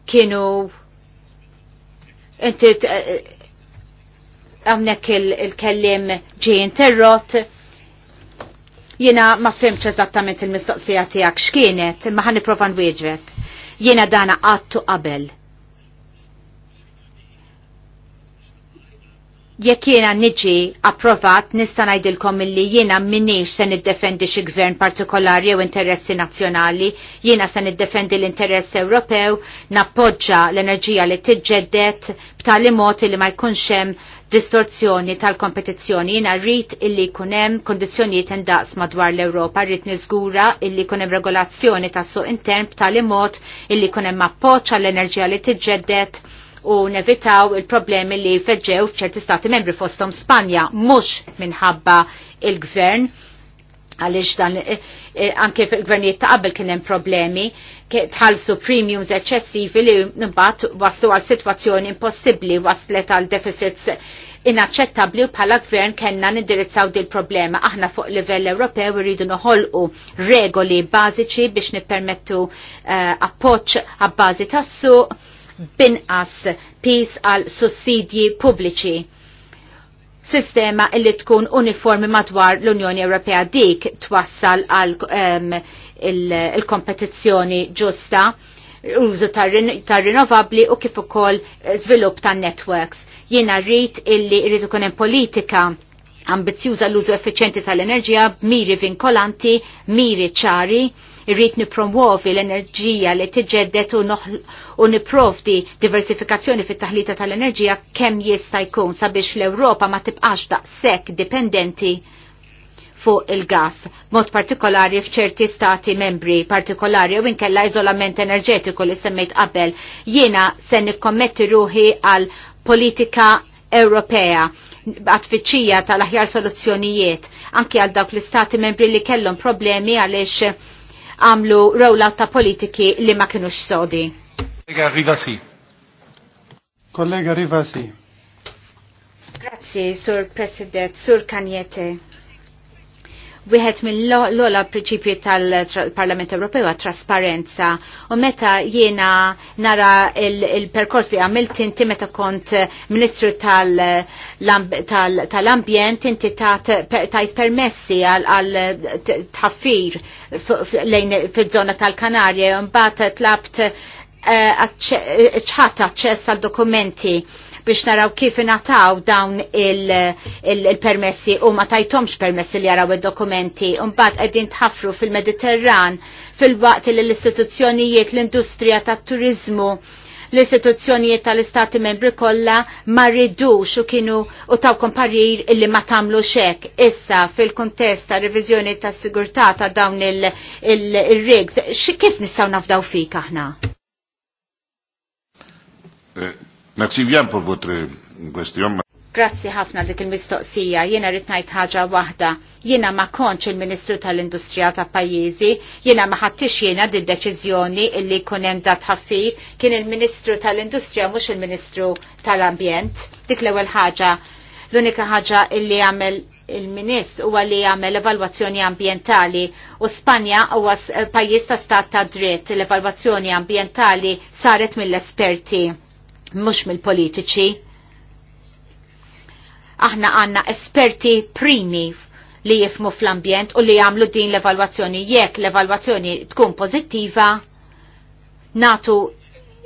Kienu inti eh, għamnek il-kellim ġi interrot. Jena ma fimx eżattament il-mistoqsija tijak xkienet, imma ħan provan nwieġbek. Jena dana għattu qabel jekk jiena niġi approvat nista' ngħidilkom illi jiena minniex se niddefendi xi gvern partikolari jew interessi nazzjonali, jiena se niddefendi l-interess Ewropew, nappoġġa l-enerġija li tiġġeddet b'tali mod li ma jkunx hemm distorzjoni tal-kompetizzjoni. Jiena rrid illi jkun hemm kondizzjonijiet indaqs madwar l-Ewropa, rrid niżgura illi jkun hemm regolazzjoni tas-suq intern b'tali mod illi jkun hemm appoġġ għall-enerġija li tiġġeddet u nevitaw il-problemi li feġġew f'ċerti stati membri fostom Spanja, mux minħabba il-gvern, għalix dan eh, eh, anke fil-gvernijiet ta' qabel kien hemm problemi tħallsu premiums eċċessivi li mbagħad waslu għal sitwazzjoni impossibbli waslet għal deficits inaċċettabbli bħala gvern kellna nindirizzaw dil problema aħna fuq livell Ewropew irridu noħolqu regoli bażiċi biex nippermettu eh, appoġġ għab bażi tas-suq binqas pis għal sussidji pubbliċi sistema illi tkun uniformi madwar l-Unjoni Ewropea dik twassal għal um, il-kompetizzjoni il ġusta użu tar rinnovabli u kif ukoll żvilupp ta' networks. Jiena rrid illi rrid ikun hemm politika ambizjuża l-użu effiċjenti tal-enerġija b'miri vinkolanti, miri ċari Irrid nipromuovi l-enerġija li tiġġedded u niprovdi diversifikazzjoni fit-taħlita tal-enerġija kemm jista' jkun sabiex l-Ewropa ma tibqax daqshekk dipendenti fuq il-gas, mod partikolari f'ċerti stati membri partikolari u inkella iżolament enerġetiku li semmejt qabel, jiena se nikkommetti ruħi għal politika Ewropea għatfittxija tal-aħjar soluzzjonijiet, anki għal dawk l-istati membri li kellhom problemi għaliex għamlu rollout ta' politiki li ma kienux sodi. Kollega Rivasi. Kollega Rivasi. Grazie, Sur President, Sur Kanjete. Wieħed mill-ola prinċipju tal-Parlament Ewropew għat trasparenza u meta jiena nara il-perkors li għamilt inti meta kont Ministru tal-Ambjent inti tajt permessi għal tħaffir fil-żona tal-Kanarja u mbagħad tlabt eh, ċħat aċċess għal dokumenti biex naraw kif ingħataw dawn il-permessi il il u ma tajtomx permessi li jaraw id-dokumenti un mbagħad qegħdin tħaffru fil-Mediterran fil-waqt li l-istituzzjonijiet l-industrija tat-turizmu l-istituzzjonijiet tal-istati membri kollha ma rridux u kienu u taw komparir illi ma tamlu xek. Issa fil-kontest ta' revizjoni ta' sigurtà ta' dawn il-rigs, il, il kif nistaw nafdaw fik aħna? Eh, Merci pur pour votre question. Grazzi ħafna dik il-mistoqsija, jiena rrid ħaġa waħda. Jiena ma kontx il-Ministru tal-Industrija ta' pajjiżi, jiena ma ħattix jiena din deċiżjoni illi jkun hemm dat ħaffir kien il-Ministru tal-Industrija mhux il-Ministru tal-Ambjent. Dik l-ewwel ħaġa l-unika ħaġa illi għamel il minist huwa li għamel evalwazzjoni ambientali u Spanja huwa pajjiż ta' stat ta' dritt l-evalwazzjoni ambientali saret mill-esperti mhux mill-politiċi. Aħna għandna esperti primi li jifmu fl-ambjent u li jagħmlu din l-evalwazzjoni. Jekk l-evalwazzjoni tkun pożittiva, natu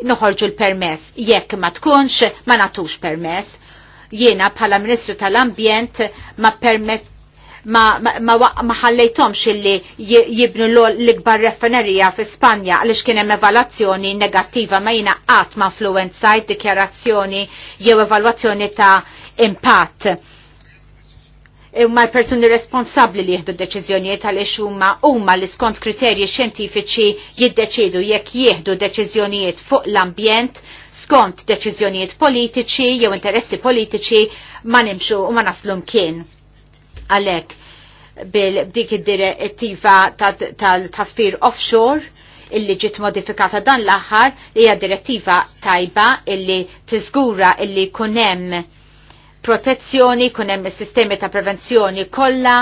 noħorġu l-permess. Jekk ma tkunx, ma natux permess. Jiena bħala Ministru tal-Ambjent ma permet ma, ma, ma, ma ħallejtomx illi jibnu l-ikbar refinerija fi Spanja għaliex kien hemm evalwazzjoni negattiva ma jina qatt ma influenzajt dikjarazzjoni jew evalwazzjoni ta' impatt imma l-persuni responsabli li jihdu deċizjonijiet għaliex huma huma li skont kriterji xjentifiċi jiddeċidu jekk jieħdu deċizjonijiet fuq l-ambjent skont deċizjonijiet politiċi jew interessi politiċi ma nimxu u ma naslu mkien. Għalek bil-dik id-direttiva tal-taffir offshore illi ġiet modifikata dan l-aħħar li hija direttiva tajba illi tiżgura illi kunem protezzjoni, kunem is-sistemi ta' prevenzjoni kollha,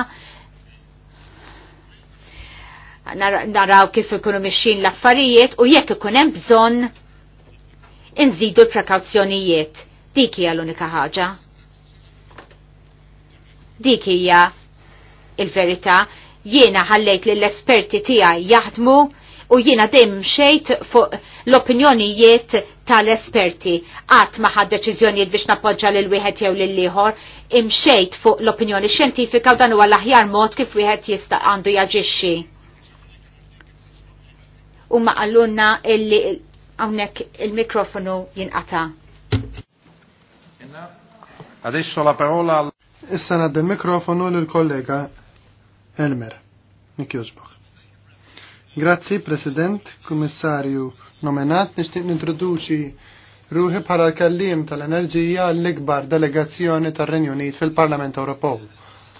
naraw kif ikunu mixin l-affarijiet u jekk ikun hemm bżonn inżidu l-prekawzjonijiet. Dik hija l-unika ħaġa. Dik hija il-verità jiena ħallejt li l-esperti tiegħi jaħdmu u jiena dejjem xejt fuq l-opinjonijiet tal-esperti. Qatt ma ħad deċiżjonijiet biex nappoġġa lil wieħed jew lil ieħor, imxejt fuq l-opinjoni xjentifika u dan huwa l-aħjar mod kif wieħed jista' għandu jaġixxi. U ma qallunna illi hawnhekk il-mikrofonu jinqata'. Adesso la parola Issa nad il-mikrofonu l-kollega Elmer. Nikjoġbok. Grazzi, President, Kummissarju nomenat, nishtiq nintroduċi ruħi bħala l-kallim tal-enerġija l-ikbar delegazzjoni tar-Renju Unit fil-Parlament Ewropew.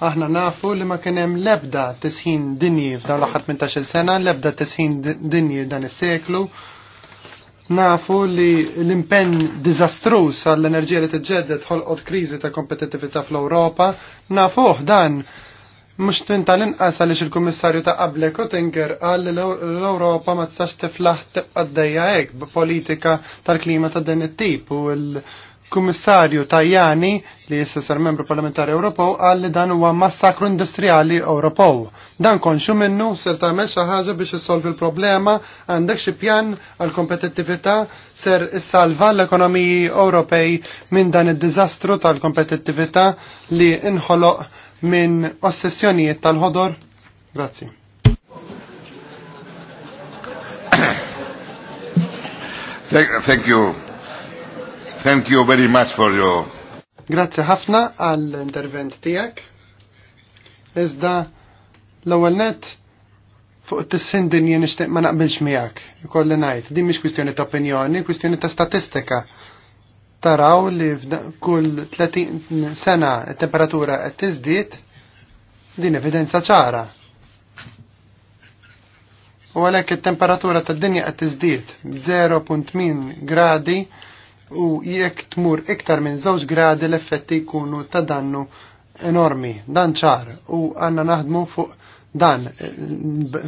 Aħna nafu li ma kienem lebda tisħin dinji f'dan l-18 sena, lebda tisħin dinji dan is-seklu, nafu li l-impenn dizastrus għall-enerġija li t-ġeddet ħolqot kriżi ta' kompetitività fl-Ewropa, nafuh dan mhux tinta l-inqas għaliex il-Kummissarju ta' qabli Oettinger qal li l-Ewropa ma tistax tiflaħ tibqa' d hekk b'politika tal-klima ta' din it-tip u l- kummissarju Tajani li jissa membru parlamentari Ewropew għal li dan huwa massakru industrijali Ewropew. Dan konxu minnu ser tagħmel xi ħaġa biex issolvi l-problema għandek xi pjan għal kompetittività ser issalva l-ekonomiji Ewropej minn dan id-diżastru tal-kompetittività li inħoloq minn ossessjonijiet tal-ħodor. Grazzi. thank you. Thank you very much for your... Grazie ħafna għall-intervent tijak. Iżda l-ewwel net fuq tissin dinja nixtieq ma naqbilx miegħek. Ikolli ngħid, din mhix kwistjoni ta' opinjoni, kwistjoni ta' statistika. Taraw li kull 30 sena temperatura qed tiżdied din evidenza ċara. U għalhekk it-temperatura tad-dinja qed tiżdied 0.1 gradi u jekk tmur iktar minn żewġ gradi l-effetti jkunu ta' dannu enormi, dan ċar u għanna naħdmu fuq dan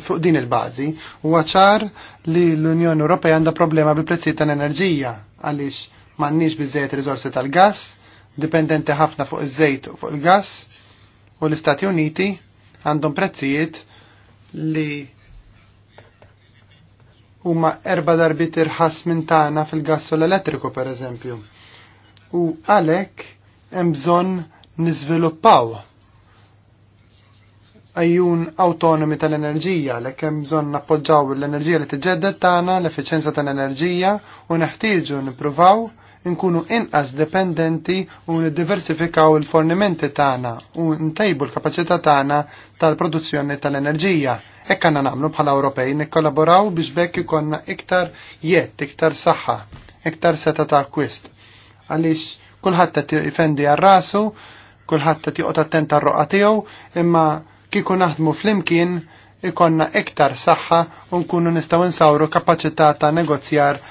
fuq din il-bażi huwa ċar li l-Unjoni Ewropea għandha problema bil-prezzijiet tal-enerġija għaliex m'għandniex biżejjed riżorsi tal-gass, dipendenti ħafna fuq iż-żejt u fuq il-gass, u l-Istati Uniti għandhom prezzijiet li huma erba darbit irħas minn tagħna fil-gassol elettriku pereżempju. U għalhekk hemm bżonn niżviluppaw għajjun autonomi tal-enerġija, għalhekk hemm bżonn nappoġġaw l-enerġija li tiġġedded tagħna, l-effiċenza tal-enerġija u neħtieġu nippruvaw nkunu inqas dependenti u niddiversifikaw il-fornimenti tagħna u ntejbu l-kapaċità tagħna tal-produzzjoni tal-enerġija. Hekk għandna nagħmlu bħala Ewropej nikkollaboraw biex bekk ikonna iktar jett, iktar saħħa, iktar seta ta' akwist. Għaliex kulħadd qed tifendi għar rasu, kulħadd qed joqgħod attent għar-roqa tiegħu, imma kieku naħdmu flimkien ikonna iktar saħħa u nkunu nistgħu nsawru kapaċità ta' negozjar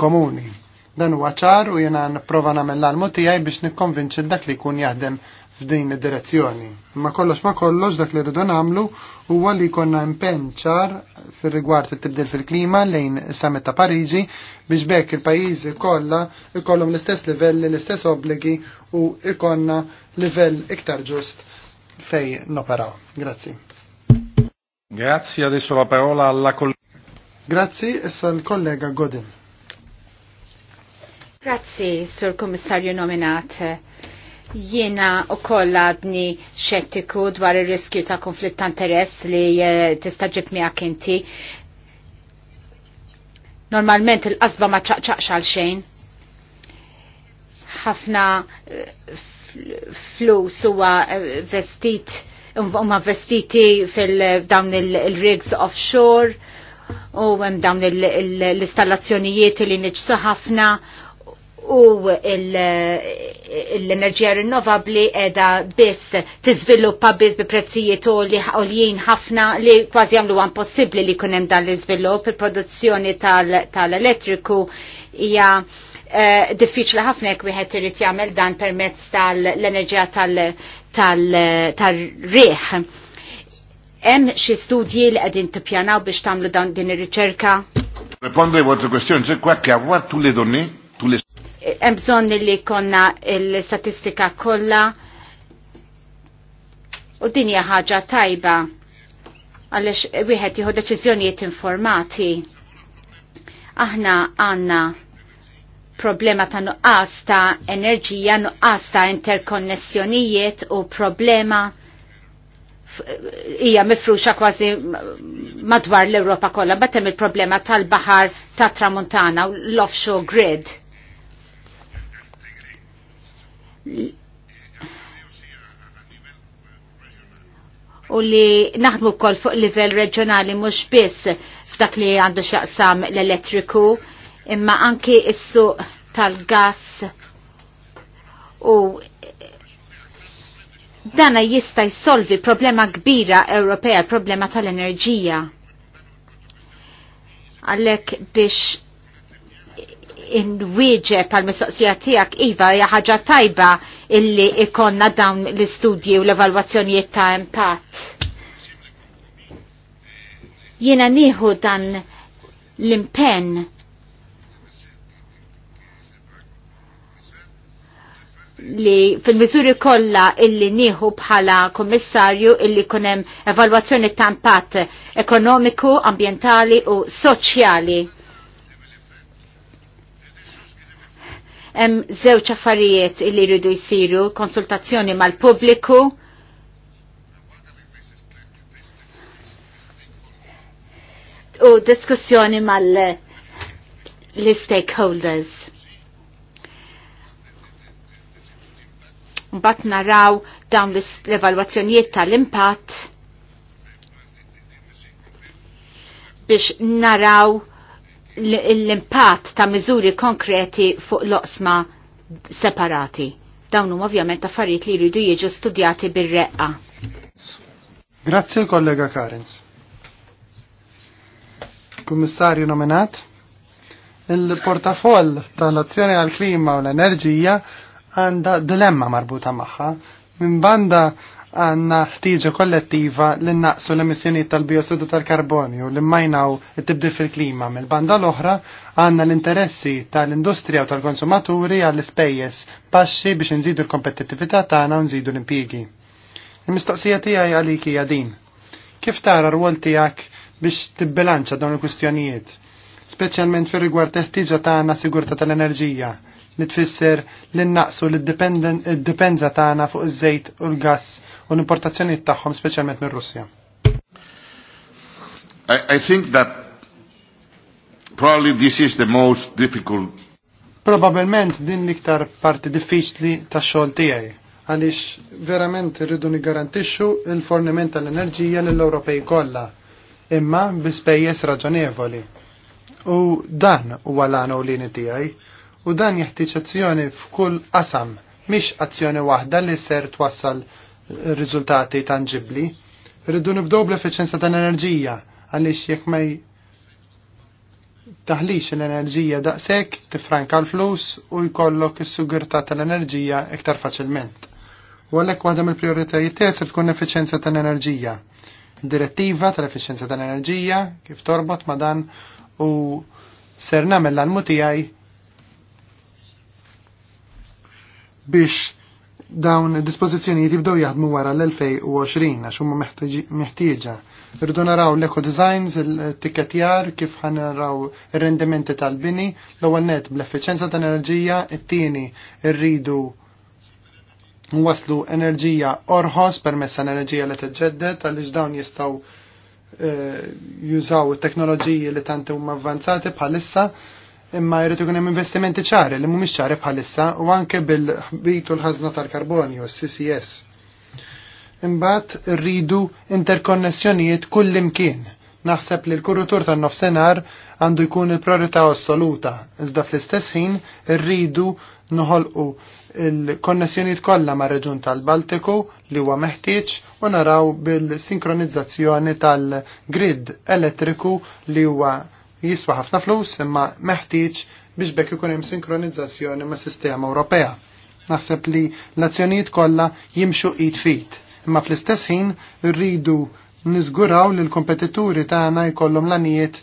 komuni. Dan huwa ċar u jiena nipprova nagħmel l-almu tiegħi biex nikkonvinċi dak li jkun jaħdem f'din id-direzzjoni. Ma kollox ma kollox dak li rridu nagħmlu huwa li jkollna impenn ċar fir-rigward it-tibdil fil-klima lejn is-summit ta' Pariġi biex bekk il-pajjiżi kollha ikollhom l-istess livelli, l-istess obbligi u ikonna livell iktar ġust fej noperaw. Grazzi. Grazzi, adesso la parola alla collega. Grazzi, issa l-kollega Godin. Grazzi, Sur Kommissarju nominat. Jiena u koll għadni xettiku dwar il-riskju ta' konflitt ta' interess li eh, tista' ġib miegħek inti. Normalment il-qasba ma ċaqċaqx għal xejn. Ħafna eh, flus huwa eh, vestit huma vestiti fil-dawn il-rigs offshore u hemm dawn l-installazzjonijiet li niġsu ħafna u l-enerġija rinnovabli edha biss tiżviluppa biss bi prezzijiet għoljien ħafna li kważi għamlu għan possibli li kunem dan l-iżvilupp il-produzzjoni tal-elettriku hija eh, diffiċli ħafna jekk wieħed irid jagħmel dan permezz tal-enerġija tal-riħ. Hemm xi studji li qegħdin tippjanaw biex tagħmlu dan din ir-riċerka? Rispondo a vostra questione, c'è qualche a voir tutte le donne, tutte hemm bżonn li konna l-statistika kollha u din hija ħaġa tajba għaliex wieħed jħu deċiżjonijiet informati. Aħna għandna problema ta' nuqqas ta' enerġija, nuqqas ta' interkonnessjonijiet u problema hija mifruxa kważi madwar l-Ewropa kollha, batem il-problema tal-baħar ta' tramuntana u l-offshore grid u li naħdmu wkoll fuq livell reġjonali mhux biss f'dak li għandu xaqsam l-elettriku imma anki is-suq tal-gas u dana jista' jsolvi problema kbira Ewropea, problema tal-enerġija. Għalhekk biex inwieġeb għal mistoqsija tiegħek iva hija ħaġa tajba illi ikonna dawn l-istudji u l-evalwazzjonijiet ta' impatt. Jiena nieħu dan l-impenn li fil-mizuri kolla illi nieħu bħala kommissarju illi kunem evalwazzjoni ta' impatt ekonomiku, ambientali u soċjali. Hemm żewġ affarijiet li jridu jsiru, konsultazzjoni mal-pubbliku, u diskussjoni mal l-stakeholders. Mbatt naraw dawn l-evalwazzjonijiet tal-impatt biex naraw l-impatt ta' miżuri konkreti fuq loqsma separati. Dawn huma ovvjament affarijiet li jridu jiġu studjati bir-reqqa. Grazzi kollega Karens. Kummissarju nominat, il-portafoll tal-azzjoni għal-klima u l-enerġija għanda dilemma marbuta magħha. Minn banda għanna ħtiġa kollettiva li naqsu l-emissjoni tal-biossidu tal-karbonju li mmajnaw it-tibdil fil-klima. Mill-banda l-oħra għanna l-interessi tal-industrija u tal-konsumaturi għall spejjes baxxi biex nżidu l-kompetittività tagħna u nżidu l-impjiegi. Il-mistoqsija tiegħi għalik hija din. Kif tara r-rwol tiegħek biex tibbilanċa dawn il-kwistjonijiet, speċjalment fir rigward teħtieġa tagħna sigurta tal-enerġija? li tfisser li naqsu l-dipendenza tagħna fuq iż-żejt u l-gass u l-importazzjonijiet tagħhom speċjalment minn Russja. I, I think that probably this is the most difficult Probabilment din l-iktar parti diffiċli tax xogħol tiegħi għaliex verament irridu nigarantixxu il-forniment tal-enerġija lill-Ewropej kollha imma bi spejjeż raġonevoli. U dan huwa l għan u l-lini tiegħi u dan jeħtieġ azzjoni f'kull qasam, mhix azzjoni waħda li ser twassal riżultati tangibbli. Rridu nibdew bl-effiċenza tal-enerġija għaliex jekk ma taħlix l-enerġija daqshekk tifranka l-flus u jkollok is-sugurtà tal-enerġija iktar faċilment. U għalhekk waħda mill-prijoritajiet tiegħek tkun l-effiċenza tal-enerġija. Direttiva tal-effiċenza tal-enerġija kif torbot ma dan u ser nagħmel l-almu tiegħi biex dawn dispozizjoni jibdow jaħdmu wara l-2020 għax huma meħtieġa. Irridu naraw l-eco designs, il-tikketjar, kif ħanaraw ir-rendimenti tal-bini, l-ewwel net bl-effiċenza ta' enerġija it-tieni rridu waslu enerġija orħos permessa enerġija li teġġedded għaliex dawn jistgħu eh, jużaw it teknoloġiji li tant huma avvanzati bħalissa imma jrid ikun hemm investimenti ċari li mhumiex ċari bħalissa u anke bil-ħbitu l-ħażna tal-karbonju, CCS. Imbagħad rridu interkonnessjonijiet kull imkien. Naħseb li l-kurutur tan-nofsenar għandu jkun il-priorità assoluta, iżda fl-istess ħin rridu noħolqu il-konnessjonijiet kollha ma' reġun tal-Baltiku li huwa meħtieġ u naraw bil-sinkronizzazzjoni tal-grid elettriku li huwa jiswa ħafna flus imma meħtieġ biex bekk ikun hemm sinkronizzazzjoni ma' sistema Ewropea. Naħseb li l-azzjonijiet kollha jimxu qid fit. Imma fl-istess ħin rridu niżguraw li l-kompetituri tagħna jkollhom lanijiet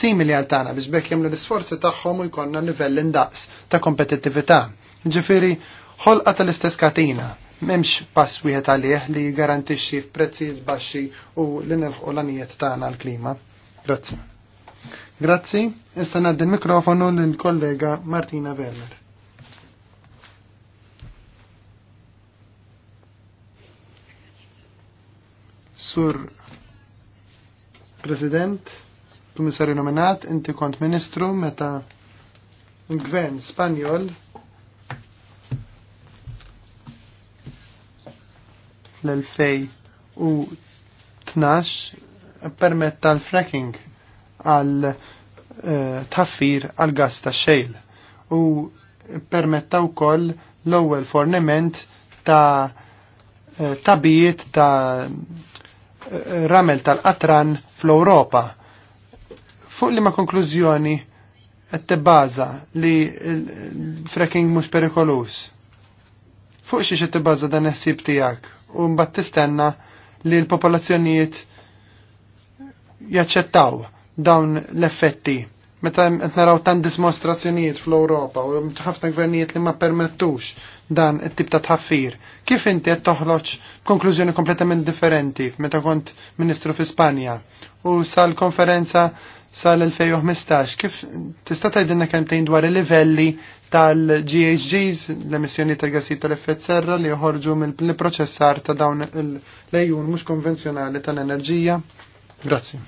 simili għal tagħna biex bekk jagħmlu l-isforzi tagħhom u jkollna livell indaqs ta' kompetittività. Ġifieri ħolqa tal-istess katina m'hemmx pass wieħed għalih li jgarantixxi f'prezzijiet baxxi u li inilħu l-anijiet tagħna l-klima. Grazie. Grazzi, issa naddi il mikrofonu lill-kollega Martina Werner. Sur President, Kummissarju nominat, inti kont Ministru meta l-Gvern Spanjol l-2012 permetta l-fracking għal eh, taffir għal gas ta' xejl u permettaw koll l-ewwel forniment ta' eh, tabijiet ta' eh, ramel tal-qatran fl-Ewropa. Fuq li ma' konklużjoni qed tibbaża li fracking mhux perikolus. Fuq xi qed tibbaża dan il-ħsieb tiegħek u mbagħad tistenna li l-popolazzjonijiet jaċċettaw dawn l-effetti. Meta qed naraw tant dismostrazzjonijiet fl-Ewropa u ħafna gvernijiet li ma permettux dan it-tip ta' tħaffir, kif inti qed toħloġ konklużjoni kompletament differenti meta kont Ministru fi Spanja u sal-konferenza sal-2015 kif tista' tgħidilna kemmtejn dwar il-livelli tal-GHGs, l-emissjoni tal gasit tal-effett serra li joħorġu mill-proċessar ta' dawn l-ejjun mhux konvenzjonali tal-enerġija? Grazzi.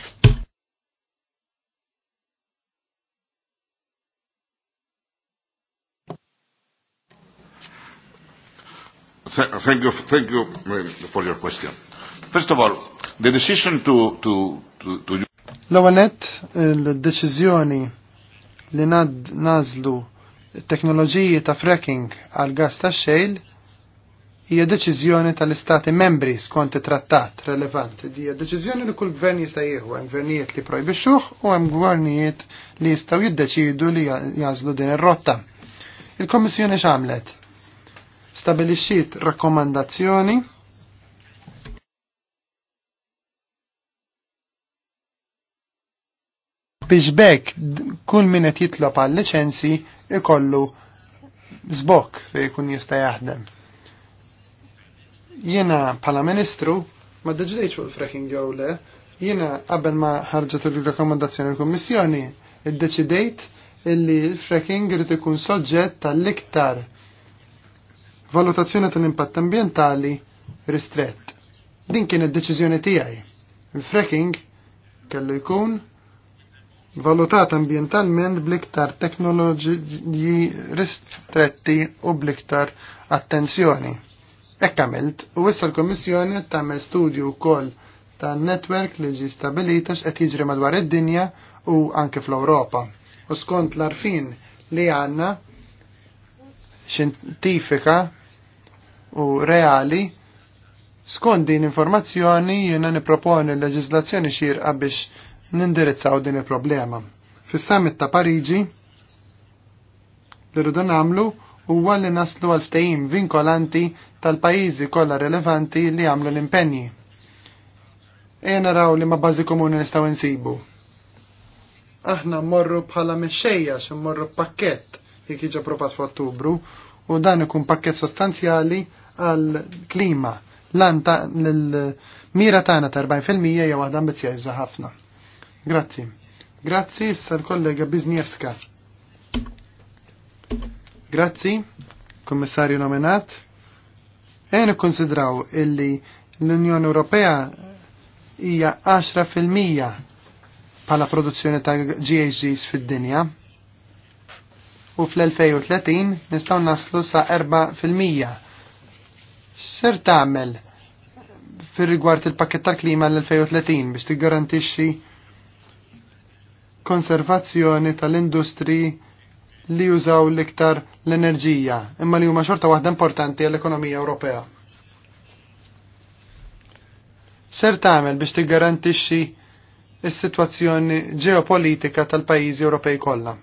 Thank you, thank you for your question. First of all, the decision to... to, to, to... L-għanet, il-deċizjoni li nad nazlu teknoloġiji ta' fracking għal gas ta' xejl hija deċiżjoni tal-istati membri skont it trattat relevanti. Hija deċiżjoni li kull gvern jista' jieħu hemm gvernijiet li projbixxuh u hemm gvernijiet li jistgħu jiddeċidu li jażlu din ir-rotta. Il-Kommissjoni x'għamlet? stabilixxiet rakkomandazzjoni biex bekk kull min qed jitlob għal liċenzi ikollu żbok fejn jkun jista' jaħdem. Jiena bħala Ministru ma deġdejx fuq il-fracking jew le, jiena qabel ma ħarġet il-rakkomandazzjoni l-Kummissjoni iddeċidejt illi l-fracking irid ikun soġġett tal-iktar valutazzjoni tal-impatt ambientali ristrett. Din kien id-deċiżjoni tiegħi. Il-fracking kellu jkun valutat ambientalment bliktar teknoloġiji ristretti u bliktar attenzjoni. Ekk għamilt, u issa l-Kommissjoni tagħmel studju wkoll ta' netwerk li ġi stabilita x'qed jiġri madwar id-dinja u anke fl-Ewropa. U skont l-arfin li għandna xintifika u reali skont din informazzjoni jiena niproponi l leġislazzjoni xirqa biex nindirizzaw din il-problema. Fis-summit ta' Pariġi li rridu nagħmlu huwa li naslu għal ftehim vinkolanti tal-pajjiżi kollha rilevanti li għamlu l-impenji. E naraw li ma bażi komuni nistgħu insibu. Aħna mmorru bħala mexxejja mmorru pakkett li jiġi approvat f'Ottubru u dan ikun pakkett sostanzjali għal-klima lan ta' l-mira tagħna ta' 40% jew waħda ambizjaża ħafna. Grazzi. Grazzi issa l-kollega Biznievska. Grazzi, kommissarju nominat. Ejnu konsidraw illi l-Unjoni Ewropea hija 10% bħala produzzjoni ta' GHGs fid-dinja. U fl-2030 nistgħu naslu sa' 4% ser tagħmel fir rigward il-pakket tal-klima l-2030 biex tiggarantixxi konservazzjoni tal-industri li jużaw l-iktar l-enerġija, imma li huma xorta waħda importanti għall-ekonomija Ewropea. Ser tagħmel biex tiggarantixxi is-sitwazzjoni ġeopolitika tal-pajjiżi Ewropej kollha.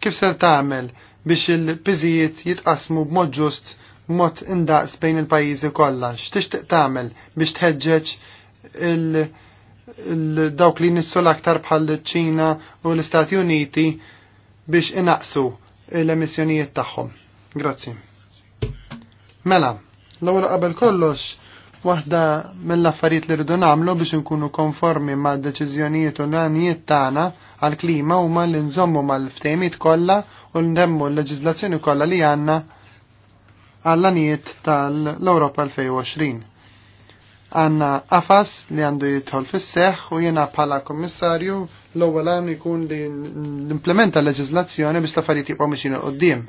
Kif ser tagħmel biex il-piżijiet jitqasmu b'mod ġust mod indaqs bejn il-pajjiżi kollha. X'tixtieq tagħmel biex tħeġġeġ il-dawk li nissu l-aktar bħal ċina u l-Istati Uniti biex inaqsu l-emissjonijiet tagħhom. Grazzi. Mela, l-ewwel qabel kollox waħda mill-affarijiet li rridu nagħmlu biex inkunu konformi mad deċiżjonijiet u l-għanijiet tagħna għall-klima huma li nżommu mal-ftehimiet kollha u ndemmu l-leġiżlazzjoni kollha li għandna għall-anijiet tal-Europa 2020. Għanna għafas li għandu jidħol fis u jiena bħala kommissarju l-ewwel għam ikun li l-implementa l leġizlazzjoni biex l-affarijiet jibqgħu mixin qudiem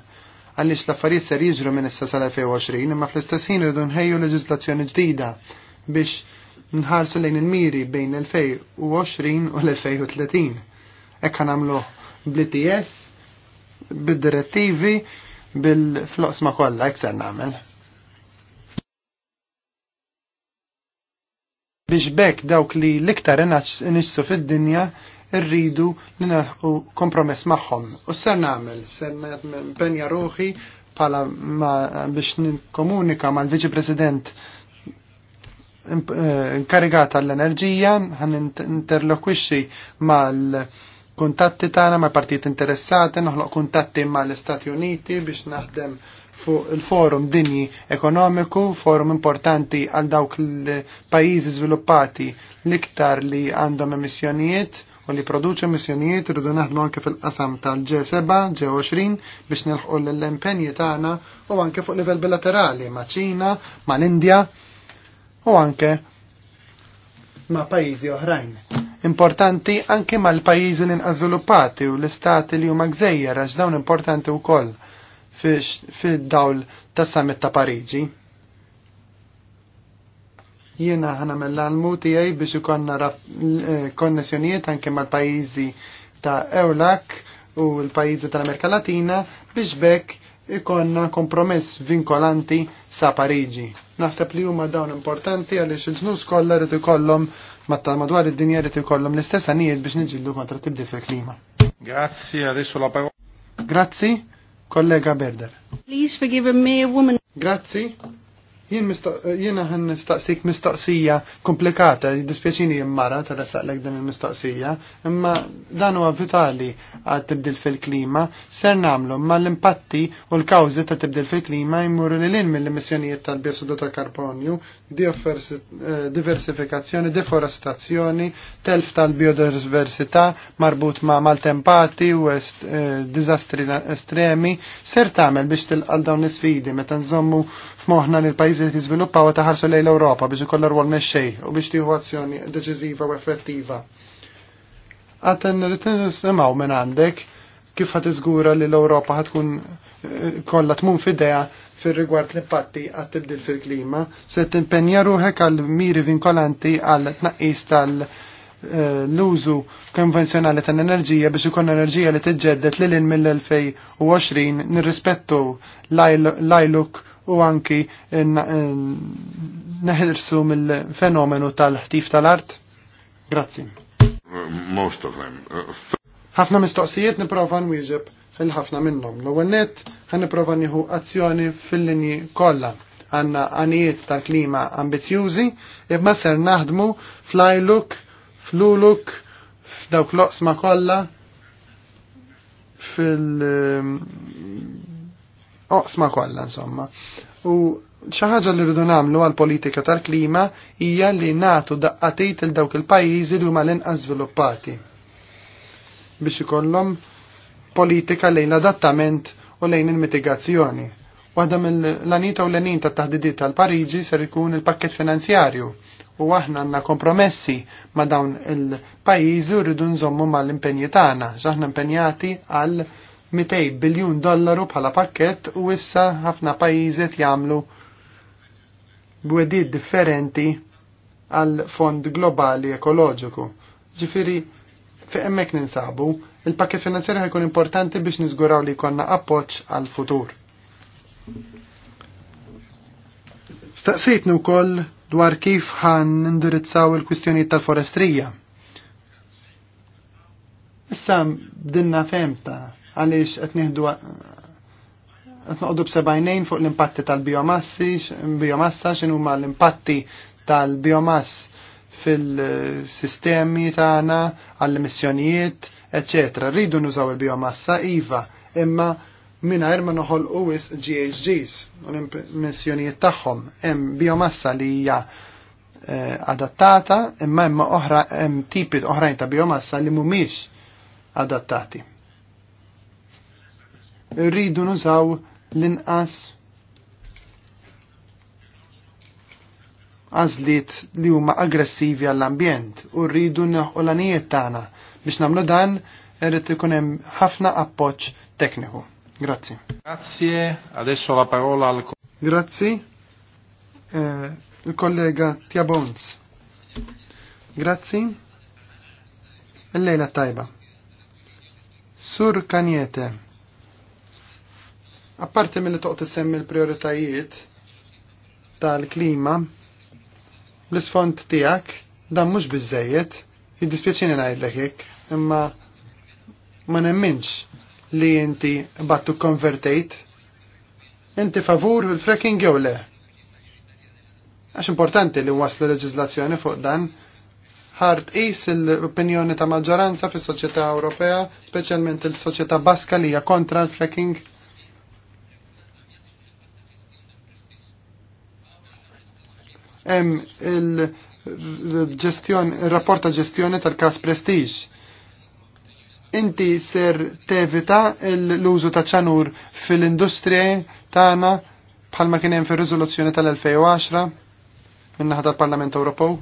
għaliex l-affarijiet ser jiġru minn issa sal-2020 imma fl-istess ħin irridu nħejju leġizlazzjoni ġdida biex nħarsu lejn il-miri bejn l-2020 u l-2030. Ekk għamluh bl-ITS, bid-direttivi bil-floqsma kollha ikser nagħmel. Biex bekk dawk li l-iktar inixsu fid-dinja irridu li naħu kompromess magħhom. U ser nagħmel, ser penja ruħi pala ma biex nikkomunika mal-Viċi President eh, inkarigata l-enerġija, għan interlokwixi mal kuntatti tagħna ma' partit interessati, noħloq kuntatti ma' l-Istati Uniti biex naħdem fuq il-forum dinji ekonomiku, forum importanti għal dawk il pajjiżi żviluppati l-iktar li għandhom emissjonijiet u li produċu emissjonijiet rridu naħdmu anke fil-qasam tal-G7, G20 biex nilħqu l-impenji tagħna u anke fuq livell bilaterali ma' Ċina, ma' l-Indja u anke ma' pajjiżi oħrajn importanti anke mal-pajjiżi li nqażviluppati u l-istati li huma gżejjer għax dawn importanti wkoll fid-dawl tas summit ta' Pariġi. Jiena ħanamel l-almu tiegħi biex ikonna eh, konnessjonijiet anke mal-pajjiżi ta' Ewlak u l-pajjiżi tal-Amerika Latina biex bekk ikonna kompromess vinkolanti sa' Pariġi. Naħseb li huma dawn importanti għaliex il-ġnus kollha rid ikollhom matta madwar id-dinja li tikollhom l-istess għanijiet biex niġillu kontra tibdil fil-klima. Grazzi, adesso la parola. Grazzi, kollega Berder. Please forgive me, woman. Grazzi, Jiena ħan nistaqsik mistoqsija komplikata, dispjaċini jimmara ta' saqlek din il-mistoqsija, imma dan huwa vitali għad tibdil fil-klima, ser namlu ma l-impatti u l-kawzi ta' tibdil fil-klima jmurru li l-in mill-emissjonijiet tal-biossidu ta' karbonju, eh, diversifikazzjoni, deforestazzjoni, telf tal-biodiversità marbut ma' maltempati u eh, dizastri estremi, ser tagħmel biex tilqal dawn l-sfidi meta nżommu Moħna li l-pajjiżi li tiżviluppaw ta' ħarsu lejn l europa biex ikollha rwol mexxej u biex tieħu azzjoni deċiżiva u effettiva. Għaten li tinsemgħu minn għandek kif ħat iżgura li l-Ewropa tkun eh, kollha tmun fidea fir-rigward l-impatti għat tibdil fil-klima, se t-impenja ruħek għal miri vinkolanti għal tnaqqis tal- eh, l-użu konvenzjonali tal-enerġija biex ikun enerġija li l lil mill-2020 nirrispettu l-ajluk u anki neħirsu mill-fenomenu tal-ħtif tal-art? Grazzi. Most of them. Ħafna mistoqsijiet niprofa nwieġeb fil-ħafna minnhom. l għonnet għan niprofa nieħu azzjoni fil-linji kollha għanna għanijiet tal-klima ambizjużi, imma ser naħdmu flajluk, fluluk, f'dawk loqsma kollha fil oqsma kollha insomma. U xi ħaġa li rridu nagħmlu għall politika tal-klima hija li nagħtu daqqatejt il dawk il-pajjiżi li huma l-inqas żviluppati biex ikollhom politika lejn l-adattament u lejn il-mitigazzjoni. Waħda mill-lanita u l-lanin ta' taħdidiet tal-Pariġi ser ikun il-pakket finanzjarju u aħna għandna kompromessi ma' dawn il-pajjiżi u rridu nżommu mal-impenji tagħna, x'aħna impenjati għal 200 biljun dollaru bħala pakket u issa ħafna pajizet jagħmlu bwedid differenti għal fond globali ekoloġiku. Ġifiri, fi emmek ninsabu, il-pakket finanzjeri ħajkun importanti biex nizguraw li konna appoċ għal futur. Staqsejtnu wkoll dwar kif ħan indirizzaw il-kwistjonijiet tal-forestrija. Issa bdinna femta għaliex qed nieħdu b-sebajnejn fuq l-impatti tal-biomassi, biomassa xinu ma l-impatti tal-biomass fil-sistemi tagħna għall-emissjonijiet, etc. Rridu nużaw il-biomassa iva, imma minna erma noħol uwis GHGs u l-emissjonijiet tagħhom. Hemm biomassa li hija eh, adattata, imma imma oħra hemm tipi oħrajn ta' biomassa li mhumiex adattati rridu nużaw l-inqas għazliet li huma aggressivi għall-ambjent u rridu nħu l-anijiet tagħna biex nagħmlu dan irrid ikun hemm ħafna appoġġ tekniku. Grazzi. Grazie, adesso la parola al Grazzi. Eh, il-kollega Tjabons. Grazzi. Il-lejla e tajba. Sur Kanjete Apparti mill toqt semmi il prioritajiet tal-klima, l-isfond tijak, dan mux bizzejiet, jiddispieċini najdlek jek, imma ma nemminx li inti battu konvertejt, inti favur il-fracking jew le. Għax importanti li waslu leġizlazzjoni fuq dan, ħart is l-opinjoni ta' maġġoranza fis soċjetà Ewropea, speċjalment il-soċjetà Baska li hija kontra l-fracking hemm il-ġestjon il-rapport ta' ġestjoni tal kas Prestige. Inti ser tevita l-użu ta' ċanur fil-industrija tagħna bħalma kien hemm fir-riżoluzzjoni tal-2010 min-naħa tal-Parlament Ewropew.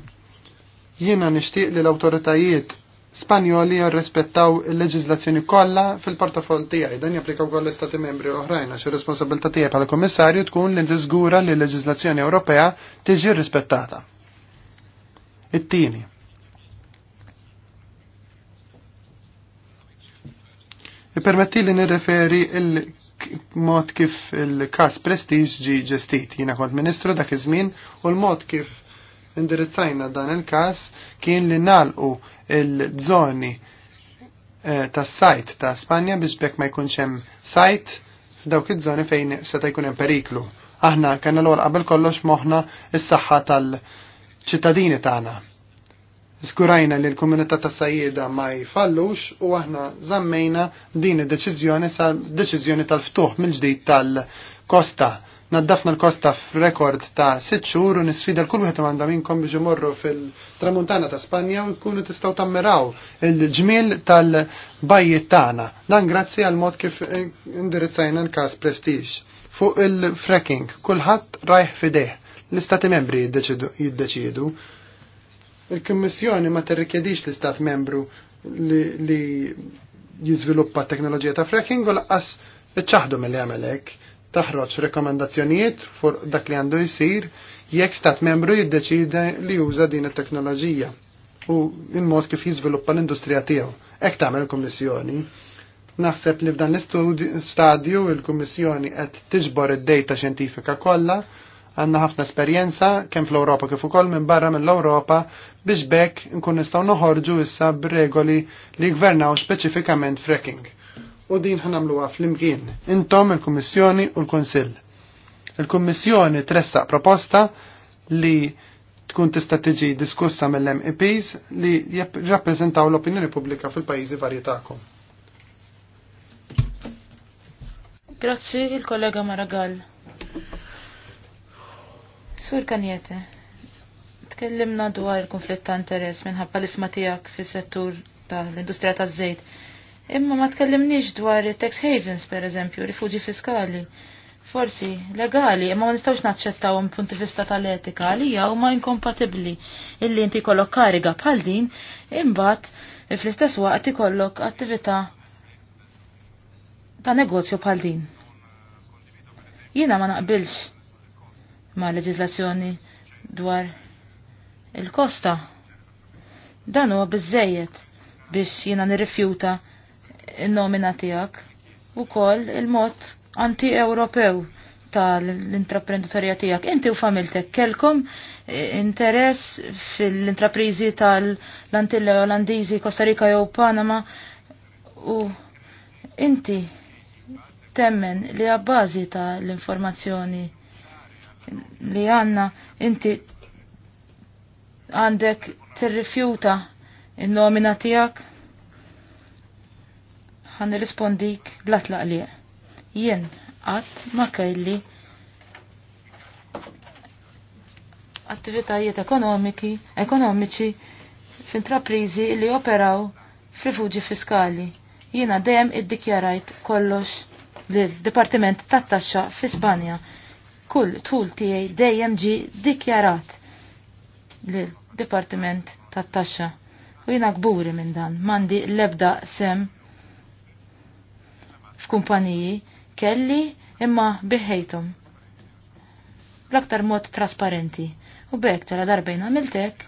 Jiena nixtieq li l-awtoritajiet Spanjoli jirrispettaw il-leġizlazzjoni kollha fil-portafol tiegħi dan japplikaw kollha l-istati membri oħrajn għax ir-responsabilità tiegħi bħala kummissarju tkun li tiżgura li l-leġizlazzjoni Ewropea tiġi rispettata. It-tieni. Ipermetti li nirreferi il-mod kif il-kas prestiġ ġi ġestit. Jina kont ministru dak iż-żmien u l-mod kif indirizzajna dan il-kas kien li nalqu il-żoni eh, ta' sajt ta' Spanja biex bekk ma jkunx hemm sajt f'dawk iż-żoni fejn seta' jkun hemm periklu. Aħna kellna l qabel kollox moħħna s-saħħa tal-ċittadini tagħna. Skurajna li l-komunità ta' sajjida ma jfallux u aħna zammejna din id-deċiżjoni sa' deċiżjoni tal-ftuħ mill-ġdid tal-kosta Naddafna l-kosta f'rekord ta' 6 xhur u nisfida l-kull wieħed għandha minnkom biex imorru fil-tramuntana ta' Spanja u jkunu tistgħu tammiraw il-ġmiel tal-bajjiet tagħna. Dan grazzi għal mod kif indirizzajna l-każ Prestige. Fuq il-fracking, kulħadd rajħ fideh. L-istati membri jiddeċidu. Il-Kummissjoni ma tirrikjedix l-istat membru li, li jizviluppa teknoloġija ta' fracking u laqqas iċċaħdu mill-li għamelek taħroġ rekomendazzjonijiet fuq dak li għandu jsir jekk stat membru jiddeċida li juża din it-teknoloġija u il-mod kif jiżviluppa l-industrija tiegħu. Hekk tagħmel il-Kummissjoni. Naħseb li f'dan l-istadju il-Kummissjoni qed tiġbor id-dejta xjentifika kollha għanna ħafna esperjenza kemm fl-Ewropa kif ukoll minn barra mill-Ewropa biex bekk nkun nistgħu noħorġu issa b'regoli li gvernaw speċifikament fracking u din għaf l imkien intom il-Kummissjoni u l-Kunsill. Il-Kummissjoni tressaq proposta li tkun tista' tiġi diskussa mill-MEPs li jirrappreżentaw l-opinjoni pubblika fil-pajjiżi varji tagħkom. Grazzi il-kollega Maragall. Sur Kanjete, tkellimna dwar il-konflitt ta' interess minnħabba l ismatijak tiegħek fis-settur tal-industrija taż-żejt Imma ma tkellimniex dwar tax havens, per eżempju, rifugi fiskali. Forsi, legali, imma ma nistawx naċċettaw un punti vista tal-etika li jew ma inkompatibli. Illi inti kollok kariga bħal din, imbat fl-istess waqt ikollok attività ta' negozju bħal din. Jiena ma naqbilx ma' leġislazzjoni dwar il-kosta. Dan huwa biżejjed biex jiena nirrifjuta il-nomina tijak u koll il-mod anti-Ewropew tal-intraprenditorja tijak. Inti u familtek kelkom eh, interess fil-intraprizi tal-Antille Olandizi, Costa Rica jew Panama u inti temmen li għabbażi tal-informazzjoni li għanna inti għandek tirrifjuta il-nomina tijak ħan nirrispondik blat tlaqliq. Jien qatt ma kelli attivitajiet ekonomiki, ekonomiċi f'intraprizi li operaw f'rifugi fiskali. Jiena dejjem iddikjarajt kollox lil dipartiment tat-Taxxa fi Spanja. Kull tul tiegħi dejjem ġi dikjarat lil dipartiment tat-Taxxa. U jiena kburi minn dan, mandi l-ebda sem f'kumpaniji kelli imma biħejtum. L-aktar mod trasparenti. U bekk tara darbejn għamiltek,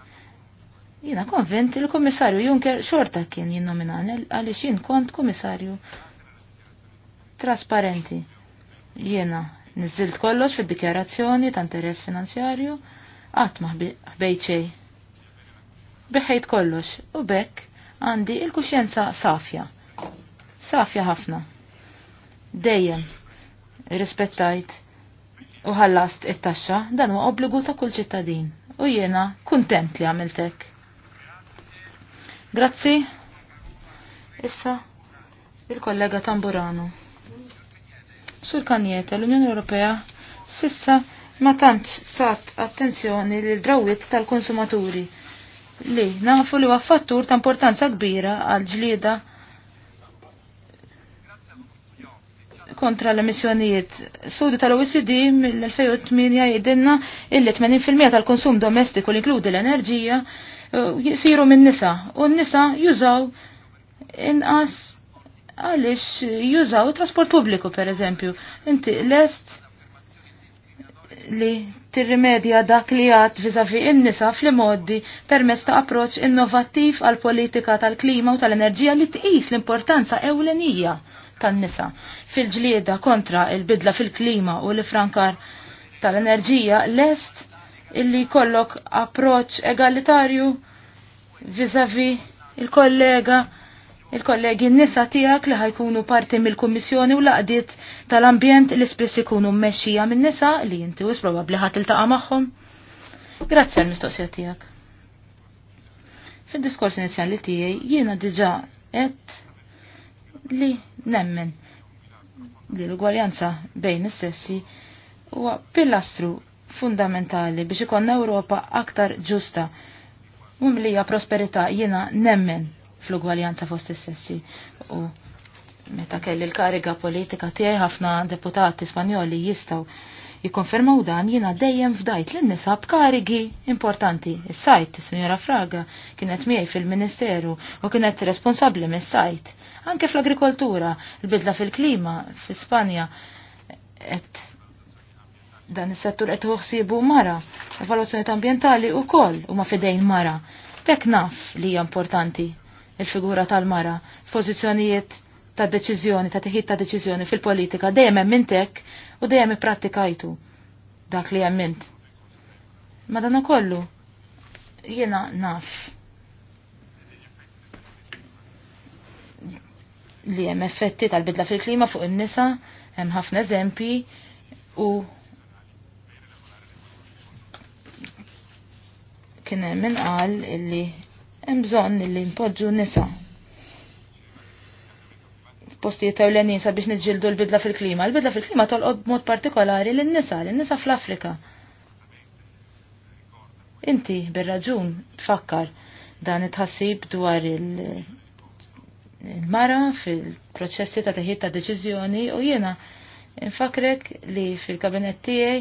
jina konvent il-komissarju Juncker xorta kien jinnominan għaliex jien kont komissarju trasparenti. Jiena nizzilt kollox fid-dikjarazzjoni ta' interess finanzjarju qatt ma ħbejt xejn. Beħejt kollox u bekk għandi il-kuxjenza safja. Safja ħafna dejjem rispettajt u ħallast it-taxxa dan huwa obbligu ta' kull ċittadin u jiena kuntent li għamilt hekk. Grazzi. Issa il-kollega Tamburano. Sur kanjeta l-Unjoni Ewropea sissa ma tantx tat attenzjoni lil drawiet tal-konsumaturi li nafu li huwa fattur ta' importanza kbira għal ġlieda kontra l-emissjonijiet. Studju tal-OECD mill-2008 jgħidilna illi 80% tal-konsum domestiku li inkludi l-enerġija uh, jisiru minn nisa u n-nisa jużaw inqas għaliex jużaw trasport pubbliku per eżempju. Inti lest li tirrimedja dak li għad vizavi in-nisa fl-moddi permess ta' approċ innovattiv għal politika tal-klima u tal-enerġija li tqis l-importanza ewlenija tan-nisa fil-ġlieda kontra il-bidla fil-klima u l-frankar tal-enerġija lest illi kollok approċ egalitarju vizavi il-kollega il-kollegi n-nisa tijak li ħajkunu parti mill-Kummissjoni u laqdiet tal-ambjent li spiss ikunu mmexxija min-nisa li jinti wis probabbli ħadd iltaqa' magħhom. Grazzi għall mistoqsija tiegħek. Fid-diskors inizjali tiegħi jiena diġà qed li nemmen li l-ugwaljanza bejn is-sessi huwa pilastru fundamentali biex ikonna Ewropa aktar ġusta u mlija prosperità jiena nemmen fl-ugwaljanza fost is-sessi. U meta kelli l-kariga politika tiegħi ħafna deputati Spanjoli jistgħu jikkonfermaw dan jiena dejjem fdajt lin nisa b'karigi importanti. Is-sajt, is-Sinjora Fraga, kienet miegħi fil-Ministeru u kienet responsabbli mis-sajt anke fl-agrikoltura, l bidla fil-klima fi Spanja et dan is-settur qed uħsibu mara, evaluazzjoni ambjentali wkoll huma fidejn mara. Bek naf li hija importanti il-figura tal-mara, pożizzjonijiet ta' deċiżjoni, ta' teħid ta' deċiżjoni fil-politika dejjem hemm mintek u dejjem ipprattikajtu dak li hemm Ma dan ukollu jiena naf li hemm effetti tal-bidla fil-klima fuq in-nisa, hemm ħafna eżempji u kien hemm inqal illi hemm bżonn illi npoġġu n nisa postijiet ewlen l-nisa biex niġġieldu l-bidla fil-klima. L-bidla fil-klima tolqod b'mod partikolari lin nisa lin nisa fl-Afrika. Inti, bir-raġun, tfakkar dan it-ħassib dwar il- il-mara fil-proċessi ta' teħid ta' deċiżjoni u jiena infakrek li fil-kabinet tiegħi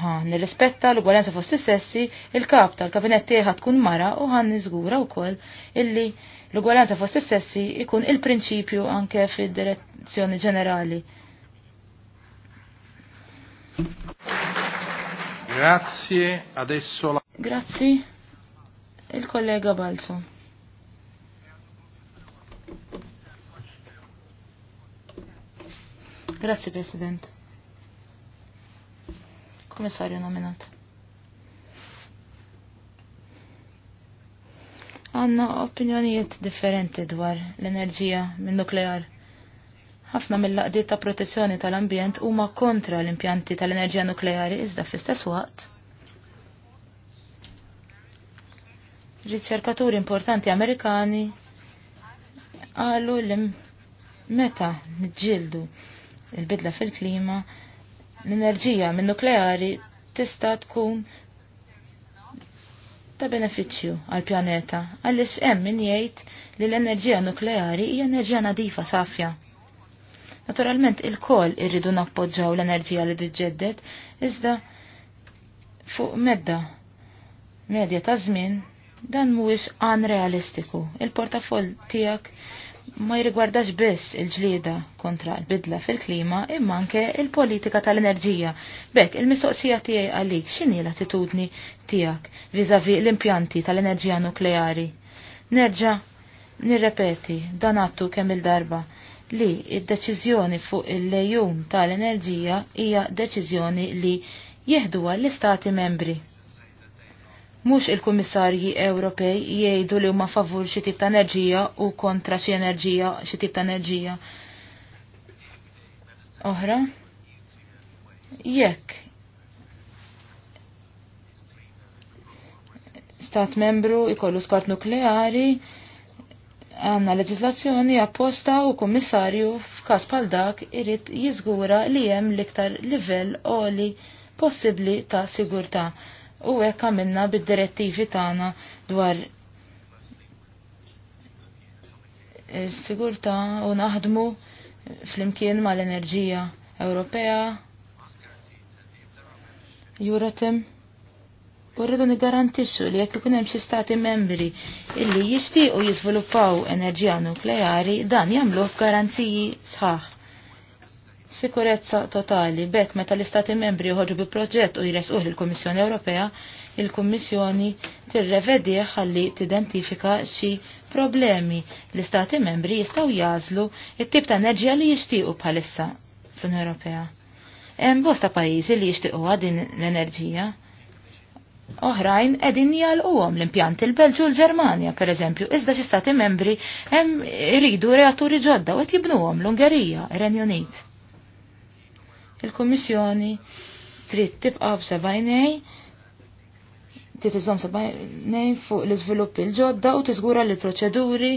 ħa nirrispetta l-ugwalenza fost sessi il-kap tal-kabinet tiegħi tkun mara u ħan niżgura wkoll illi l-ugwalenza fost sessi ikun il-prinċipju anke fid-direzzjoni ġenerali. Grazie, adesso la... Grazie, il collega Balzo. Grazzi, President. Komissarju nominat. Għanna opinjonijiet differenti dwar l-enerġija minn nuklear. Ħafna mill-laqdiet ta' protezzjoni tal-ambjent huma kontra l-impjanti tal-enerġija nukleari iżda fl-istess waqt. Riċerkaturi importanti Amerikani qalu li meta nġildu il-bidla fil-klima, l-enerġija minn nukleari tista' tkun ta' beneficju għal pjaneta għaliex hemm min jgħid li l-enerġija nukleari hija enerġija nadifa safja. Naturalment il-kol irridu nappoġġaw l-enerġija li tiġġedded iżda fuq medda medja ta' żmien dan mhuwiex għan realistiku. Il-portafoll tiegħek ma jirgwardax biss il-ġlieda kontra l-bidla fil-klima imma anke il-politika tal-enerġija. Bek, il-mistoqsija tiegħi għalik x'inhi l-attitudni tiegħek viżavi l-impjanti tal-enerġija nukleari. Nerġa' nirrepeti dan għattu kemm il-darba li id-deċiżjoni fuq il-lejum tal-enerġija hija deċiżjoni li jeħduha l-istati membri. Mhux il-kummissarji Ewropej jgħidu li huma favur xi tip ta' enerġija u kontra xi enerġija xi tip ta' enerġija. Oħra? Jekk. Stat membru ikollu skart nukleari għanna leġislazzjoni apposta u kummissarju f'każ bħal dak irid jiżgura li hemm l-iktar livell oli possibbli ta' sigurtà u hekk għamilna bid-direttivi tagħna dwar is-sigurtà u naħdmu flimkien mal-enerġija Ewropea Juratim u rridu nigarantixxu li jekk ikun hemm xi stati membri illi jixtiequ jiżviluppaw enerġija nukleari dan jagħmluh garanziji sħaħ. Sikurezza totali, bekk meta l-Istati membri joħorġu bi proġett u jresquh il-Kummissjoni Ewropea, il-Kummissjoni tirrevedih ħalli tidentifika xi problemi l-Istati membri jistgħu jażlu it-tip ta' enerġija li jixtiequ bħalissa fl-Unjoni Ewropea. Hemm bosta pajjiżi li jixtiequ din l-enerġija. Oħrajn edin jgħalquhom l-impjant il-Belġu l-Ġermanja, per eżempju, iżda xi stati membri hemm iridu reaturi ġodda u qed jibnuhom l-Ungerija, Renju Unit il-Kummissjoni trid tibqa' b'sebgħinej trid iżomm sebajnej fuq l-iżvilupp il-ġodda u tiżgura li l-proċeduri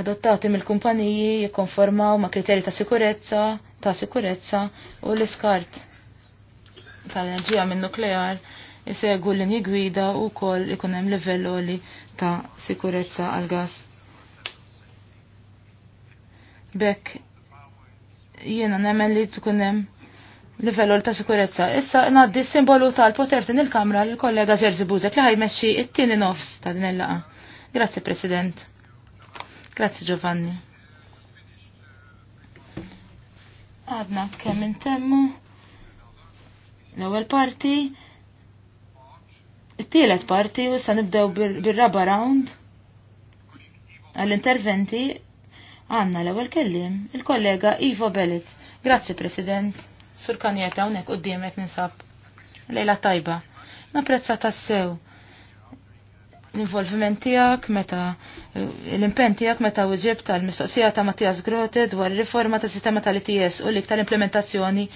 adottati mill-kumpaniji jikkonformaw ma' kriterji ta' sikurezza, ta' sikurezza u l-iskart tal-enerġija minn nuklear isegwu l-linji gwida u kol ikun hemm livell ta' sikurezza għal gas. Bekk jiena nemmen li tkunem livello ta' sikurezza. Issa ngħaddi simbolu tal-poter din il-kamra l-kollega Zerzi Buzek li ħajmexxi it-tieni nofs ta' din il-laqa. Grazzi President. Grazzi Giovanni. għadna kemm intemmu l-ewwel parti, it-tielet parti u issa nibdew bir-raba round għall-interventi Għanna l-ewel kellim, il-kollega Ivo Bellet. Grazzi, President. Sur kanjeta unek u d-diemek ninsab. Lejla tajba. Naprezza tassew l-involviment tijak meta l-impen tijak meta ġib tal-mistoqsija ta' Mattias Grote dwar riforma ta' sistema tal-ITS u lik tal-implementazzjoni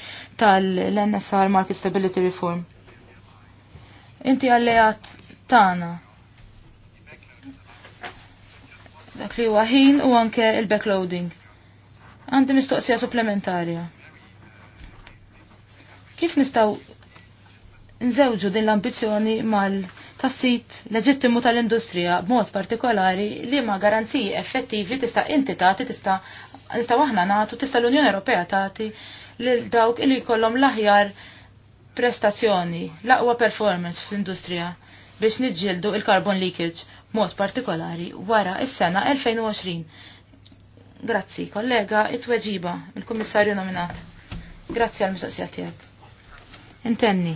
tal-NSR Market Stability Reform. Inti għallejat tana dak li huwa ħin u anke il-backloading. Għandi mistoqsija supplementarja. Kif nistaw nżewġu din l-ambizjoni mal-tassib leġittimu tal-industrija b'mod partikolari li ma garanziji effettivi tista' inti tagħti tista' nistgħu aħna nagħtu tista' l-Unjoni Ewropea tagħti lil dawk li jkollhom l-aħjar prestazzjoni, l-aqwa performance fl-industrija biex niġġieldu il-carbon leakage mod partikolari wara is-sena 2020. Grazzi, kollega, it-tweġiba, il-Kummissarju nominat. Grazzi għal mistoqsija tiegħek. Intenni.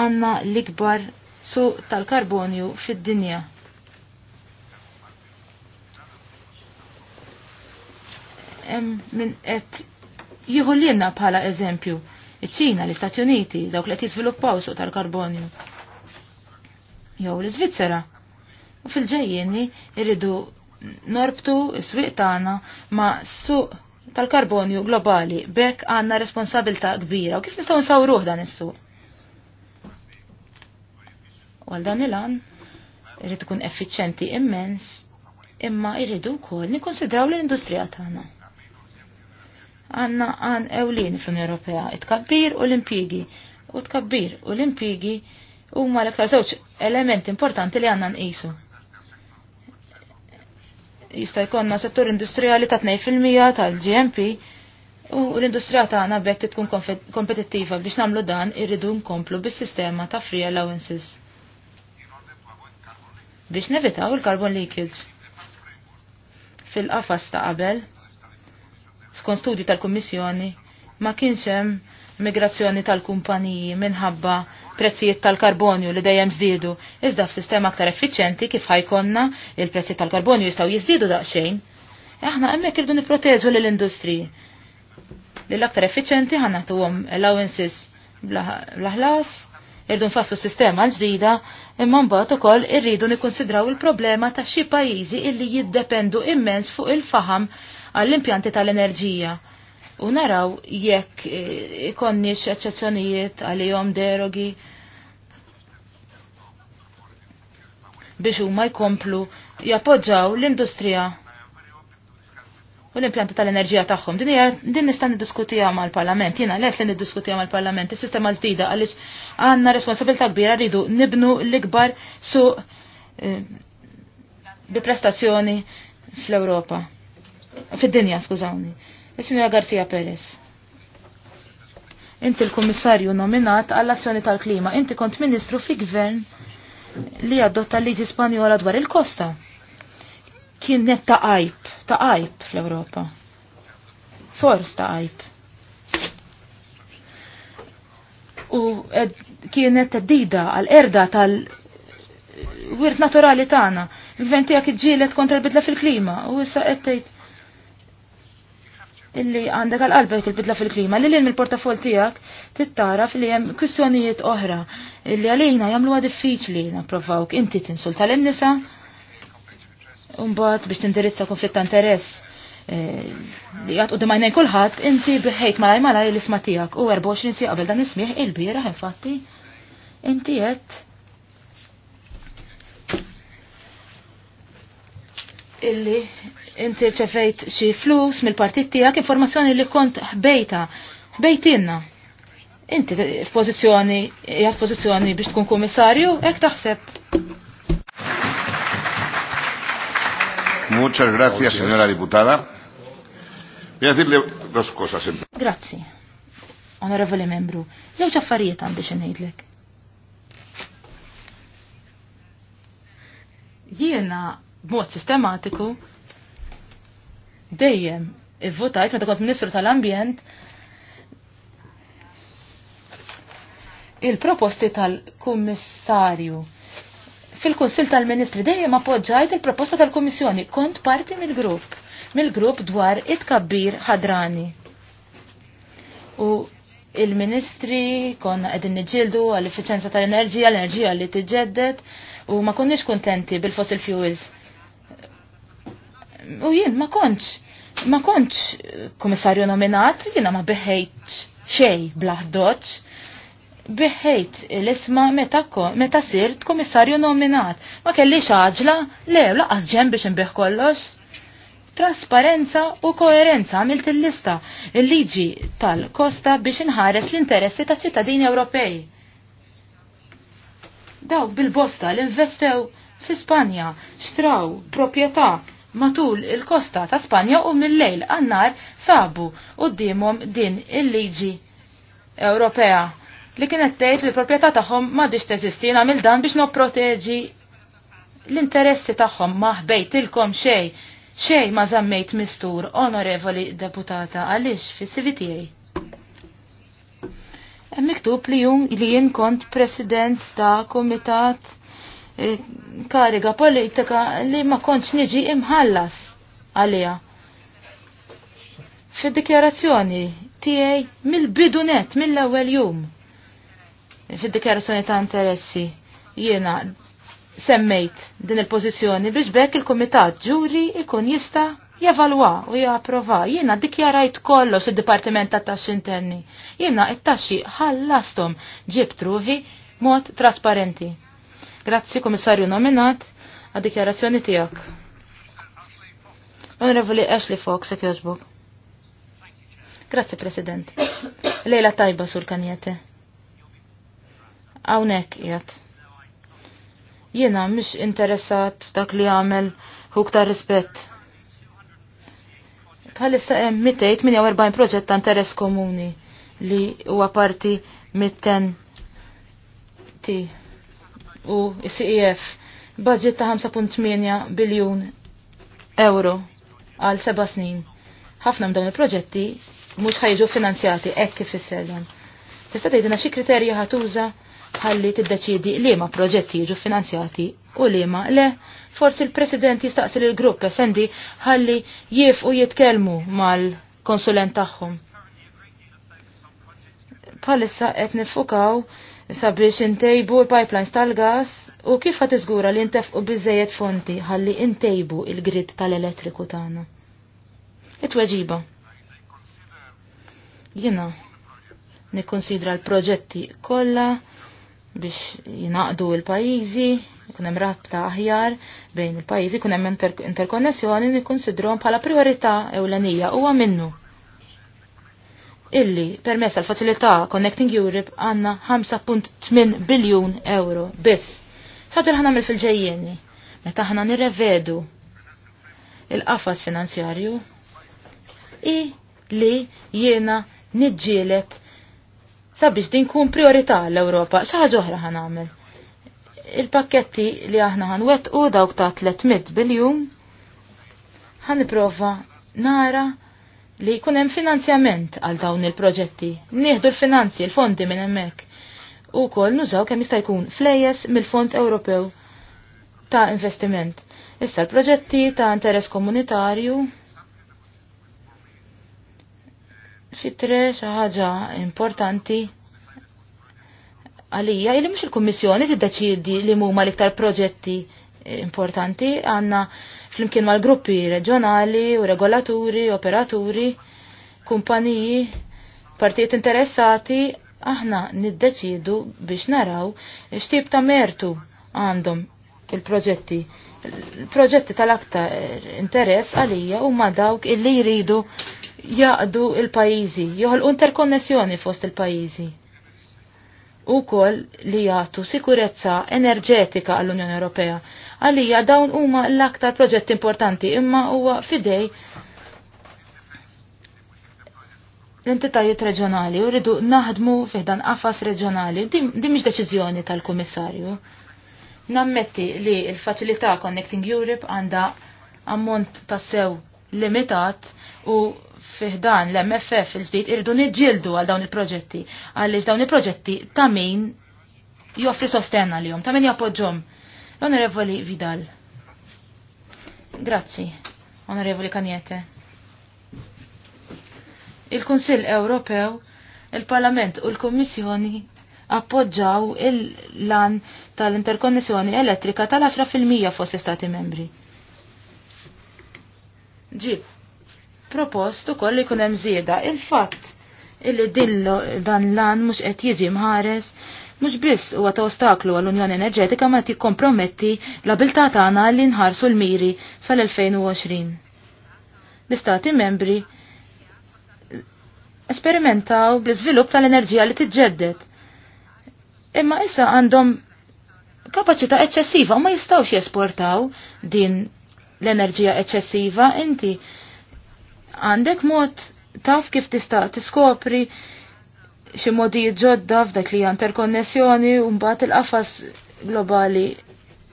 Għanna l-ikbar suq tal-karbonju fid-dinja. Min et jieħu bħala eżempju. Iċ-Ċina, l-Istati Uniti, dawk li qed jiżviluppaw suq tal-karbonju jew l-Iżvizzera. U fil-ġejjeni irridu norbtu s-swieq tagħna ma' suq tal-karbonju globali bekk għandna responsabilità kbira u kif nistgħu nsawruh dan is-suq. Għal dan il-għan irrid ikun effiċjenti immens imma irridu wkoll nikkonsidraw l-industrija tagħna. Għanna għan ewlin fl-Unjoni Ewropea, it u l-impjigi. U tkabbir u l-impjigi huma l-aktar żewġ elementi importanti li għandna nqisu. Jista' jkollna settur industrijali ta' 2% tal-GMP u l-industrija tagħna bekk tkun kompetittiva biex nagħmlu dan irridu nkomplu bis-sistema ta' free allowances. Biex nevitaw il-carbon leakage fil-qafas ta' qabel, skont studji tal-Kummissjoni, ma kienx hemm migrazzjoni tal-kumpaniji minħabba prezzijiet tal-karbonju li dejjem żdiedu, iżda f'sistema aktar effiċjenti kif ħajkonna il-prezzijiet tal-karbonju jistgħu jiżdiedu daqsxejn. E aħna hemmhekk irdu nipprotezu lill industriji lill l-aktar effiċjenti ħan nagħtuhom allowances bl-ħlas, irdu nfasslu sistema ġdida, imma mbagħad ukoll irridu nikkonsidraw il-problema ta' xi pajjiżi illi jiddependu immens fuq il-faham għall-impjanti tal-enerġija u naraw jekk eh, ikonniex eċċezzjonijiet għalihom derogi biex huma jkomplu jappoġġaw l-industrija u l-impjanti tal-enerġija tagħhom. Din hija din nista' niddiskutija mal-Parlament. Jiena les li niddiskutija mal-Parlament is-sistema l-ġdida għaliex għandna responsabilità kbira rridu nibnu l-ikbar su eh, bi prestazzjoni fl-Ewropa. Fid-dinja, skużawni il sinjora Garcia Perez. Inti l-Kummissarju nominat għall-azzjoni tal-klima. Inti kont ministru fi gvern li adotta liġi Spanjola dwar il-kosta. Kienet ta' għajb, ta' għajb fl-Ewropa. Sors ta' għajb. U eh, kienet teddida għal-erda tal-wirt naturali tagħna. Il-gvern tiegħek iġġielet kontra l-bidla fil-klima u issa qed tgħid illi għandek għal qalbek il-bidla fil-klima li l-ilm il-portafol tijak tittaraf li jem kwistjonijiet oħra illi għalina jamluwa diffiċli naprovawk inti tinsulta l-nisa Umbat biex tindirizza konflitt ta' interess eh, li għat u d-majnejn kullħat inti biħejt malaj malaj l-isma tijak u 24 si qabel dan ismiħ il-bira infatti inti jett illi inti rċefejt xi flus mill-partit tiegħek informazzjoni li kont ħbejta, ħbejtinna. Inti f'pożizzjoni hija f'pożizzjoni biex tkun kummissarju, hekk taħseb. Muchas gracias, señora diputada. Voy a decirle dos cosas. Grazie, onorevole membru. Jew affarijiet għandi xi ngħidlek. Jiena b'mod sistematiku dejjem ivvutajt meta kont Ministru tal-Ambjent il-proposti tal-Kummissarju fil-Kunsil tal-Ministri dejjem appoġġajt il-proposta tal-Kummissjoni kont parti mill-grupp mill-grupp dwar it-kabbir ħadrani. U il-ministri konna qegħdin niġildu għall-effiċenza tal-enerġija, l-enerġija li t u ma konniex kontenti bil-fossil fuels U jien ma kontx ma kontx komissarju nominat, jiena ma beħejt xej blaħdoċ. Beħejt l-isma meta, meta sirt komissarju nominat. Ma kellix għaġla, le, laqas ġem biex nbeħ kollox. Trasparenza u koerenza għamilt il-lista il-liġi tal-kosta biex inħares l-interessi ta' ċittadini Ewropej. Dawk bil-bosta l-investew fi Spanja, xtraw proprjetà matul il-kosta ta' Spanja u mill-lejl għannar sabu u din il-liġi Ewropea li kienet tgħid li l-proprjetà tagħhom m'għadix teżisti mill dan biex nopproteġi l-interessi tagħhom ma ħbejtilkom xejn xejn ma żammejt mistur onorevoli deputata għaliex fis-CVTA. Hemm miktub li jun li jien kont president ta' kumitat kariga politika li ma kontx niġi imħallas għalija. Fid-dikjarazzjoni tiegħi mill-bidu net, mill-ewwel jum. Fid-dikjarazzjoni ta' interessi jiena semmejt din il-pożizzjoni biex bekk il-kumitat ġuri ikun jista' jevalwa u japprova. Jiena dikjarajt kollox id-Dipartiment ta' Taxxi Interni. Jiena it-taxxi ħallastom ġibt ruħi mod trasparenti. Grazzi komissarju nominat għad dikjarazzjoni tijak. Onorevoli Ashley Fox, se joġbog. Grazzi, President. Lejla tajba sur kanjete. Awnek jgħat. Jena mish interessat dak li għamel huk ta' rispett. Bħalissa hemm 248 proġett ta' interess komuni li huwa parti mit-ten ti u CEF budget ta' 5.8 biljun euro għal seba' snin. Ħafna m'dawn il-proġetti mhux ħajġu finanzjati hekk kif isser Tista' tgħidilna xi kriterji ħatuża ħalli tiddeċiedi liema proġetti jiġu finanzjati u liema le forsi l-President jistaqsi lill grupp SND ħalli jifqu jitkellmu mal-konsulent tagħhom. Palissa qed nifukaw sabiex intejbu l-pipelines tal-gas u kif għat iżgura li ntefqu bizzejet fonti ħalli intejbu il-grid tal-elettriku tagħna. It-tweġiba. Jiena nikkonsidra l-proġetti kollha biex jinaqdu l-pajjiżi, jkun hemm rabta aħjar bejn il-pajjiżi, kun hemm interkonnessjoni nikkonsidrhom bħala priorità ewlenija huwa minnu illi permessa l facilità Connecting Europe għanna 5.8 biljun euro biss. Satir ħana mill fil-ġejjeni, meta ħana nirrevedu il-qafas finanzjarju i li jiena nidġielet sabiex din kun priorità l-Europa, xaħġa oħra ħan għamil. Il-pakketti li aħna ħan wet u dawk ta' 300 biljum ħan prova nara li jkun hemm finanzjament għal dawn il-proġetti. Nieħdu l-finanzi, l-fondi minn hemmhekk. U kol nużaw kemm jista' jkun flejes mill-Fond Ewropew ta' investiment. Issa l-proġetti ta' interess komunitarju fitre xi ħaġa importanti għalija li mhux il-Kummissjoni tiddeċiedi li huma l-iktar proġetti importanti għandna flimkien mal-gruppi reġjonali u regolaturi, operaturi, kumpaniji, partijiet interessati, aħna niddeċidu biex naraw x'tip ta' mertu għandhom il-proġetti. Il-proġetti tal-aktar interess għalija huma dawk illi jridu jaqdu il-pajizi, joħolqu interkonnessjoni fost il-pajizi. U kol li jagħtu sikurezza enerġetika għall-Unjoni Ewropea Għalija dawn huma l-aktar proġett importanti imma huwa fidej l-entitajiet reġjonali u rridu naħdmu fiħdan qafas reġjonali. Din mhix deċiżjoni tal-Kummissarju. Nammetti li l-faċilità Connecting Europe għandha ammont ta' sew limitat u fiħdan l-MFF il-ġdid irridu niġġieldu għal dawn il-proġetti għaliex dawn il-proġetti ta' min joffri sostenna li jom, ta' min jappoġġom. L-Onorevoli Vidal. Grazzi, Onorevoli Kanjete. Il-Kunsill Ewropew, il-Parlament u l-Kommissjoni appoġġaw il-lan tal-interkonnessjoni elettrika tal-10% fost Stati membri. Ġib, propost u koll jkun hemm żieda il-fatt illi dillo dan lan mhux qed jiġi mħares Mhux biss huwa għata ostaklu għall-Unjoni Enerġetika ma tikkomprometti l-abilità tagħna li nħarsu l-miri sal-2020. L-Istati membri esperimentaw bl-iżvilupp tal-enerġija li tiġġedded. Imma issa għandhom kapaċità eċċessiva u ma jistgħux jesportaw din l-enerġija eċċessiva inti għandek mod taf kif tista' tiskopri xi modijiet ġodda f'dak li hija interkonnessjoni u mbagħad il-qafas globali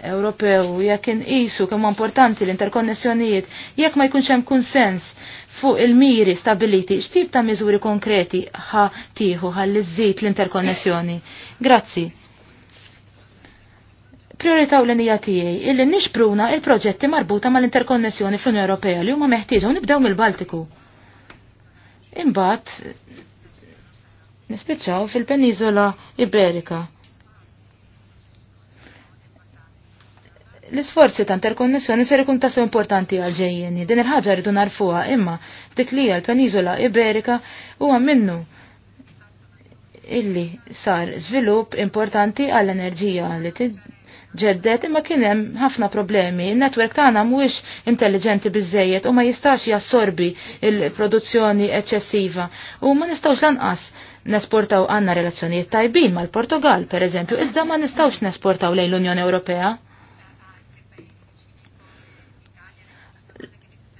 Ewropew jekk inqisu kemm importanti l-interkonnessjonijiet jekk ma jkunx hemm kunsens fuq il-miri stabiliti x'tip ta' miżuri konkreti ħa tieħu ħalli żżid l-interkonnessjoni. Grazzi. Priorità u l-nija tiegħi illi nixpruna il-proġetti marbuta mal-interkonnessjoni fl-Unjoni Ewropea li huma meħtieġa u nibdew mill-Baltiku. Imbagħad nispiċċaw fil-Peniżola Iberika. L-isforzi ta' interkonnessjoni ser ikun tasu importanti għal ġejjeni. Din il-ħaġa rridu narfuha imma dik li l-Peniżola Iberika huwa minnu illi sar żvilupp importanti għall enerġija li ġeddet imma kien hemm ħafna problemi. Il-netwerk tagħna mhuwiex intelligenti biżejjed u ma jistax jassorbi il-produzzjoni eċċessiva u ma nistgħux lanqas nesportaw għanna relazzjonijiet tajbin mal-Portugal, per eżempju, iżda ma nistawx nesportaw lejn l-Unjoni Ewropea.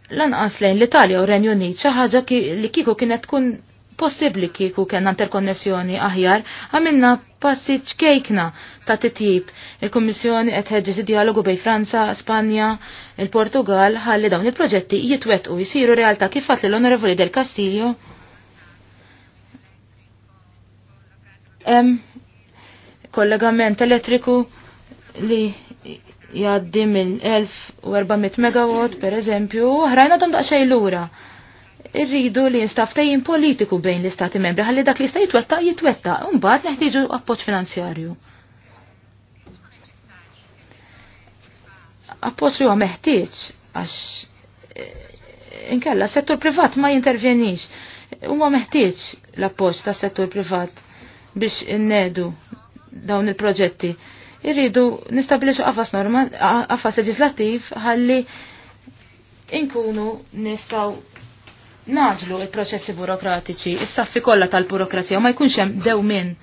Lanqas lejn l-Italja u Renju Unit xi ħaġa li kieku kienet tkun possibbli kieku kien interkonnessjoni aħjar għamilna passi ċkejkna ta' titjib. Il-Kummissjoni qed ħeġġeġ dialogu bej Franza, Spanja, il-Portugal ħalli dawn il-proġetti jitwetqu jisiru realtà kif fatt l-Onorevoli del Castillo Em, kollegament elettriku li jaddi mill-1400 megawatt per eżempju, ħrajna tom daqxaj lura. Irridu li jinstaftajin politiku bejn l-istati membri, ħalli dak li jista' jitwetta jitwetta, mbagħad neħtieġu appoġġ finanzjarju. Appoġġ li huwa meħtieġ għax eh, inkella s-settur privat ma jintervjenix. Huwa meħtieġ l-appoġġ tas-settur privat biex innedu dawn il-proġetti. Irridu nistabilixu għafas norma, għafas leġislattiv ħalli inkunu nistaw naġlu il-proċessi burokratiċi, il saffi kollha tal-burokrazija ma jkunx hemm dew minn.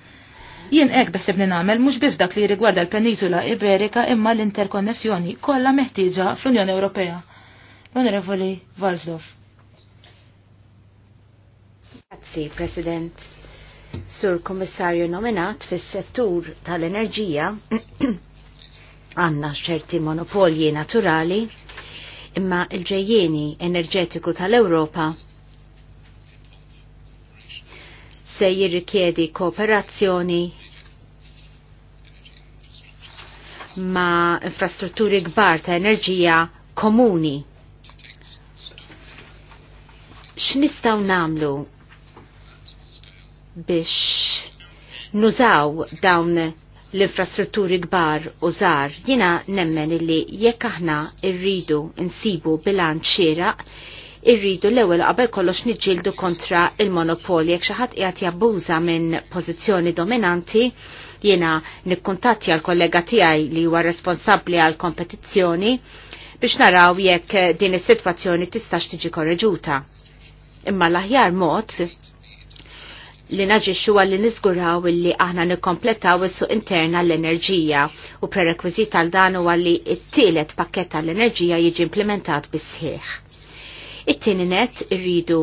Jien hekk beħseb nagħmel mhux biss dak li rigwarda l-Peniżula Iberika imma l-interkonnessjoni kollha meħtieġa fl-Unjoni Ewropea. onorevoli Valsdorf. Grazzi, President sur kommissarju nominat fis settur tal-enerġija *clears throat* għanna ċerti monopolji naturali imma il-ġejjeni enerġetiku tal-Europa se jirrikjedi kooperazzjoni ma' infrastrutturi kbar ta' enerġija komuni. X'nistgħu namlu biex nużaw dawn l-infrastrutturi kbar u żar, jina nemmen illi jekk aħna irridu insibu bilanċ xieraq, irridu l-ewwel qabel kollox niġġieldu kontra il-monopoli jekk xi ħadd qiegħed jabbuża minn pożizzjoni dominanti jiena nikkuntattja l-kollega tiegħi li huwa responsabbli għal kompetizzjoni biex naraw jekk din is-sitwazzjoni tistax tiġi korreġuta. Imma l-aħjar mod li naġiċu għalli nizguraw li aħna nikkompletaw is suq interna l-enerġija u prerekwizit għal dan u għalli it-tielet pakket tal-enerġija jiġi implementat bisħiħ. It-tieni net irridu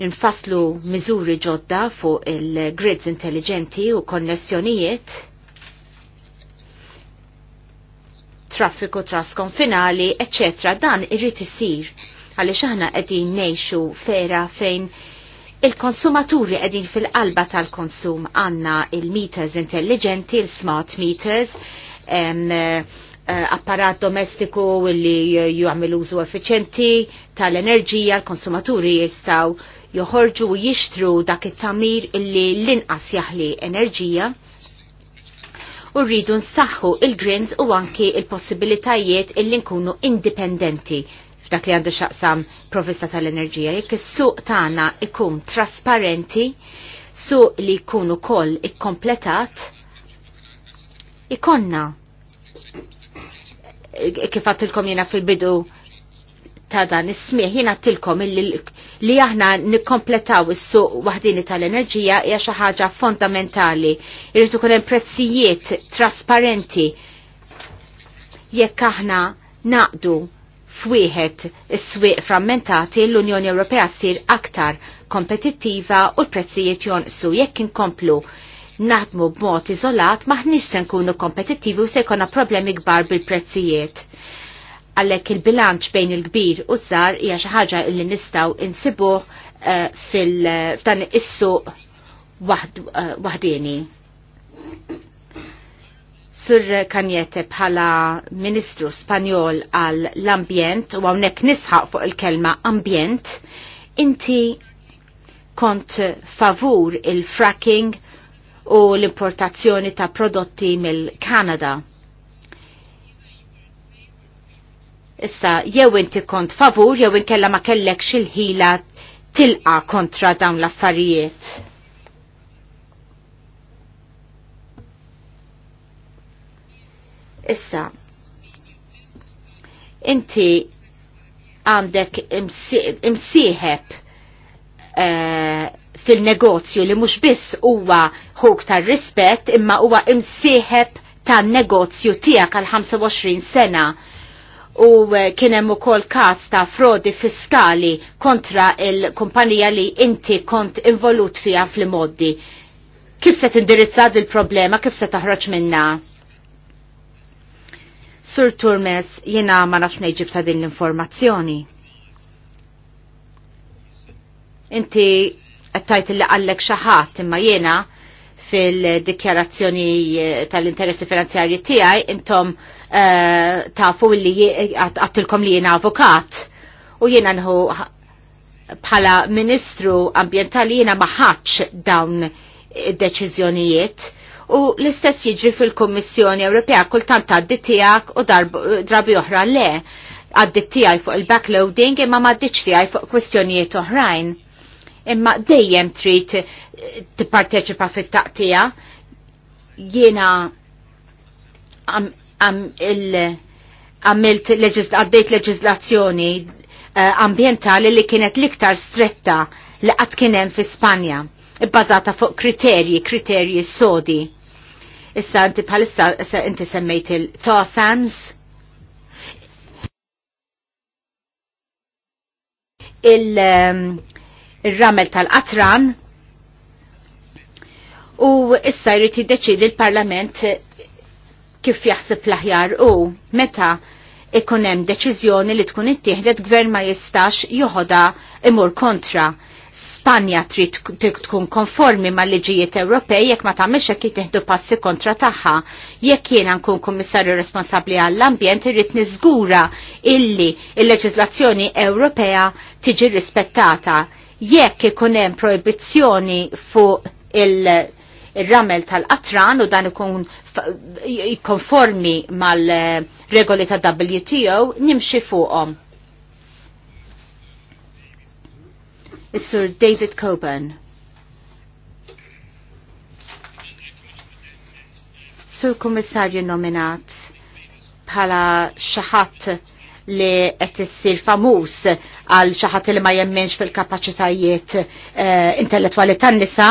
nfasslu miżuri ġodda fuq il-grids intelligenti u konnessjonijiet traffiku trasconfinali, eccetera, dan irrid isir għaliex aħna qegħdin ngħixu fera fejn Il-konsumaturi għedin fil-qalba tal-konsum għanna il-meters intelligenti, il-smart meters, em, eh, eh, apparat domestiku li jgħamil użu effiċenti tal-enerġija, l-konsumaturi jistaw joħorġu u jixtru dak it-tamir li l-inqas jaħli enerġija u rridu nsaħħu il-grins u anki il-possibilitajiet illi nkunu indipendenti f'dak li għandu xaqsam provista tal-enerġija, jekk is-suq tagħna ikun trasparenti, suq li jkun ukoll ikkompletat, ikonna kif għattilkom jena fil-bidu ta' dan is-smieħ jiena tilkom li aħna nikkompletaw is-suq waħdini tal-enerġija hija xi ħaġa fondamentali. Irid ikun hemm prezzijiet trasparenti jekk aħna naqdu f'wieħed is-swieq frammentati l-Unjoni Ewropea ssir aktar kompetittiva u l-prezzijiet jonqsu jekk inkomplu naħdmu b'mod iżolat maħniex se nkunu kompetittivi u se jkollna problemi kbar bil-prezzijiet. Għalhekk il-bilanċ bejn il-kbir u żgħar hija xi ħaġa li nistgħu insibuh uh, eh, fil-dan is-suq eh, waħdieni. Sur Kanjete bħala Ministru Spanjol għal l-ambjent u għawnek nisħaq fuq il-kelma ambjent, inti kont favur il-fracking u l-importazzjoni ta' prodotti mill-Kanada. Issa, jew inti kont favur, jew inkella ma kellek xil-ħila tilqa kontra dawn l-affarijiet. Issa, inti għandek imsieħeb eh, fil-negozju li mhux biss huwa ħuk tar-rispett imma huwa imsieħeb tan-negozju tiegħek għal 25 sena u eh, kien hemm ukoll każ ta' frodi fiskali kontra il-kumpanija li inti kont involut fiha fl-moddi. Kif se tindirizza il problema kif se taħroġ minna? Sur Turmes, jena ma nafx neġib ta' din l-informazzjoni. Inti għattajt li għallek xaħat imma jena fil-dikjarazzjoni eh, tal-interessi finanzjarji tiegħi intom uh, tafu li għattilkom li jena avokat u jena nħu bħala ministru ambientali jena maħħaċ dawn deċiżjonijiet U l-istess jiġri fil-Kommissjoni Ewropea kultant għaddi tiegħek u drabi oħra le għaddi tijaj fuq il-backloading imma m'għaddiċ tiegħi fuq kwestjonijiet oħrajn. Imma dejjem trid eh, tipparteċipa fit-taqtija jiena għamilt għaddejt leġislazzjoni eh, ambientali li kienet liktar stretta li qatt kien hemm fi Spanja, bbażata fuq kriterji, kriterji sodi. Issa inti bħalissa inti semmejt il-TOSANS. Um, il-ramel il tosans il ramel tal qatran u issa jrid jiddeċidi l-Parlament kif jaħseb l-aħjar u meta ikun hemm deċiżjoni li tkun ittieħdet gvern ma jistax joħodha imur kontra Spanja trid tkun konformi ma' liġijiet Ewropej jekk ma tagħmilx hekk jitieħdu passi kontra tagħha. Jekk jiena nkun kummissarju responsabbli għall-ambjent irrid niżgura illi l leġiżlazzjoni Ewropea tiġi rispettata. Jekk ikun hemm proibizzjoni fuq il- il-ramel tal-qatran u dan ikun konformi mal-regoli ta' WTO nimxi fuqhom. is Sir David Coburn. Sir Commissario nominat pala xaħat li qed issir famuż għal xi ħadd li ma jemmenx fil-kapaċitajiet eh, intellettwali tan-nisa,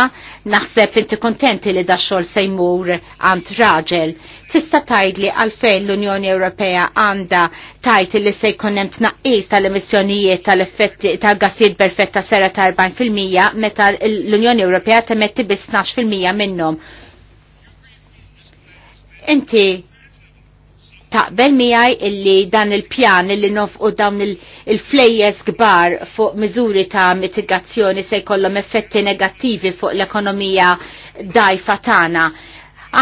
naħseb inti kontenti li daxxol se jmur għand raġel. Tista' tgħid li għalfejn l-Unjoni Ewropea għandha tajt li se jkun hemm tnaqqis tal-emissjonijiet tal-effetti tal-gassijiet perfetta sera ta' 40% meta l-Unjoni Ewropea temetti bis 12% minnhom. Inti taqbel miħaj illi dan il-pjan illi nofqu dawn il-flejjes gbar fuq miżuri ta' mitigazzjoni se jkollhom effetti negattivi fuq l-ekonomija dajfa tagħna.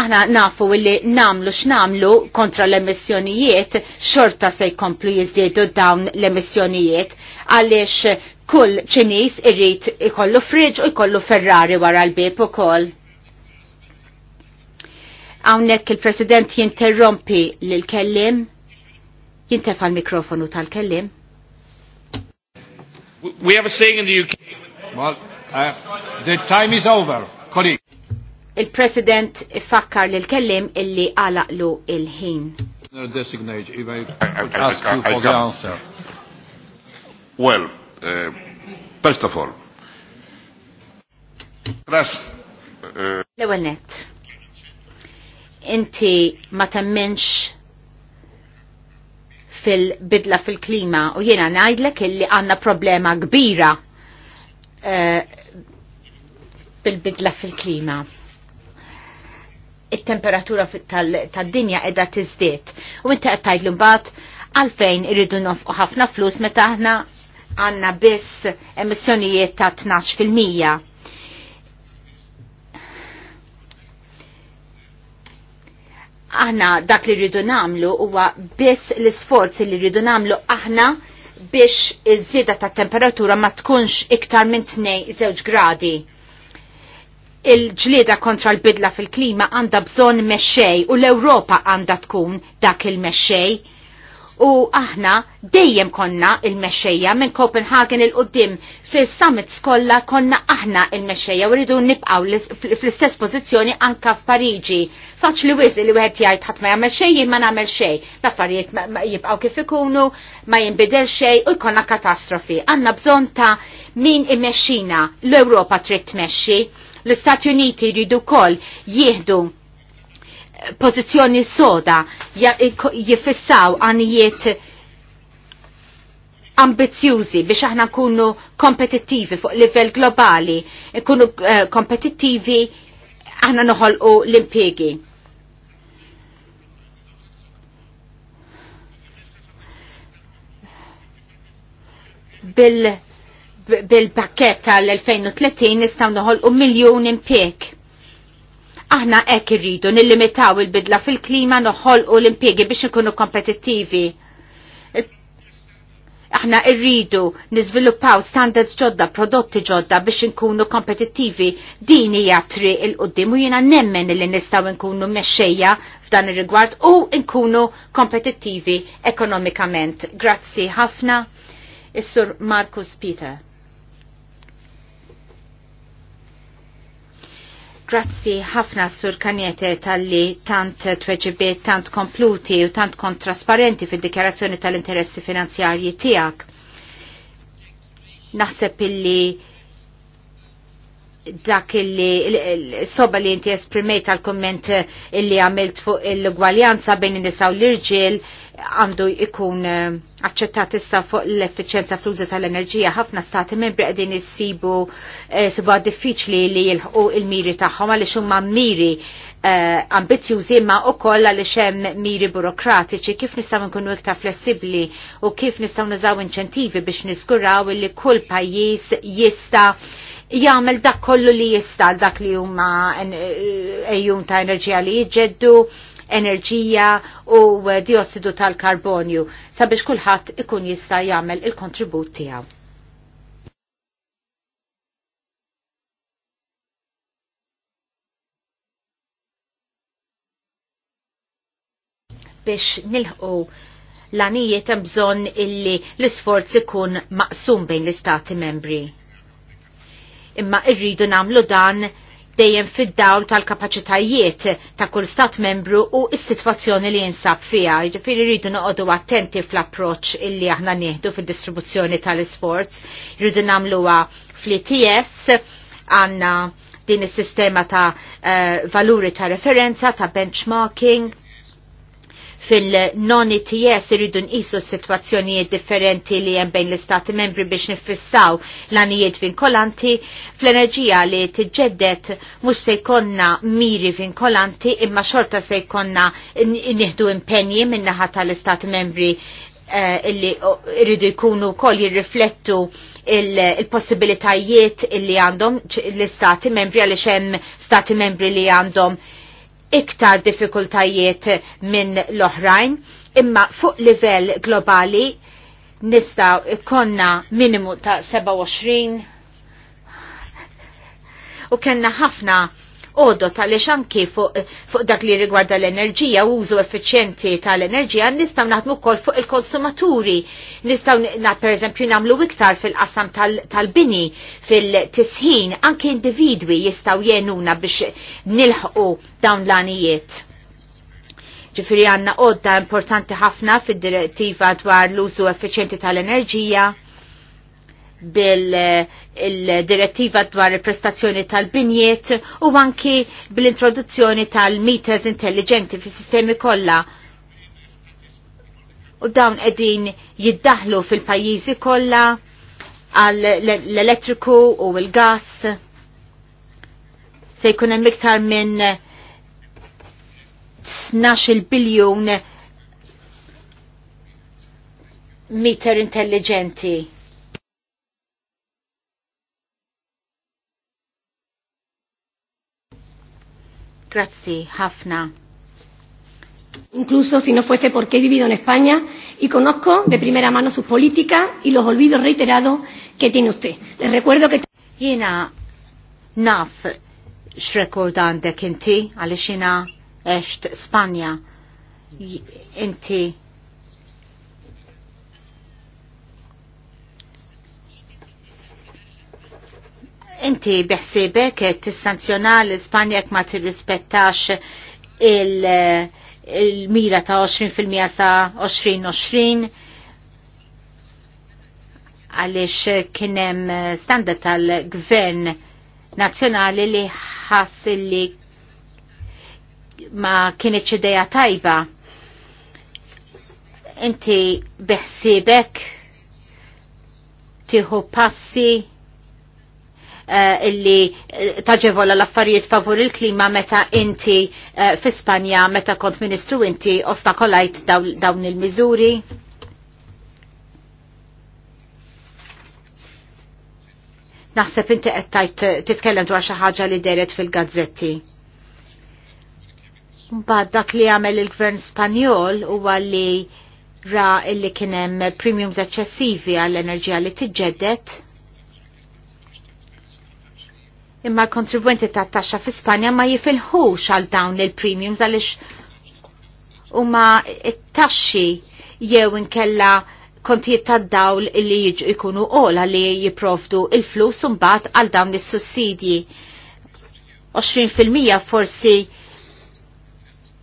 Aħna nafu illi namlu x'namlu kontra l-emissjonijiet xorta se jkomplu jiżdiedu dawn l-emissjonijiet għaliex kull ċinis irrit ikollu friġ u jkollu Ferrari wara l-bib ukoll għawnek il-President jinterrompi l kellim jintefa l-mikrofonu tal-kellim. We have a saying in the UK. Well, uh, the time is over, colleague. Il-President fakkar l kellim illi għalaqlu il-ħin. Designate, if I ask you for the answer. Well, uh, first of all, trust... Uh, l inti ma temminx fil-bidla fil-klima u jiena ngħidlek illi għandna problema kbira eh, bil-bidla fil-klima it-temperatura tad-dinja edha tizdiet. U inti qed tgħidlu mbagħad għalfejn irridu nofqu ħafna flus meta aħna għandna biss emissjonijiet ta' 12 fil-mija. aħna dak li rridu namlu huwa biss l-isforzi li rridu namlu aħna biex iż-żieda ta' temperatura ma tkunx iktar minn tnej żewġ gradi. Il-ġlieda kontra l-bidla fil-klima għandha bżonn mexxej u l-Ewropa għandha tkun dak il-mexxej u aħna dejjem konna il-mexxejja minn Copenhagen il-qoddim fis-summit skolla konna aħna il-mexxejja u rridu nibqgħu fl-istess pożizzjoni anka f'Pariġi. Faċ li li wieħed jgħid ħadd ma jagħmel xejn ma nagħmel xejn. L-affarijiet jibqgħu kif ikunu, ma jinbidel xejn u jkollna katastrofi. Għandna bżonn ta' min imexxina l-Ewropa trid tmexxi, l-Istati Uniti jridu wkoll jieħdu pozizjoni soda jifissaw għanijiet ambizjuzi biex aħna nkunu kompetittivi fuq livell globali, nkunu eh, kompetittivi aħna noħolqu l-impiegi. Bil-pakket bil tal-2030 nistaw noħolqu miljon impiegi. Aħna hekk irridu nillimitaw il-bidla fil-klima noħolqu l impiegi biex ikunu kompetittivi. Aħna irridu niżviluppaw standards ġodda, prodotti ġodda biex nkunu kompetittivi. Din hija il qoddim u jiena nemmen li nistgħu nkunu mexxejja f'dan ir-rigward u nkunu kompetittivi ekonomikament. Grazzi ħafna. Is-Sur Marcus Peter. Grazzi ħafna sur kanjete tal-li tant tweġibiet, tant kompluti u tant kont trasparenti fil-dikjarazzjoni tal-interessi finanzjarji tijak. Naħseb illi dak illi soba li inti esprimejt għal komment illi għamilt fuq il-gwaljanza bejn nisa u l-irġil għandu ikun eh, aċċettat issa fuq l efficienza fl-użu tal-enerġija ħafna stati membri qegħdin issibu eh, sibuha diffiċli li jilħqu il-miri tagħhom għaliex huma miri eh, ambizjużi ma wkoll għaliex hemm miri burokratiċi kif nistgħu nkunu iktar flessibbli u kif nistgħu nużaw inċentivi biex niżguraw li kull pajjiż jista' jagħmel dak kollu li jista' dak li huma ejjum ta' enerġija li jġeddu enerġija u diossidu tal-karbonju sabiex kulħadd ikun jista' jagħmel il-kontribut tiegħu. biex nilħu l għanijiet hemm bżonn illi l sforz ikun maqsum bejn l-istati membri. Imma irridu nagħmlu dan dejjem fid-dawl tal-kapaċitajiet ta' kull stat membru u s-sitwazzjoni li jinsab fija. Ġifiri rridu noqogħdu attenti fl-approċċ illi aħna nieħdu fid-distribuzzjoni tal-isports. Rridu nagħmluha fl-ITS għandna din is-sistema ta' uh, valuri ta' referenza, ta' benchmarking, fil-non ETS irridu nqisu situazzjonijiet differenti li hemm bejn l-istati membri biex nifissaw l-anijiet vinkolanti fl-enerġija li tiġġedded mhux se jkollna miri vinkolanti imma xorta se jkollna nieħdu impenji min-naħa tal-istati membri eh, illi irridu jkunu kol jirriflettu il-possibilitajiet illi għandhom l-istati membri għalix hemm stati membri li għandhom iktar diffikultajiet minn l-oħrajn, imma fuq livell globali nistaw ikonna minimu ta' 27 u kena ħafna odot għaliex anke fuq fu dak li rigwarda l-enerġija u użu effiċjenti tal-enerġija nistgħu naħdmu wkoll fuq il-konsumaturi. Nistgħu na pereżempju nagħmlu iktar fil-qasam tal-bini, tal fil-tisħin, anke individwi jistgħu jenuna biex nilħqu dawn l-anijiet ġifiri għanna odda importanti ħafna fid direttiva dwar l-użu effiċjenti tal-enerġija bil-direttiva dwar il-prestazzjoni tal-binjiet u anki bil-introduzzjoni tal-meters intelligenti fi sistemi kollha. U dawn edin jiddaħlu fil-pajjiżi kollha għall l-elettriku u l-gas. Se jkun hemm iktar minn 12 biljun meter intelligenti Grazzi ħafna. Incluso si no fuese porque he vivido en España y conozco de primera mano sus políticas y los olvidos reiterados que tiene usted. Les recuerdo que... Jena, naf xrekord għandek inti għalix jina eċt Spanja. Inti Inti biħsibek tissanzjona l-Ispanja jekk ma tirrispettax il-mira ta' 20% sa 2020 għaliex kienem standard tal-gvern nazzjonali li ħass li ma kienet ċedeja tajba. Inti biħsibek tiħu passi Eh, illi eh, taġevola l-affarijiet favur il-klima meta inti eh, fi Spanja meta kont ministru inti ostakolajt dawn il-miżuri? Naħseb inti qed titkellem dwar xi ħaġa li deret fil-gazzetti. Mbagħad dak li għamel il-Gvern Spanjol huwa li ra illi kien hemm premiums eċċessivi għall-enerġija li tiġġedet Imma l-kontribwenti ta' taxxa fi Spanja ma jifilħux għal dawn il-premiums għaliex huma ma taxxi jew inkella kontijiet ta' dawl li jiġu ikunu ola li jiprofdu il-flus mbagħad għal dawn is-sussidji. 20% forsi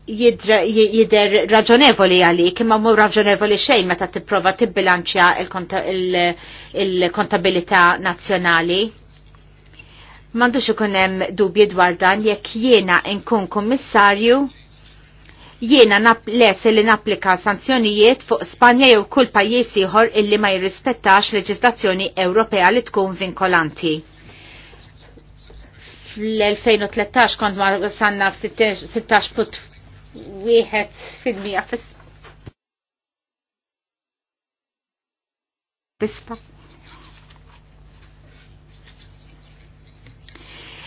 jider raġonevoli għalik, imma mu raġonevoli xejn meta tipprova tibbilanċja il-kontabilità il nazzjonali mandu ikun hemm dubji dwar dan jekk jiena nkun kommissarju jiena nap li napplika sanzjonijiet fuq Spanja jew kull pajjiż ieħor illi ma jirrispettax leġislazzjoni Ewropea li tkun vinkolanti fl-2013 kont ma sanna f-16.1 fil-mija fis-Spanja.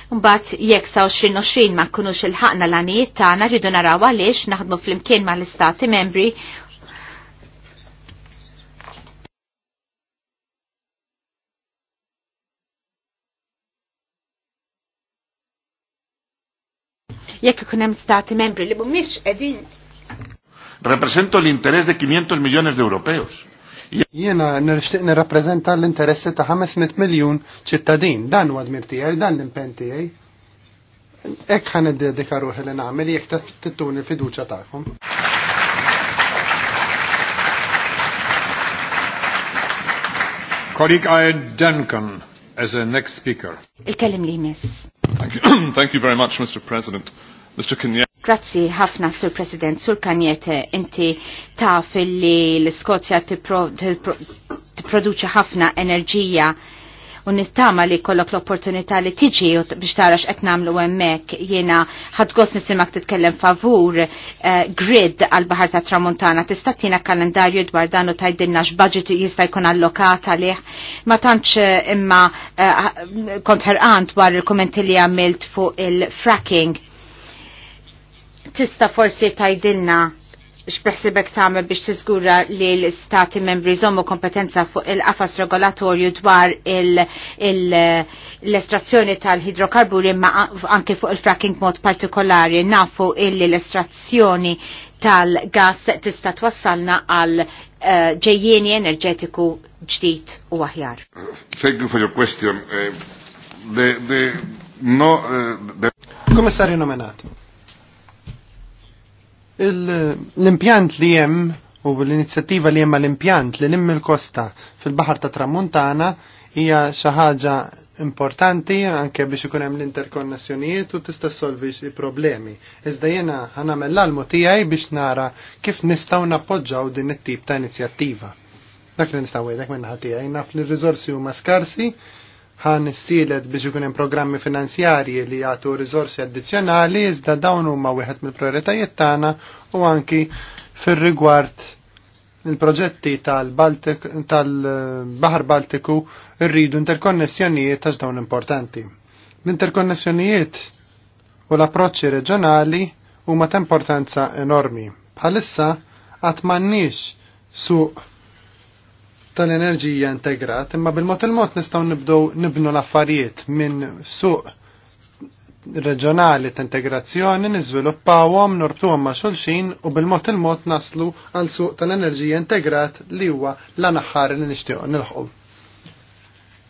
Mbagħad jekk sa 2020 ma nkunux il-ħaqna l-għanijiet tagħna rridu naraw għaliex naħdmu flimkien mal-istati membri jekk ikun hemm stati membri li mhumiex qegħdin. Represento l-interess de 500 miljones de europeos. Jena nirxtiq nirrapprezenta l-interessi ta' 500 miljon ċittadin, dan huwa dmir tiegħi, dan l-impenn tiegħi. Hekk ħan id-dedika ruħi li nagħmel jekk tittuni l-fiduċja tagħkom. Kolik Ian Duncan as a next speaker. Il-kellim li miss. *clears throat* Thank you very much, Mr. President. Mr. Kenyan. Grazzi ħafna Sur President, Sur Kanjete, inti taf li l-Skozja t-produċa ħafna enerġija u nittama li kollok l-opportunità li tiġi biex tarax qed nagħmlu hemmhekk jiena ħadgost nisimak titkellem favur eh, grid għal baħar ta' Tramuntana. Tista' tina kalendarju dwar dan u x-budget jista' jkun allokat għalih. Ma tantx eh, imma eh, kont ħerqan dwar il-kummenti li għamilt fuq il-fracking tista forsi tajdilna xbeħsibek tagħmel biex tiżgura li l-istati membri zommu kompetenza fuq il-qafas regolatorju dwar l-estrazzjoni tal-hidrokarburi ma anke fuq il-fracking mod partikolari nafu illi l-estrazzjoni tal-gas tista' twassalna għal eh, ġejjeni enerġetiku ġdid u aħjar. Thank you for your question. Eh, eh, Komissarju nominati. L-impjant li jem u l-inizjattiva li jem l-impjant li l kosta fil-Bahar ta' Tramuntana hija xi ħaġa importanti anke biex ikun hemm l-interkonnessjonijiet u tista' solvi i problemi. Iżda jiena ħanamel l-almu tiegħi biex nara kif nistgħu nappoġġaw din it-tip ta' inizjattiva. Dak li nistgħu għedek minn ħatija, naf li r-riżorsi huma skarsi, ħan s-silet biex ikun hemm programmi finanzjarji li jagħtu rizorsi addizzjonali iżda dawn huma wieħed mill-prioritajiet tagħna u anki fir-rigward il-proġetti tal-Baħar Baltiku rridu interkonnessjonijiet għax dawn importanti. L-interkonnessjonijiet u l-approċċi reġjonali huma ta' importanza enormi. Bħalissa qatt m'għandniex suq tal-enerġija integrat, imma bil-mod il-mod nistgħu nibdew nibnu l-affarijiet minn suq reġjonali ta' integrazzjoni niżviluppawhom norbtuhom ma' xulxin u bil-mod il-mod naslu għal suq tal-enerġija integrat li huwa l-anaħħar li nixtiequ nilħu.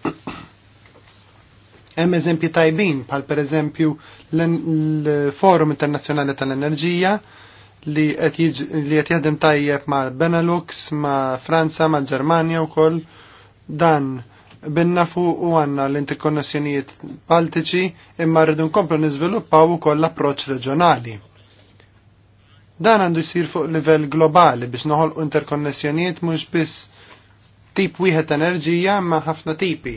*clears throat* Hemm eżempji tajbin bħal pereżempju l-Forum Internazzjonali tal-Enerġija li qed jaħdem tajjeb mal Benelux, ma' Franza, ma' Ġermanja wkoll dan binnafu u għanna l-interkonnessjonijiet baltiċi imma rridu nkomplu niżviluppaw ukoll l-approċċ reġjonali. Dan għandu jsir fuq livell globali biex noħolqu interkonnessjonijiet mhux biss tip wieħed enerġija ma' ħafna tipi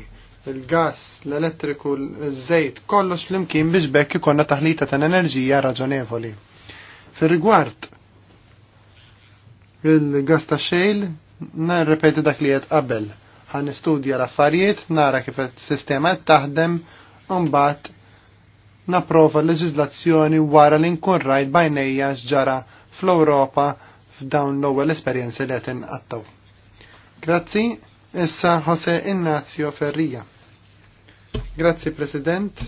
il-gas, l-elettriku, l-żejt, kollox flimkien biex bekk ikonna taħlita ta' enerġija raġonevoli. Fir-rigward il-gas ta' xejl, narrepeti dak li qed qabel. Ħan nistudja l-affarijiet, nara kif il sistema qed taħdem, u mbagħad napprova l leġizlazzjoni wara li nkun rajt bajnejja x'ġara fl-Ewropa f'dawn l-ewwel esperjenzi li qed inqattaw. Grazzi, issa Jose Innazio Ferrija. Grazzi President,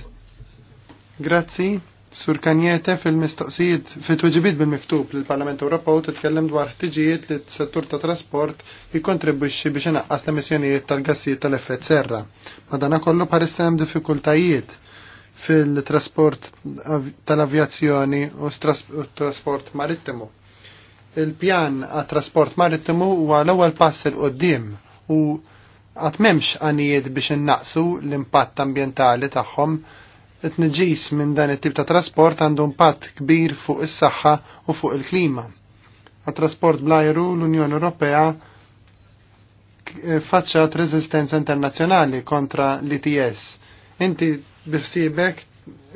grazzi Sur Kanjete fil-mistoqsijiet, fil-tweġibiet bil-miktub l-Parlament Ewropew titkellem dwar ħtiġijiet li s-settur ta' trasport jikontribwixxi biex inaqqas l-emissjonijiet tal-gassijiet tal-effett serra. Madana kollu parissa hemm diffikultajiet fil-trasport tal-avjazzjoni u trasport marittimu. Il-pjan għat trasport marittimu huwa l-ewwel pass il qoddim u għat memx għanijiet biex innaqsu l-impatt ambientali tagħhom it-nġis minn dan it-tip ta' trasport għandu impatt kbir fuq is-saħħa u fuq il-klima. Għat-trasport bl-ajru l-Unjoni Ewropea faċċat rezistenza internazzjonali kontra l-ITS. Inti biħsibek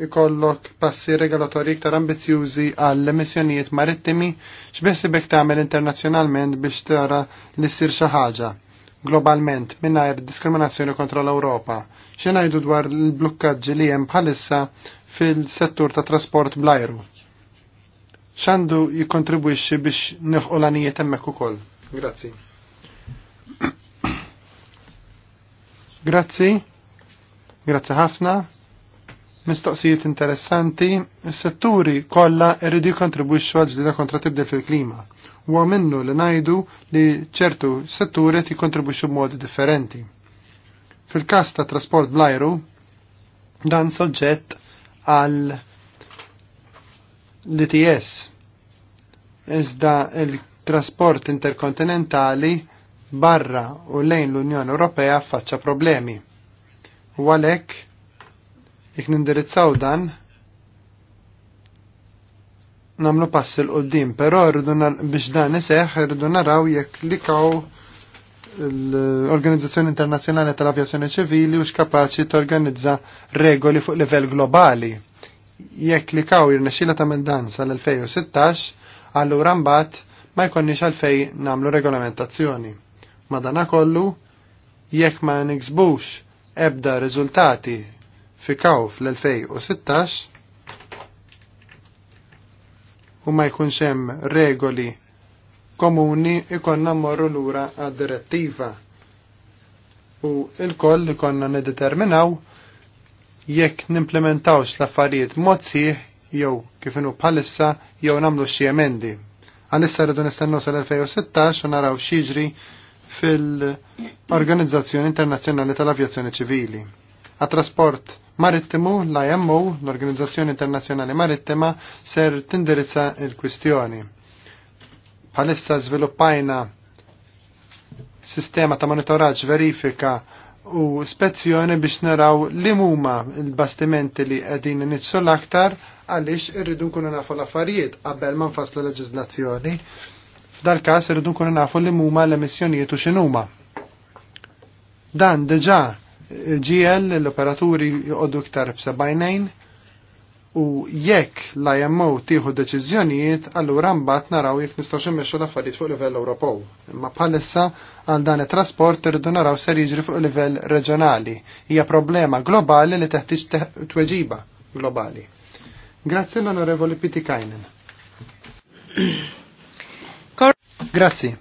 ikollok passi regolatori iktar ambizjużi għall emissjonijiet marittimi x'beħsibek tagħmel internazzjonalment biex tara li ssir xi ħaġa globalment mingħajr diskriminazzjoni kontra l-Ewropa Xenajdu dwar l-blukkaġġi li hemm bħalissa fil-settur ta' trasport blajru. Xandu jikontribwixxi biex nilħqu l-anijiet hemmhekk ukoll. Grazzi. Grazzi. Grazzi ħafna. Mistoqsijiet interessanti, is-setturi kollha jridu jikkontribwixxu għal ġdida kontra tibdel fil-klima. U minnu li ngħidu li ċertu setturi jikkontribwixxu b'modi differenti. Fil-kas ta' trasport blajru, dan soġġett għal l-ITS. Iżda il-trasport interkontinentali barra u lejn l-Unjoni Ewropea faċċa problemi. U għalhekk jekk nindirizzaw dan namlu pass il qoddim però rridu biex dan iseħ rridu naraw jekk likaw l-Organizzazzjoni Internazzjonali tal-Avjazzjoni Ċivili mhux kapaċi torganizza regoli fuq livell globali. Jekk li kaw jirnexxila tagħmel dan sal-2016, allura mbagħad ma jkunniex għalfej nagħmlu regolamentazzjoni. Madana kollu, jekk ma niksbux ebda riżultati fi kaw fl-2016 u ma jkunx hemm regoli komuni ikonna morru lura għad-direttiva u il-koll ikonna nedeterminaw jekk nimplementawx l-affarijiet mod jew kifinu bħalissa jew namlu xi emendi. Għalissa rridu nistennu sal-2016 u naraw xieġri fil-Organizzazzjoni Internazzjonali tal-Avjazzjoni Ċivili. Għat-trasport marittimu, l-IMO, l-Organizzazzjoni Internazzjonali Marittima, ser tindirizza il-kwistjoni. Bħalissa żviluppajna sistema ta' monitoraġġ verifika u spezzjoni biex naraw li huma l-bastimenti li qegħdin nitsu l-aktar għaliex irridu nkunu nafu l-affarijiet qabel ma nfasslu leġizlazzjoni. F'dal każ irridu nkunu nafu li huma l-emissjonijiet u x'inhuma. Dan diġà ġiel l-operaturi jqogħdu iktar b'sebajnejn u jekk l-IMO tieħu deċiżjonijiet, allura mbagħad naraw jekk nistgħu xemmexxu l-affarijiet fuq livell Ewropew. Imma bħalissa għal dan it-trasport irridu naraw ser jiġri fuq livell reġjonali. Hija problema globali li teħtieġ tweġiba globali. Grazzi l-Onorevoli Kajnen. Grazzi.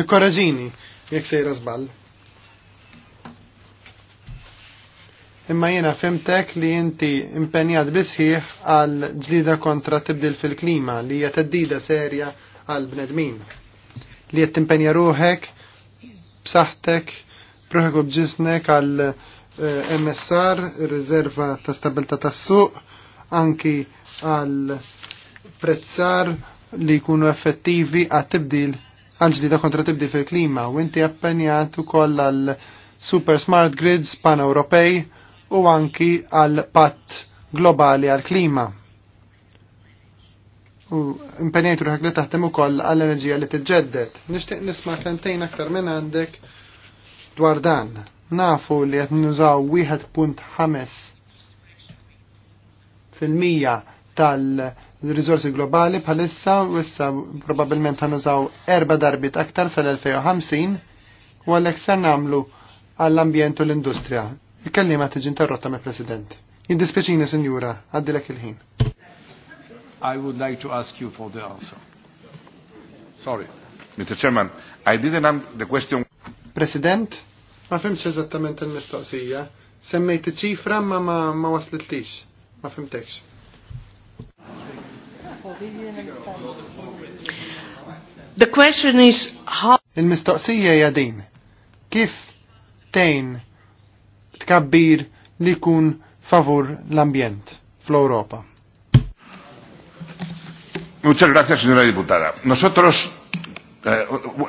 Ikkoraġini jekk sejra żball. imma jiena fimtek li inti impenjat bisħiħ għal ġlida kontra tibdil fil-klima li hija teddida serja għal bnedmin. Li qed timpenja ruħek bsaħtek ruħek u b'ġisnek għal eh, MSR, rizerva ta' stabilta tas-suq, anki għal prezzar li jkunu effettivi għal tibdil għal ġlida kontra tibdil fil-klima u inti appenjat ukoll għal super smart grids pan-Ewropej u anki għal patt globali għal klima. U impenjajt ruħak li u ukoll għall enerġija li t-ġeddet. Nixtieq nisma' kentejn aktar minn għandek dwar dan. Nafu li qed nużaw 1.5 fil-mija tal-rizorsi globali bħalissa u issa probabbilment nużaw erba darbit aktar sal-2050 u għalhekk ser nagħmlu għall-ambjent u l-industrija. Il-kellima tiġi interrotta me president Jindispeċina, Senjura, għaddilek il-ħin. I would like to ask you for the answer. Sorry. Mr. Chairman, I didn't have the question. President, ma fimx eżattament il-mistoqsija. Semmejt ċifra ma ma, ma waslitlix. Ma fimtekx. The question is how... Il-mistoqsija jadin. Kif tejn tkabbir li jkun favur l-ambjent fl-Europa. Muchas gracias, señora diputada. Nosotros, eh,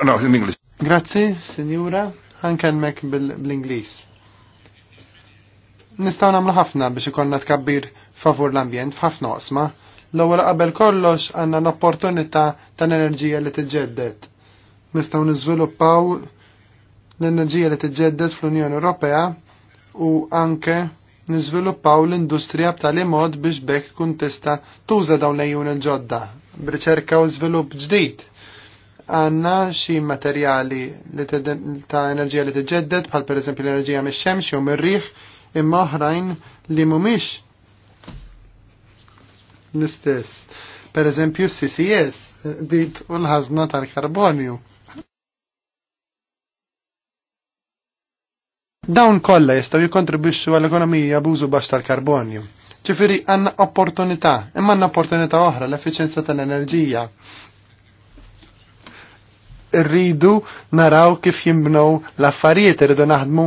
no, in inglés. Grazie, signora. mek bl-Inglis. Nistaw namlu ħafna biex ikonna tkabbir favur l-ambjent f'ħafna osma. L-ewwel qabel kollox għandna l-opportunità tal-enerġija li tiġġedded. Nistgħu niżviluppaw l-enerġija li tiġġedded fl-Unjoni Ewropea u anke niżviluppaw l-industrija b'tali mod biex bekk kun tista' tuża dawn lejjun il-ġodda b'riċerka u żvilupp ġdid. Għanna xi materjali ta' enerġija li tiġġedded bħal eżempju l-enerġija mix-xemx jew mir-riħ imma oħrajn li mhumiex l-istess. Per eżempju, CCS, dit u l-ħazna tal-karbonju. Dawn kollha jistgħu jikkontribwixxu għall-ekonomija b'użu baxx tal-karbonju. Ġifieri għandna opportunità, imma għandna opportunità oħra l-effiċjenza tal-enerġija. Irridu naraw kif jimbnew l-affarijiet irridu naħdmu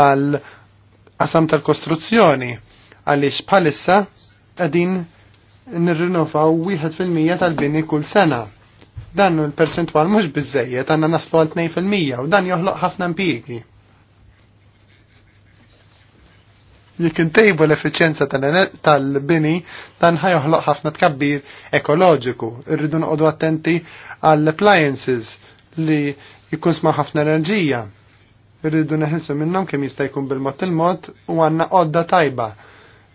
mal-qasam tal-kostruzzjoni għaliex bħalissa qegħdin nirrinovaw wieħed fil-mija tal-bini kull sena. Dan il-perċentwal mhux biżejjed għandna naslu għal tnejn fil-mija u dan joħloq ħafna impjiegi. jekk l efficienza tal-bini dan ħajoħloq ħafna tkabbir ekoloġiku. Irridu noqogħdu attenti għall appliances li jikun sma' ħafna enerġija. Irridu neħilsu minnhom kem jista' jkun bil-mod il-mod u għandna qodda tajba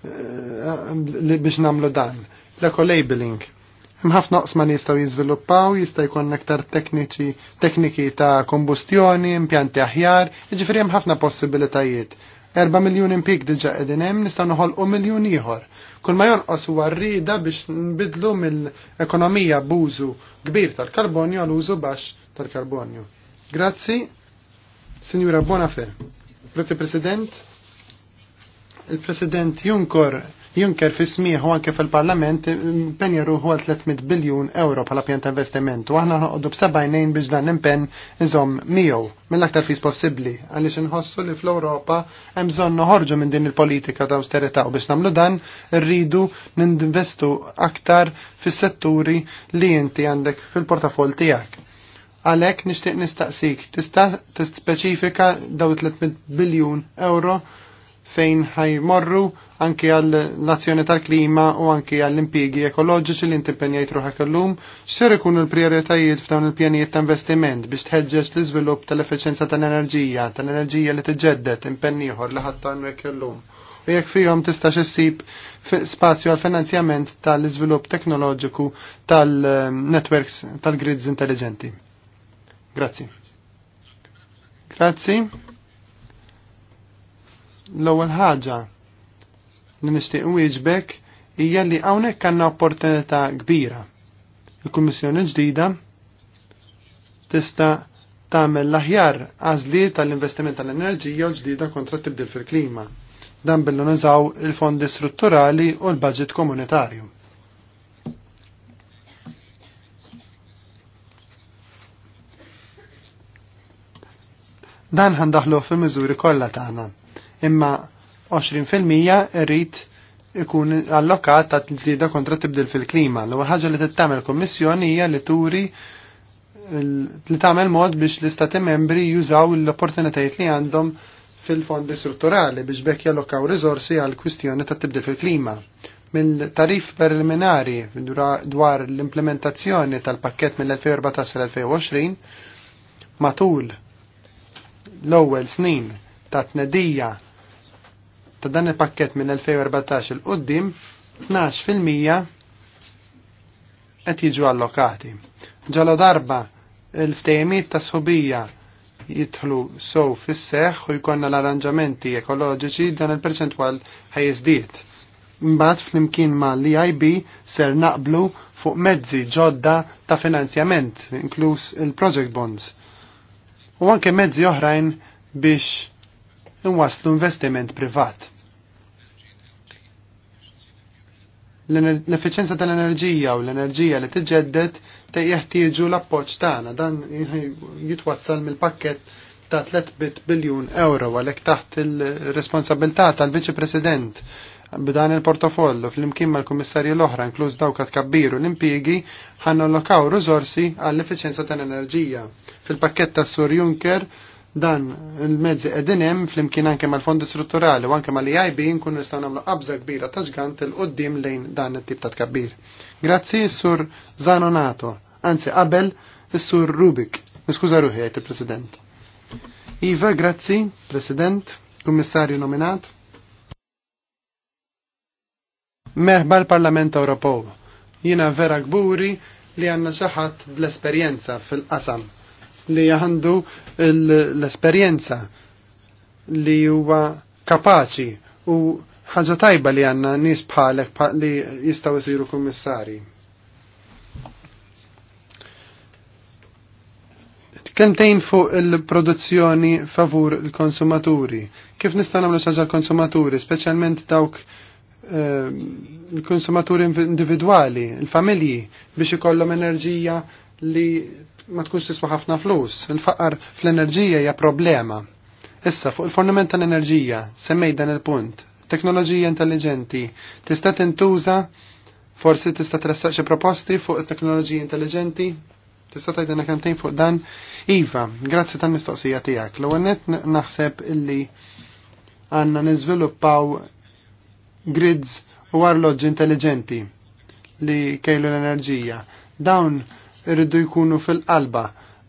eh, biex nagħmlu dan. L-eco-labeling. Hemm ħafna oqsma li jistgħu jiżviluppaw, jista' jkun aktar tekniċi tekniki ta' kombustjoni, impjanti aħjar, jiġifieri hemm ħafna possibilitajiet 4 miljun impik diġa edin hemm nistgħu noħolqu miljun ieħor. Kull ma jonqos huwa rrieda biex nbidlu mill-ekonomija b'użu kbir tal-karbonju għal użu baxx tal-karbonju. Grazzi, Sinjura Bonafè. Grazzi President. Il-President Juncker Juncker fi u anke fil-Parlament penja ruħu għal 300 biljun euro bħala pjan ta' investiment u aħna b b'sebajnejn biex dan impenn iżom miegħu mill-aktar fis possibbli għaliex inħossu li fl-Ewropa hemm bżonn noħorġu minn din il-politika ta' austerita u biex nagħmlu dan rridu ninvestu aktar fis-setturi li inti għandek fil-portafol tiegħek għalek nishtiq nistaqsik, tista' t-specifika daw 300 biljun euro fejn ħajmorru anki għal l-azzjoni tal-klima u anki għall impigi ekoloġiċi li intimpenjajt ruħek l xser ikunu l-prioritajiet f'dawn il-pjanijiet ta' investiment biex tħeġġeġ l izvilup tal-efficienza tal-enerġija, tal-enerġija li tġeddet impenniħor li ħattan ruħek l-lum. U jekk fihom tista' xissib spazju għal finanzjament tal-iżvilupp teknoloġiku tal-networks tal-grids intelligenti. Grazzi. Grazzi. L-ewwel ħaġa li nixtieq wieġbek hija li hawnhekk għandna opportunità kbira. Il-Kummissjoni ġdida tista' tagħmel l-aħjar għażliet tal-investiment tal-enerġija u ġdida kontra tibdil fil-klima. Dan billu nużaw il-fondi strutturali u l-budget komunitarju. Dan ħandaħlu fil-miżuri kollha tagħna imma 20% rrit ikun allokat ta' tlida kontra tibdil fil-klima. l għu ħaġa li t-tamel kommissjoni hija li turi li tagħmel mod biex l-istati membri jużaw l-opportunitajiet li għandhom fil-fondi strutturali biex bekk jallokaw rizorsi għal kwistjoni ta' tibdil fil-klima. Mill-tarif preliminari dwar l-implementazzjoni tal-pakket mill-2014 l-2020 matul l-ewwel snin ta' tnedija ta' dan il-pakket minn 2014 il qoddim 12% qed jiġu allokati. Ġalo darba il-ftejmiet ta' sħubija jidħlu sow fis seħħ u jkollna l-arranġamenti ekoloġiċi dan il-perċentwal ħajjiżdied. Mbagħad flimkien mal l-EIB ser naqblu fuq mezzi ġodda ta' finanzjament, inkluż il-project bonds. U anke mezzi oħrajn biex nwaslu investiment privat. L-efficienza tal-enerġija u l-enerġija li tiġġedded te jeħtieġu l-appoġġ tagħna dan jitwassal mill-pakkett ta' 3 biljun euro għalhekk taħt il-responsabilità tal-Viċi President b'dan il-portofollu fl-imkien mal-Kummissarji l-oħra inkluż dawk kabbiru l-impjiegi lokaw riżorsi għall-efficienza tal-enerġija. Fil-pakkett ta' Sur Juncker Dan il-mezzi qegħdin hemm flimkien anke mal-fondi strutturali u anke mal-EIB nkun nistgħu nagħmlu qabża kbira ta' ġgant il qudiem lejn dan it-tip ta' tkabbir. Grazzi sur Zanonato, anzi qabel is-sur Rubik. Niskuża ruħi jgħid il-President. Iva, grazzi, President, Kummissarju nominat. Merħba l-Parlament Ewropew. Jiena vera gburi li għanna ħadd bl-esperjenza fil-qasam li għandu l-esperjenza li huwa kapaċi u ħaġa tajba li għanna nis bħalek li jistaw jisiru kummissari. Kentejn fuq il-produzzjoni favur il-konsumaturi. Kif nistaw nagħmlu xaġa l-konsumaturi, speċjalment dawk eh, il-konsumaturi individuali, il-familji, biex ikollhom enerġija li ma tkunx tiswa ħafna flus. Il-faqar fl-enerġija hija problema. Issa fuq il-fornament tal-enerġija, semmej dan il-punt. Teknoloġija intelligenti tista' tintuża forsi tista' tressaq xi proposti fuq it-teknoloġija intelligenti? Tista' kemm kemmtejn fuq dan? Iva, grazzi tal-mistoqsija tiegħek. L-ewwel nett naħseb illi għandna niżviluppaw grids u arloġġi intelligenti li kejlu l-enerġija. Dawn irridu jkunu fil-qalba.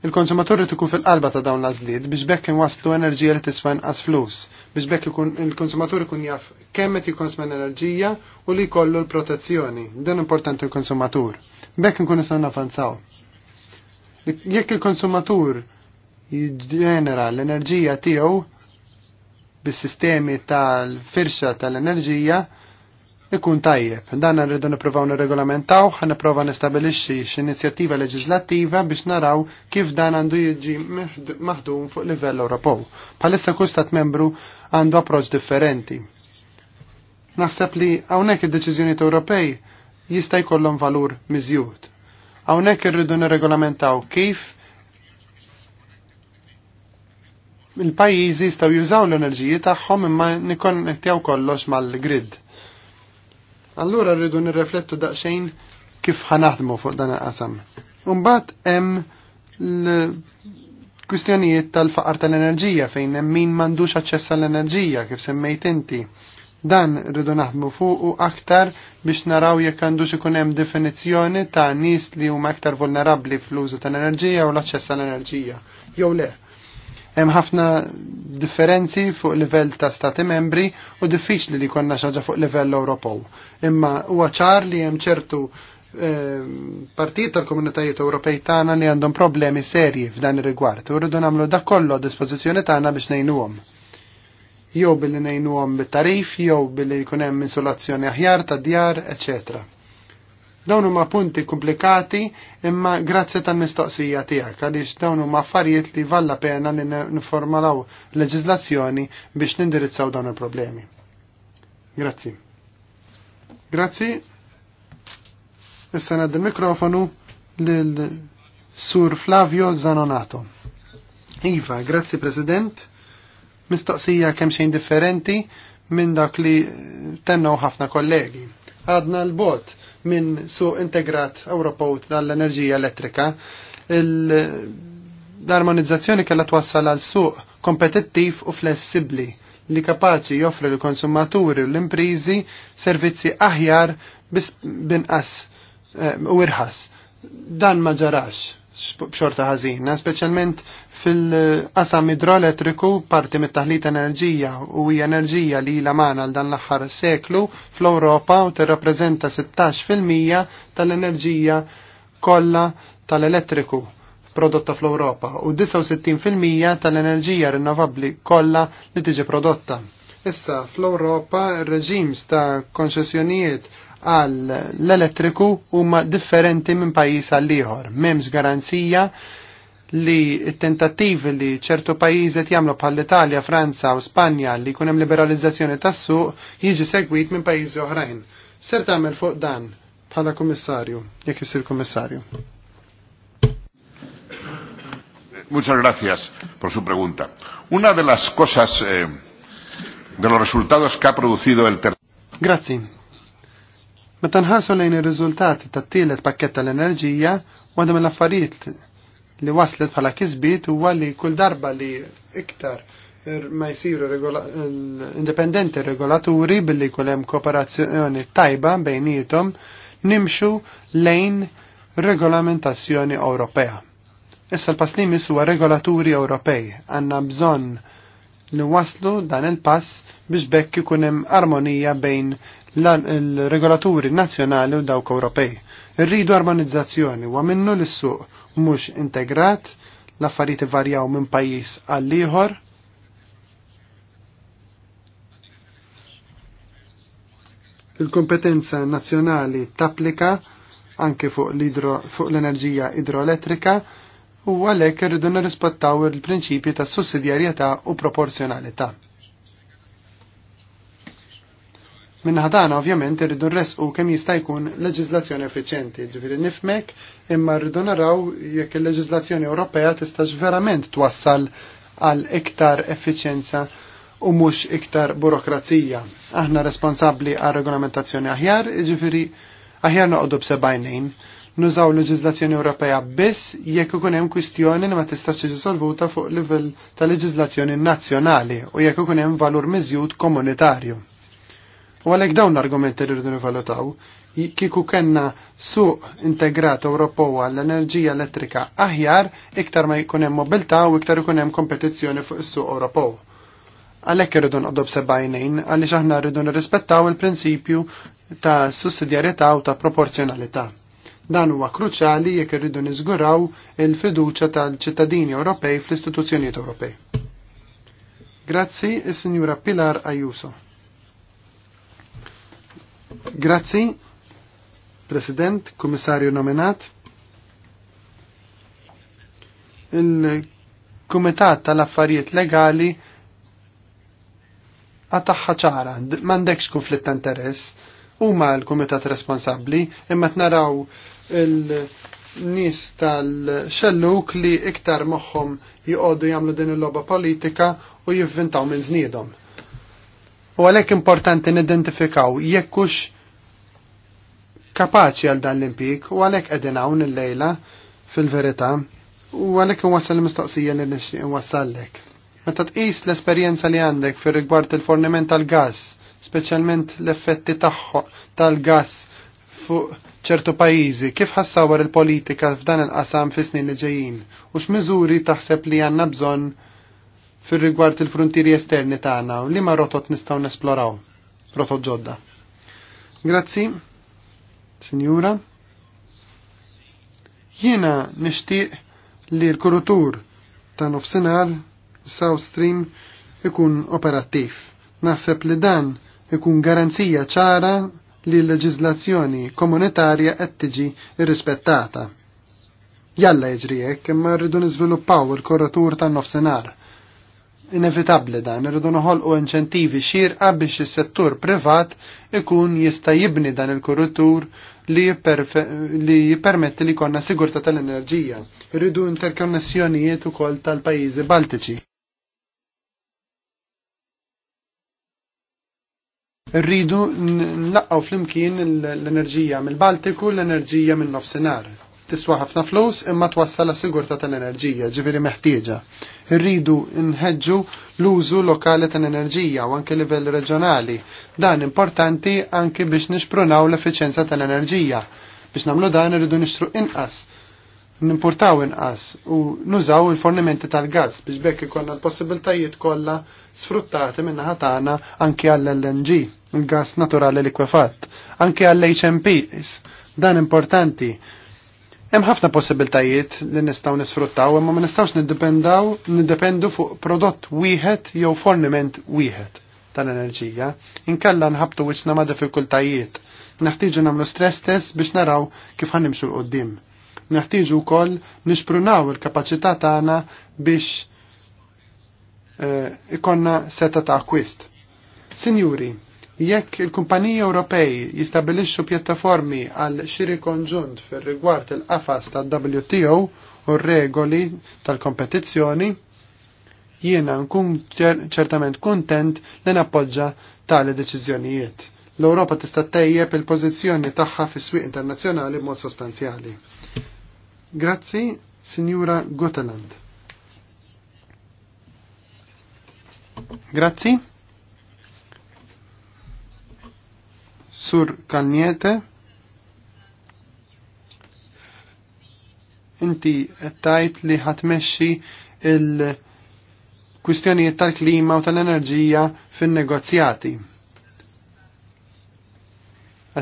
Il-konsumatur irid fil-qalba ta' dawn l-għażliet biex bekk inwasslu enerġija li tiswa nqas flus, biex bekk il-konsumatur ikun jaf kemm qed jikonsma enerġija u li jkollu l-protezzjoni. Dan importanti l-konsumatur. Bekk nkun nistgħu nafanzaw. Jekk il-konsumatur jiġġenera l-enerġija tiegħu bis-sistemi tal-firxa tal-enerġija, ikun tajjeb. Dan rridu nipprovaw nirregolamentaw, ħan nipprova nistabilixxi inizjattiva leġislattiva biex naraw kif dan għandu jiġi maħdum fuq livell Ewropew. Bħalissa kull stat membru għandu approċċ differenti. Naħseb li hawnhekk id-deċiżjonijiet Ewropej jista' jkollhom valur miżjud. Hawnhekk irridu nirregolamentaw kif il-pajjiżi jistgħu jużaw l-enerġiji tagħhom imma nikkonnettjaw kollox mal-grid Allura rridu nirreflettu daqsxejn kif ħanaħdmu fuq dan il-qasam. Umbat hemm l-kwistjonijiet tal-faqar tal-enerġija fejn hemm min m'għandux aċċess għall-enerġija kif semmejt inti. Dan rridu naħdmu fuqu aktar biex naraw jekk għandux ikun hemm definizzjoni ta' nies li huma aktar vulnerabbli fl-użu tal-enerġija u l-aċċess għall-enerġija. Jew le, Hemm ħafna differenzi fuq livell ta' stati membri u diffiċli li konna xaġa fuq livell Ewropew. Imma huwa ċar li hemm ċertu ehm, partijiet tal-komunitajiet Ewropej tagħna li għandhom problemi serji f'dan ir-rigward u rridu nagħmlu dak kollu a dispożizzjoni tagħna biex ngħinuhom. Jew billi ngħinuhom bit-tarif, jew billi jkun hemm insolazzjoni aħjar ta' djar, eċċetera. Dawn huma punti komplikati imma grazzi tal-mistoqsija tiegħek għaliex dawn huma affarijiet li valla pena li nifformalaw leġiżlazzjoni biex nindirizzaw dawn il-problemi. Grazzi. Grazzi. Issa nad mikrofonu lil Sur Flavio Zanonato. Iva, grazzi President. Mistoqsija kemm xejn differenti minn dak li tennaw ħafna kollegi. Għadna l-bot minn suq integrat Ewropew tal-enerġija elettrika. L-armonizzazzjoni kellha twassal għal suq kompetittiv u flessibbli li kapaċi joffri l-konsumaturi u l-imprizi servizzi aħjar binqas eh, u irħas. Dan ma ġarax b'xorta ħażina, speċjalment fil-qasam idroelettriku parti mit-taħlit enerġija u hija enerġija li ilha magħna għal dan l-aħħar seklu fl-Ewropa u tirrappreżenta 16% tal-enerġija kollha tal-elettriku prodotta fl-Ewropa u 69% tal-enerġija rinnovabbli kollha li tiġi prodotta. Issa fl-Ewropa ir-reġims ta' konċessjonijiet għal l-elettriku huma differenti minn pajjiż għal ieħor. M'hemmx garanzija li t tentativi li ċertu pajjiżet jagħmlu bħal Italja, Franza u Spanja li jkun hemm liberalizzazzjoni tas-suq jiġi segwit minn pajjiżi oħrajn. Ser tagħmel fuq dan bħala kummissarju, jekk isir kummissarju. Muchas gracias por su pregunta. Una de las cosas, eh, de los resultados que ha producido el terrorismo. Grazie Meta nħarsu lejn ir-riżultati tat-tielet pakket tal-enerġija, waħda mill-affarijiet li waslet bħala kisbiet huwa li kull darba li iktar er, ma jsiru indipendenti regolaturi billi hemm kooperazzjoni tajba bejnietom nimxu lejn regolamentazzjoni Ewropea. Issa l-pass li huwa regolaturi Ewropej għandna bżonn li waslu dan il-pass biex bekk ikun hemm armonija bejn il-regolaturi nazzjonali u dawk Ewropej. Irridu armonizzazzjoni u minnu l-suq mhux integrat, l-affarijiet varjaw minn pajjiż għal ieħor. Il-kompetenza nazzjonali tapplika anke fuq l-enerġija idroelettrika u għalhekk irridu nirrispettaw il-prinċipji ta' sussidjarjetà u proporzjonalità. Minnaħdana ovvjament irridu nresqu kemm jista' jkun leġiżlazzjoni effiċjenti, ġifieri nifmek imma rridu naraw jekk il-leġiżlazzjoni Ewropea tistax verament twassal għal iktar effiċjenza u mhux iktar burokrazija. Aħna responsabbli għal regolamentazzjoni aħjar, ġifieri aħjar noqogħdu b'sebajnejn. Nużaw leġiżlazzjoni Ewropea biss jekk ikun hemm kwistjoni li ma tistax tiġi solvuta fuq livell ta' leġiżlazzjoni nazzjonali u jekk ikun hemm valur miżjud komunitarju U għalek dawn l-argumenti li rridu nivalutaw, kiku kenna suq integrat Ewropew għall-enerġija elettrika aħjar, iktar ma jkun hemm mobilità u iktar ikun hemm kompetizzjoni fuq is-suq Ewropew. Għalhekk irridu nqodob sebajnejn għaliex aħna rridu nirrispettaw il-prinċipju ta' sussidjarjetà u ta' proporzjonalità. Dan huwa kruċjali jekk irridu niżguraw il-fiduċja tal-ċittadini Ewropej fl-istituzzjonijiet Ewropej. Grazzi, is-Sinjura Pilar Ayuso. Grazzi, President, Kummissarju nominat. Il-Kumitat tal-Affarijiet Legali għataħħa ċara, mandekx konflitt ta' interess, huma l-kumitat responsabli, imma t-naraw il-nis tal-xelluk li iktar moħħom jgħodu jamlu din il-loba politika u jivvintaw minn znidhom u għalhekk importanti nidentifikaw jekk hux kapaċi għal dan l-impik u għalhekk qegħdin hawn lejla fil-verità u għalhekk inwassal l mistoqsija li nixtieq inwassallek. Meta tqis l-esperjenza li għandek fir rigward il-forniment tal-gass, speċjalment l-effetti tal-gass fuq ċertu pajizi, kif ħassawar il-politika f'dan il-qasam fis snin li ġejjin, u x'miżuri taħseb li għandna bżonn fir rigward il-frontieri esterni tagħna u li ma rotot nistgħu nesploraw. Rotot ġodda. Grazzi, Sinjura. Jiena nixtieq li l-kurutur ta' nofsinhar South Stream ikun operattiv. Naħseb li dan ikun garanzija ċara li l-leġizlazzjoni komunitarja qed tiġi irrispettata. Jalla jiġri hekk imma rridu niżviluppaw il-korratur tan-nofsinhar inevitabli dan, irridu noħolqu inċentivi xirqa biex is-settur privat ikun jista' jibni dan il-kurutur li, jippermetti li jkollna sigurta tal-enerġija. Irridu interkonnessjonijiet ukoll tal-pajjiżi Baltiċi. Irridu fl flimkien l-enerġija mill-Baltiku l-enerġija mill-nofsinhar. Tiswa ħafna flus imma twassal sigurta tal-enerġija, ġiviri meħtieġa rridu nħeġġu l-użu lokali ta' enerġija u anke livell reġjonali. Dan importanti anke biex nixprunaw l-efficienza tal-enerġija. Biex nagħmlu dan irridu nixtru inqas nimportaw inqas u nużaw il-fornimenti tal-gas biex bekk ikonna l-possibiltajiet kollha sfruttati minna ħatana anke għall-LNG, il-gas naturali likwefat, anke għall-HMPs, dan importanti Hemm ħafna possibiltajiet li nistgħu nisfruttaw imma ma nistgħux niddependaw niddependu fuq prodott wieħed jew forniment wieħed tal-enerġija. Inkella nħabtu wiċċna ma' diffikultajiet. Naħtiġu nagħmlu stress test biex naraw kif ħanimxu l qoddim Naħtiġu wkoll nixprunaw il-kapaċità tagħna biex eh, ikonna seta ta' akwist. Sinjuri, Jekk il-kumpaniji Ewropej jistabilixxu pjattaformi għal xiri konġunt fir rigward il-qafas tal-WTO u regoli tal-kompetizzjoni, jiena nkun ċertament kuntent li nappoġġa tali deċiżjonijiet. L-Ewropa tista' tejjeb il-pożizzjoni tagħha fis-swieq internazzjonali b'mod sostanzjali. Grazzi, Sinjura Goteland. Grazzi. Sur Kalniete, inti tajt li ħatmexxi il-kwistjonijiet tal-klima u tal-enerġija fin-negozjati.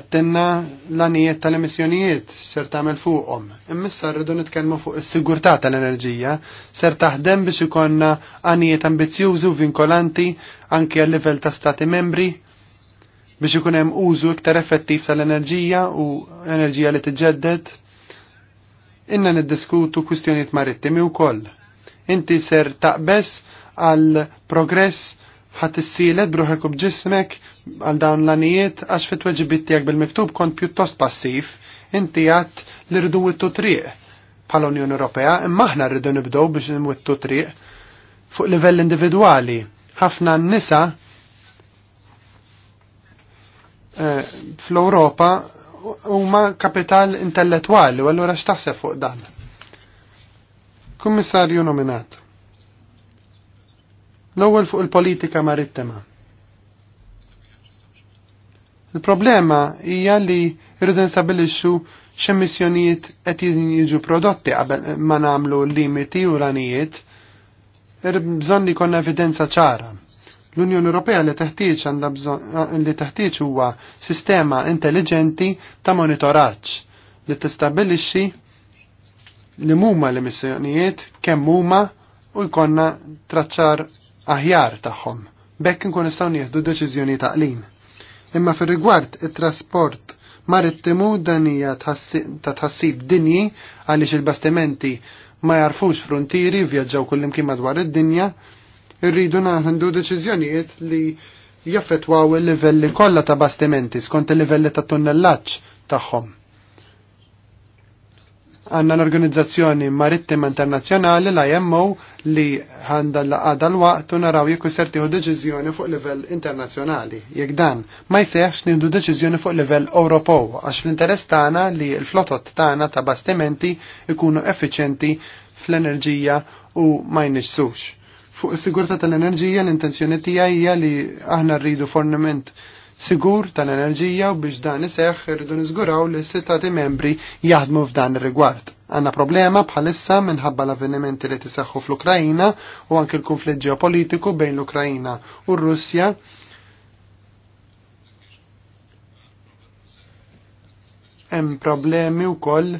Attenna l-anijiet tal-emissjonijiet ser tagħmel fuqhom. Immissa rridu nitkellmu fuq is-sigurtà tal-enerġija ser taħdem biex ikonna anijiet ambizzjużi u vinkolanti anke għal livell ta' stati membri biex ikun hemm użu iktar effettiv tal-enerġija u enerġija li tiġġedded. Inna niddiskutu kwistjonijiet marittimi wkoll. Inti ser taqbes għal progress ħat issielet bruħek u bġismek għal dawn l-anijiet għax fit weġibit tiegħek bil-miktub kont pjuttost passiv, inti għat li rridu wittu triq bħal Unjoni Ewropea, imma aħna rridu nibdew biex nwittu triq fuq livell individwali. Ħafna n-nisa Eh, fl-Europa huma kapital intellettwali u allura x'taħseb fuq dan? Kummissarju nominat. L-ewwel fuq il-politika marittima. Il-problema hija li rridu nstabilixxu x'emissjonijiet qed jiġu prodotti qabel ma nagħmlu limiti u ranijiet, er- bżonn li jkollna evidenza ċara L-Unjoni Ewropea li teħtieġ għandha eh, li teħtieġ huwa sistema intelligenti ta' monitoraġġ li tistabbilixxi li huma l-emissjonijiet kemm huma u jkollna traċċar aħjar tagħhom. Bekk nkun nistgħu nieħdu deċiżjoni taqlin. Imma fir-rigward it-trasport marittimu dan hija ta' tħassib dinji għaliex il-bastimenti ma jarfux frontieri vjaġġaw kullimkien madwar id-dinja irridu naħandu deċiżjonijiet li jaffetwaw il-livelli kollha ta' bastimenti skont il-livelli ta' tunnellaġġ tagħhom. Għanna l-Organizzazzjoni Marittima Internazzjonali l-IMO li għanda l-għada l-waqt u naraw jekk ser tieħu deċiżjoni fuq livell internazzjonali. Jekk dan ma jsejħx nieħdu deċiżjoni fuq livell Ewropew għax fl-interess tagħna li l-flotot tagħna ta' bastimenti ikunu effiċenti fl-enerġija u ma jnixsux Fuq is-sigurtà tal-enerġija l-intenzjoni tiegħi hija li aħna rridu forniment sigur tal-enerġija u biex dan iseħħ irridu niżguraw li s-sittati membri jaħdmu f'dan ir-rigward. Għanna problema bħalissa minħabba l-avvenimenti li tiseħħu fl-Ukrajina u anke l kunflitt ġeopolitiku bejn l-Ukrajina u r-Russja. Hemm problemi wkoll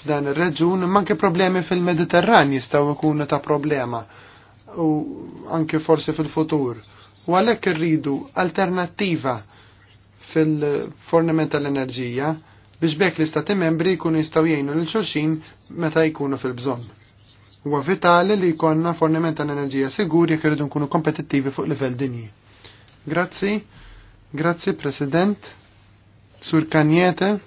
f'dan ir-reġun, manke problemi fil-Mediterran jistgħu jkunu ta' problema u anke forsi fil-futur. U għalhekk irridu alternattiva fil-forniment tal-enerġija biex bekk l-istati membri jkunu jistgħu jgħinu lil xulxin meta jkunu fil-bżonn. Huwa vitali li jkollna forniment tal-enerġija sigur jekk rridu nkunu kompetittivi fuq livell dinji. Grazzi, grazzi President, Sur Kanjete,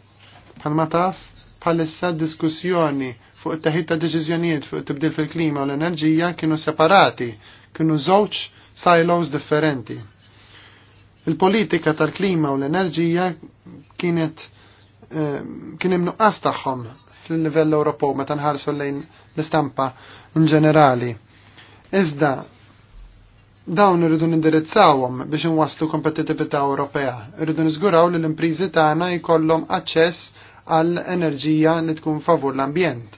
bħalma taf, bħalissa diskussjoni fuq it-taħid ta' deċiżjonijiet fuq tibdil fil-klima u l-enerġija kienu separati, kienu żewġ silos differenti. Il-politika tal-klima u l-enerġija kienet eh, kien hemm nuqqas tagħhom fil-livell Ewropew meta nħarsu lejn l-istampa in Iżda dawn irridu nindirizzawhom biex inwasslu kompetitività Ewropea. Irridu niżguraw li l-impriżi tagħna jkollhom aċċess għall enerġija li tkun favur l-ambjent.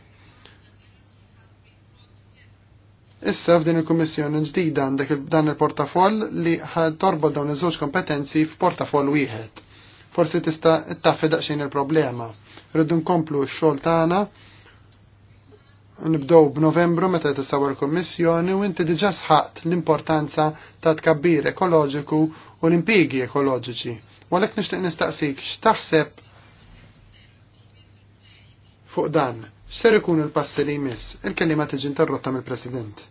Issa f'din il-Kummissjoni ġdida għandek dan il-portafoll li torbod dawn iż-żewġ kompetenzi f'portafoll wieħed. Forsi tista' ttaffi daqsxejn il-problema. Rridu nkomplu x-xogħol tagħna nibdow b'Novembru meta tisawar il-Kummissjoni u inti diġà sħaqt l-importanza ta' tkabbir ekoloġiku u l-impigi ekoloġiċi. Walek nixtieq nistaqsik x'taħseb fuq dan Ser ikun il-passi li jmiss, il-kelima tiġi interrotta mill-President.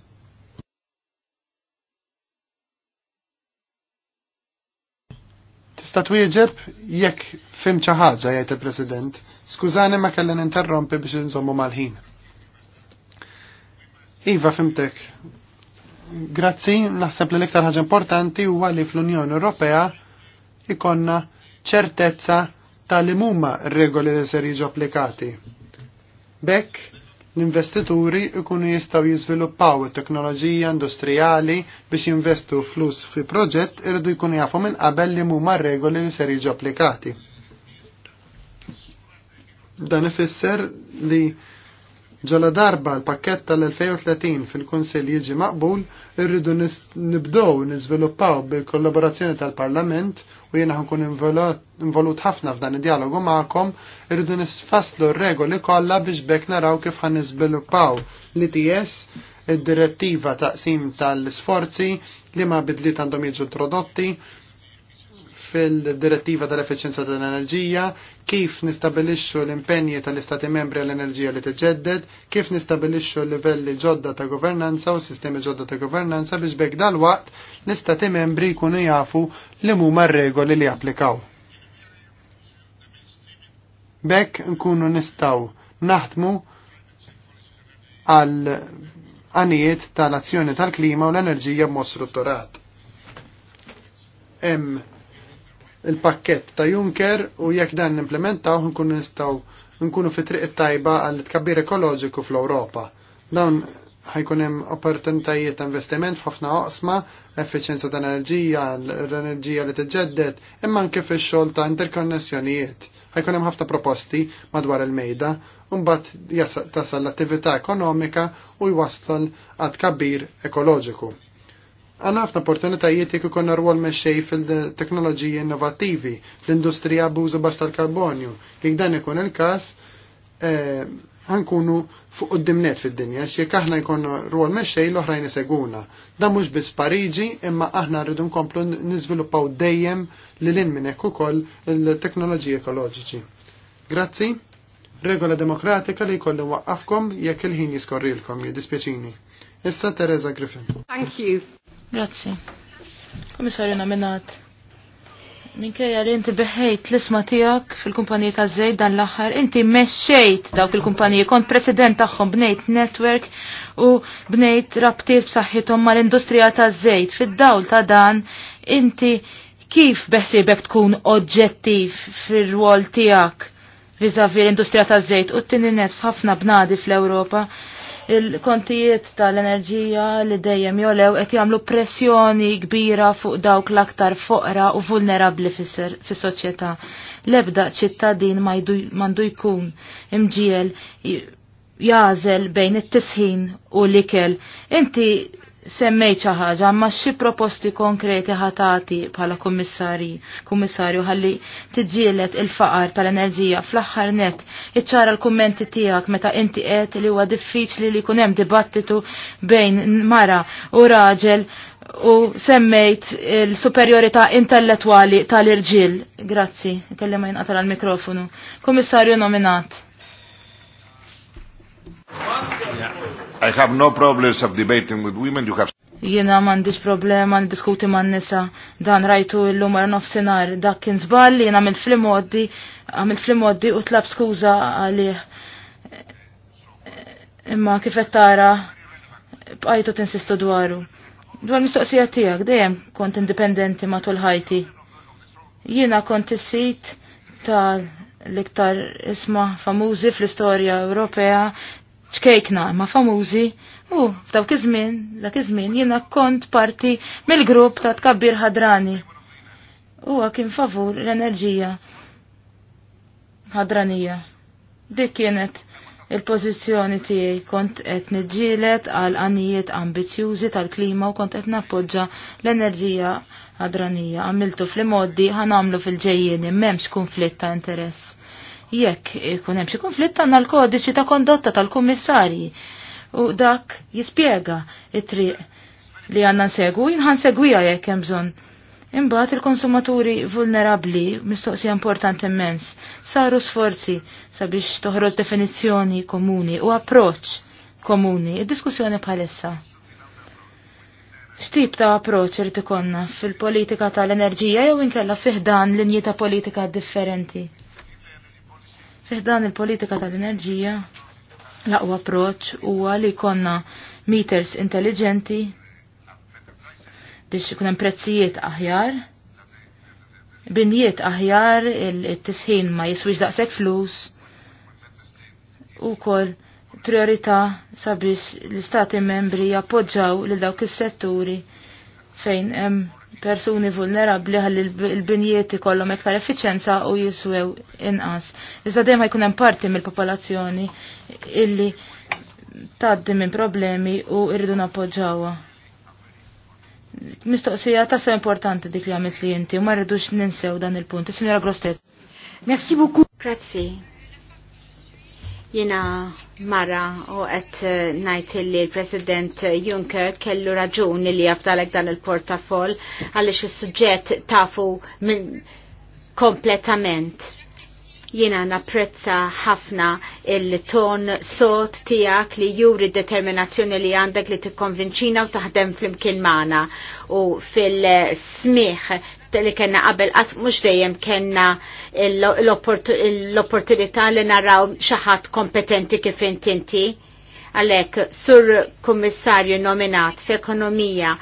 Tista' twieġeb jekk fim xi ħaġa jgħid il-President. Skużani ma kellha interrompi biex inżommu mal-ħin. Iva fimtek. Grazzi, naħseb li l-iktar ħaġa importanti huwa li fl-Unjoni Ewropea ikonna ċertezza tal imuma regoli li ser jiġu applikati Bekk l-investituri ikunu jistaw jiżviluppaw it-teknoloġija industrijali biex jinvestu flus fi proġett irridu jkunu jafu minn qabel li huma regoli li ser jiġu applikati. Dan ifisser li Ġala darba l-pakket tal-2030 fil-Kunsill jiġi maqbul, irridu nibdow niżviluppaw bil-kollaborazzjoni tal-Parlament u jiena ħankun involut ħafna f'dan id-dialogu magħkom, irridu nisfasslu r-regoli kollha biex bekk naraw kif ħan nizviluppaw l-ITS, id-direttiva taqsim tal-sforzi li ma bidliet għandhom jiġu introdotti, fil-direttiva tal-efficienza tal-enerġija, kif nistabilixxu l-impenji tal-istati membri għall-enerġija li tiġġedded, kif nistabilixxu l livelli ġodda ta' governanza u sistemi ġodda ta' governanza biex bekk dal-waqt l-istati membri jkunu jafu li huma regoli li applikaw. Bekk nkunu nistaw naħdmu għal għanijiet tal-azzjoni tal-klima u l-enerġija b'mod strutturat hemm il-pakket ta' Juncker u jekk dan implementaw nkunu nistgħu nkunu fi triq tajba għall tkabbir ekoloġiku fl-Ewropa. Dawn ħajkun hemm opportunitajiet ta' investiment f'ħafna oqsma, effiċjenza ta' enerġija, l-enerġija li tiġġedded, imma anke fix-xogħol ta' interkonnessjonijiet. Ħajkun hemm ħafna proposti madwar il-mejda, u mbagħad tasal l-attività ekonomika u jwassal għad kabbir ekoloġiku. Għanna ħafna opportunitajiet jekk ikun rwol mexxej fil-teknoloġiji innovattivi, fl-industrija abużu bax tal-karbonju. Jekk dan ikun il-każ, eh, ħankunu fuq qudimnet fid-dinja, x'jekk aħna jkun rwol meċċej l-oħrajn iseguna. Dan mhux biss Pariġi, imma aħna rridu nkomplu niżviluppaw dejjem lil hinn minn hekk ukoll il-teknoloġiji ekoloġiċi. Grazzi. Regola demokratika li jkollu waqqafkom jekk il-ħin jiskorrilkom, jiddispjaċini. Issa Teresa Griffin. Thank you. Grazzi. Komissarju nominat. Minkejja li inti beħejt l-isma tijak fil-kumpanija ta' zejt dan l-axar, inti meċċejt dawk il-kumpanija, kont president tagħhom bnejt network u bnejt rabtiet b'saħħithom mal-industrija ta' zejt. Fid-dawl ta' dan, inti kif beħsibek tkun oġġettiv fir-rwol tijak vizavi l-industrija ta' zejt u t-tini net f'ħafna bnadi fl-Ewropa il-kontijiet tal-enerġija li dejjem jolew qed jagħmlu pressjoni kbira fuq dawk l-aktar foqra u vulnerabbli fis-soċjetà. Lebda ċittadin mandu jkun imġiel jażel bejn it-tisħin u l-ikel. Inti semmejt xi ħaġa ma xi proposti konkreti ħatati bħala kummissarji kummissarju ħalli tiġielet il-faqar tal-enerġija fl-aħħar net iċċara l-kummenti tiegħek meta inti qed li huwa diffiċli li jkun hemm dibattitu bejn mara u raġel u semmejt il-superjorità intellettwali tal-irġiel. Grazzi, kellem ma jinqata' mikrofonu Kummissarju nominat. Yeah. I have no problems of debating with women, you have... Jena mandiġ problema diskuti man nisa dan rajtu l-lum għar nofsenar dak kien żball jena għamil fl-moddi għamil fl u tlab skuza għalih imma kifet tara bqajtu tinsistu dwaru. Dwar mistoqsija tijak, dejjem kont indipendenti matul ħajti. Jiena kont is-sit tal l-iktar isma famużi fl-istorja Ewropea ċkejkna ma famużi u f'dawk kizmin, da kizmin, jina jiena kont parti mill-grupp ta' tkabbir ħadrani. Huwa kien favur l-enerġija ħadranija. Dik kienet il-pożizzjoni tiegħi kont qed niġġielet għal għanijiet ambizjużi tal-klima u kont qed nappoġġa l-enerġija ħadranija. Għamiltu fl-modi ħanamlu fil-ġejjien m'hemmx konflitt ta' interess jekk ikun hemm xi konflitt għandna l-kodiċi ta' kondotta tal-kummissarji u dak jispjega it-triq li għandna nsegwu jinħan segwija jekk hemm bżonn. Imbagħad il-konsumaturi vulnerabbli mistoqsija importanti immens saru sforzi sabiex toħroġ definizzjoni komuni u approċċ komuni id-diskussjoni bħalissa. X'tip ta' approċċ irid ikonna fil-politika tal-enerġija jew inkella fih dan linji ta' politika differenti? Fiħdan il-politika tal-enerġija, l-aqwa approċ huwa li konna meters intelligenti biex ikun hemm prezzijiet aħjar, binjiet aħjar, il-tisħin ma jiswix daqshekk flus, u kol priorità sabiex l-istati membri jappoġġaw lil dawk is-setturi fejn hemm persuni vulnerabli ħalli l binjieti ikollhom iktar effiċenza u jiswew inqas. Iżda dejjem jkun hemm parti mill-popolazzjoni illi tgħaddi minn problemi u rridu nappoġġawha. Mistoqsija so importanti dik li għamilt li inti u ma rridux ninsew dan il-punt. Signora Grostet. Merci beaucoup. Grazie. Jena Mara, u għet najt li l-President Juncker kellu raġun li jafdalek dan il-portafol għalix il-sujġet tafu kompletament Jiena napprezza ħafna il-ton sot tijak li juri determinazzjoni li għandek li tikkonvinċina u taħdem fl-imkien magħna u fil-smiħ li kena qabel qatt mhux dejjem kena l-opportunità li naraw xi ħadd kompetenti kif intinti. Għalek, sur kommissarju nominat f'ekonomija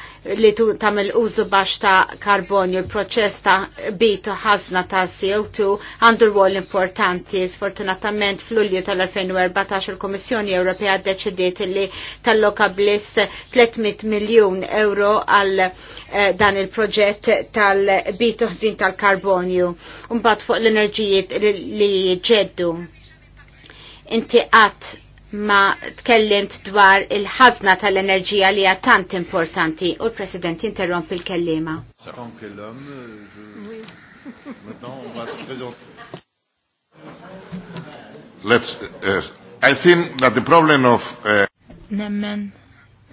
li tu il użu bax ta' karbonju, il-proċess ta' bitu ħazna ta' CO2 għandu rwol importanti. Sfortunatament fl-ulju tal-2014 il-Komissjoni Ewropea deċidiet li tal-loka bliss 300 miljon euro għal eh, dan il-proġett tal-bitu ħzin tal-karbonju. Umbat fuq l-enerġijiet li ġeddu inti għat ma tkellimt dwar il-ħazna tal-enerġija li hija tant importanti u l-President interromp il-kellima. Euh, Let's, uh, I think that the problem of... Uh, Nemmen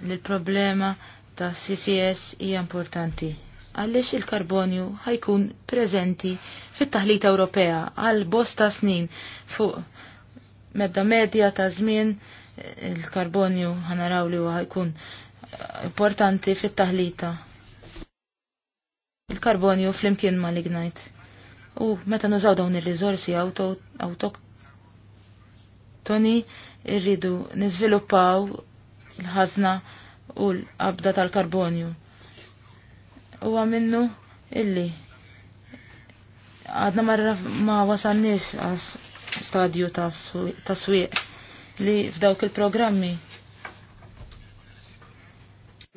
l-problema ta' CCS hija importanti għaliex il-karbonju ħajkun preżenti fit-taħlita Ewropea għal bosta snin fuq medda medja ta' żmien il-karbonju ħanaraw li huwa jkun importanti fit-taħlita. Il-karbonju flimkien ma lignajt. U meta nużaw dawn ir-riżorsi autoktoni irridu niżviluppaw l ħazna u l-qabda tal-karbonju. U minnu illi għadna marra ma wasalniex għas stadju ta' swieq li f'dawk il-programmi.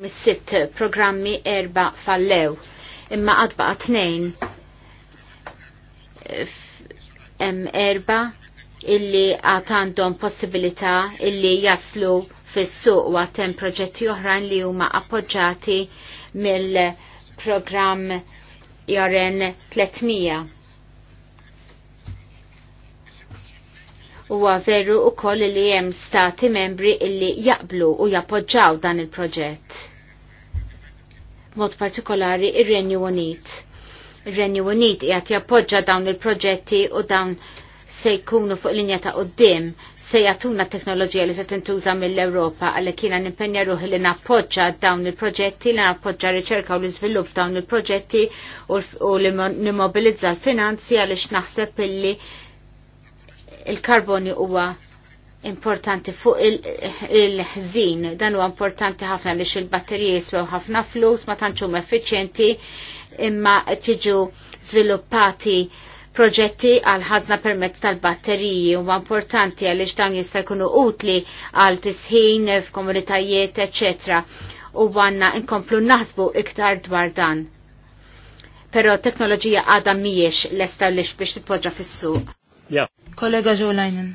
Mis-sitt programmi erba fallew, imma għadba tnejn hemm erba illi għad għandhom possibilità illi jaslu fis-suq għatem proġetti oħrajn li huma appoġġati mill-programm e jaren 300 Huwa veru wkoll li hemm stati membri illi jaqblu u jappoġġaw dan il-proġett. Mod partikolari ir-Renju Unit. Ir-Renju Unit jgħat jappoġġa dawn il-proġetti u dawn se jkunu fuq linja ta' qoddim se jgħatuna teknoloġija li se tintuża mill-Ewropa għalli kiena nimpenja ruħi li nappoġġa dawn il-proġetti, li nappoġġa riċerka u l-iżvilupp dawn il-proġetti u li nimmobilizza l-finanzi għaliex naħseb illi il karboni huwa importanti fuq il-ħżin, il dan huwa importanti ħafna li il-batteriji jiswew ħafna flus, ma tantxhom effiċjenti, imma tiġu żviluppati proġetti għal ħazna permezz tal-batteriji huwa importanti għaliex dawn jista' jkunu utli għal tisħin f'komunitajiet, eċċetera. U għanna inkomplu naħsbu iktar dwar dan. Pero teknoloġija għadha mhijiex l establish biex tipoġġa fis-suq. Ja. Kollega Ġolajnen.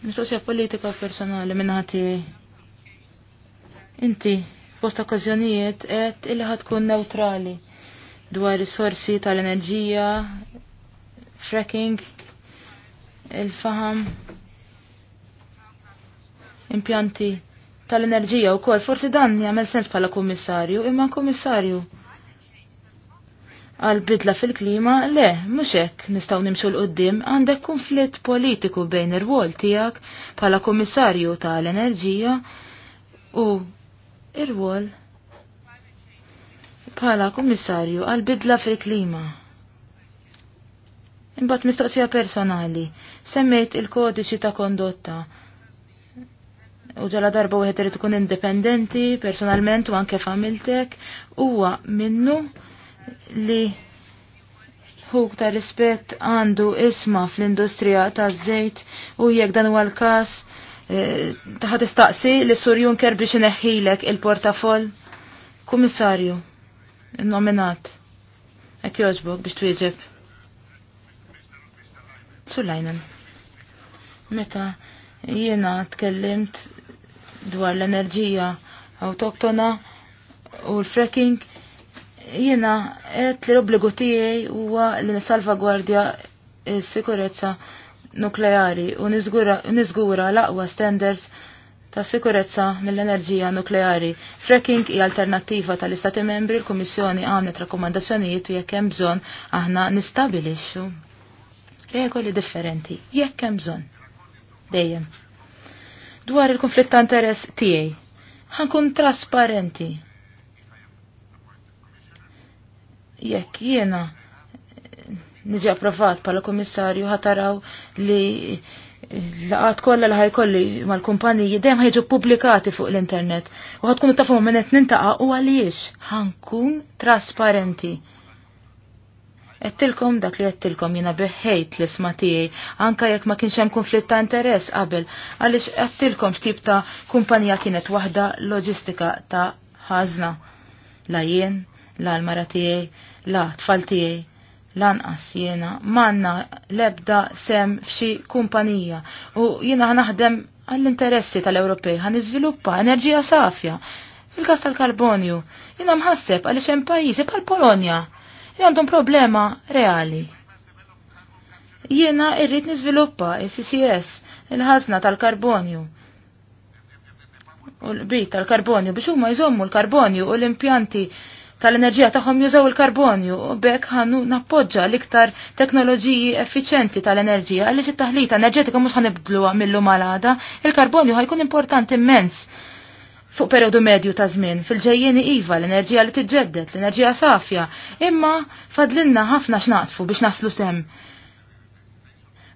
Mistoqsija politika personali minnati inti fost okkazjonijiet qed illi tkun neutrali dwar risorsi tal-enerġija, fracking, il-faham, impjanti tal-enerġija u kol, forsi dan jagħmel sens bħala kummissarju, imma kummissarju għal bidla fil-klima, le, mhux hekk nistgħu nimxu l-qoddim għandek konflitt politiku bejn ir wol tiegħek bħala Kummissarju tal-Enerġija u ir wol bħala Kummissarju għal bidla fil-klima. Imbagħad mistoqsija personali, semmejt il-kodiċi ta' kondotta u ġala darba wieħed irid ikun indipendenti personalment u anke familtek huwa minnu li ħuk ta' rispett għandu isma fl-industrija ta' żejt u jekk dan huwa l-każ taħat eh, istaqsi li Sur Junker biex ineħħilek il-portafol kummissarju nominat ek joġbok biex twieġeb. Sulajnen. Meta jiena tkellimt dwar l-enerġija autoktona u l-fracking Jiena qed li l-obbligu tiegħi huwa li nisalvagwardja s-sikurezza nukleari u niżgura l-aqwa standards ta' sikurezza mill-enerġija nukleari. Fracking hija alternattiva tal-Istati Membri l-Kummissjoni għamlet rakkomandazzjonijiet u jekk hemm bżonn aħna nistabilixxu regoli differenti jekk hemm bżonn. Dejjem. Dwar il-konflitt ta' interess tiegħi ħankun trasparenti jekk jiena niġi approvat pala komissarju ħataraw li laqat kolla li ħajkolli mal-kumpaniji dejjem ħajġu publikati fuq l-internet u ħatkunu tafu minn qed nintaqa' u għaliex ħankun trasparenti. Ettilkom dak li għettilkom jina beħħejt l-isma anka jekk ma kienx hemm konflitt ta' interess qabel, għaliex ettilkom xtib ta' kumpanija kienet waħda loġistika ta' ħażna. La jien, la l-mara tiegħi la tfal tiegħi lanqas jiena manna lebda sem f'xi kumpanija u jiena ħanaħdem għall-interessi tal-Ewropej ħan iżviluppa enerġija safja. Fil-kas tal-karbonju, jiena mħasseb għaliex hemm pajjiżi bħal Polonja li għandhom problema reali. Jiena irrid niżviluppa is-CCS, il-ħażna tal-karbonju u l-bit tal-karbonju biex huma jżommu l-karbonju u l-impjanti tal-enerġija tagħhom jużaw il-karbonju u bekk ħannu nappoġġa l-iktar teknoloġiji effiċenti tal-enerġija għaliex it-taħlita enerġetika mhux ħanibdluha mill-lum il-karbonju ħajkun importanti immens fuq periodu medju ta' żmien fil-ġejjeni iva l-enerġija li tiġġedded, l-enerġija safja, imma fadlinna ħafna x'naqtfu biex naslu sem.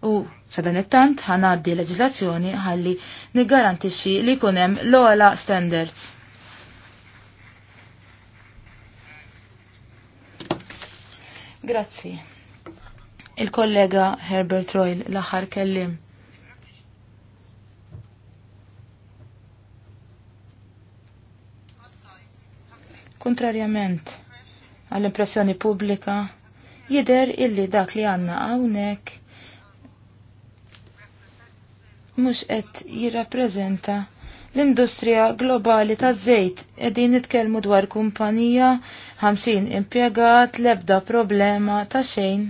U dan it-tant ħanaddi leġislazzjoni ħalli niggarantixxi li jkun hemm l ogħla standards Grazzi. Il-kollega Herbert Royle l-aħħar kellim. Kontrarjament għall-impressjoni pubblika, jider illi dak li għanna għawnek mux qed jirrappreżenta l-industrija globali ta' żejt qegħdin nitkellmu dwar kumpanija 50 impjegat l-ebda problema ta' xejn.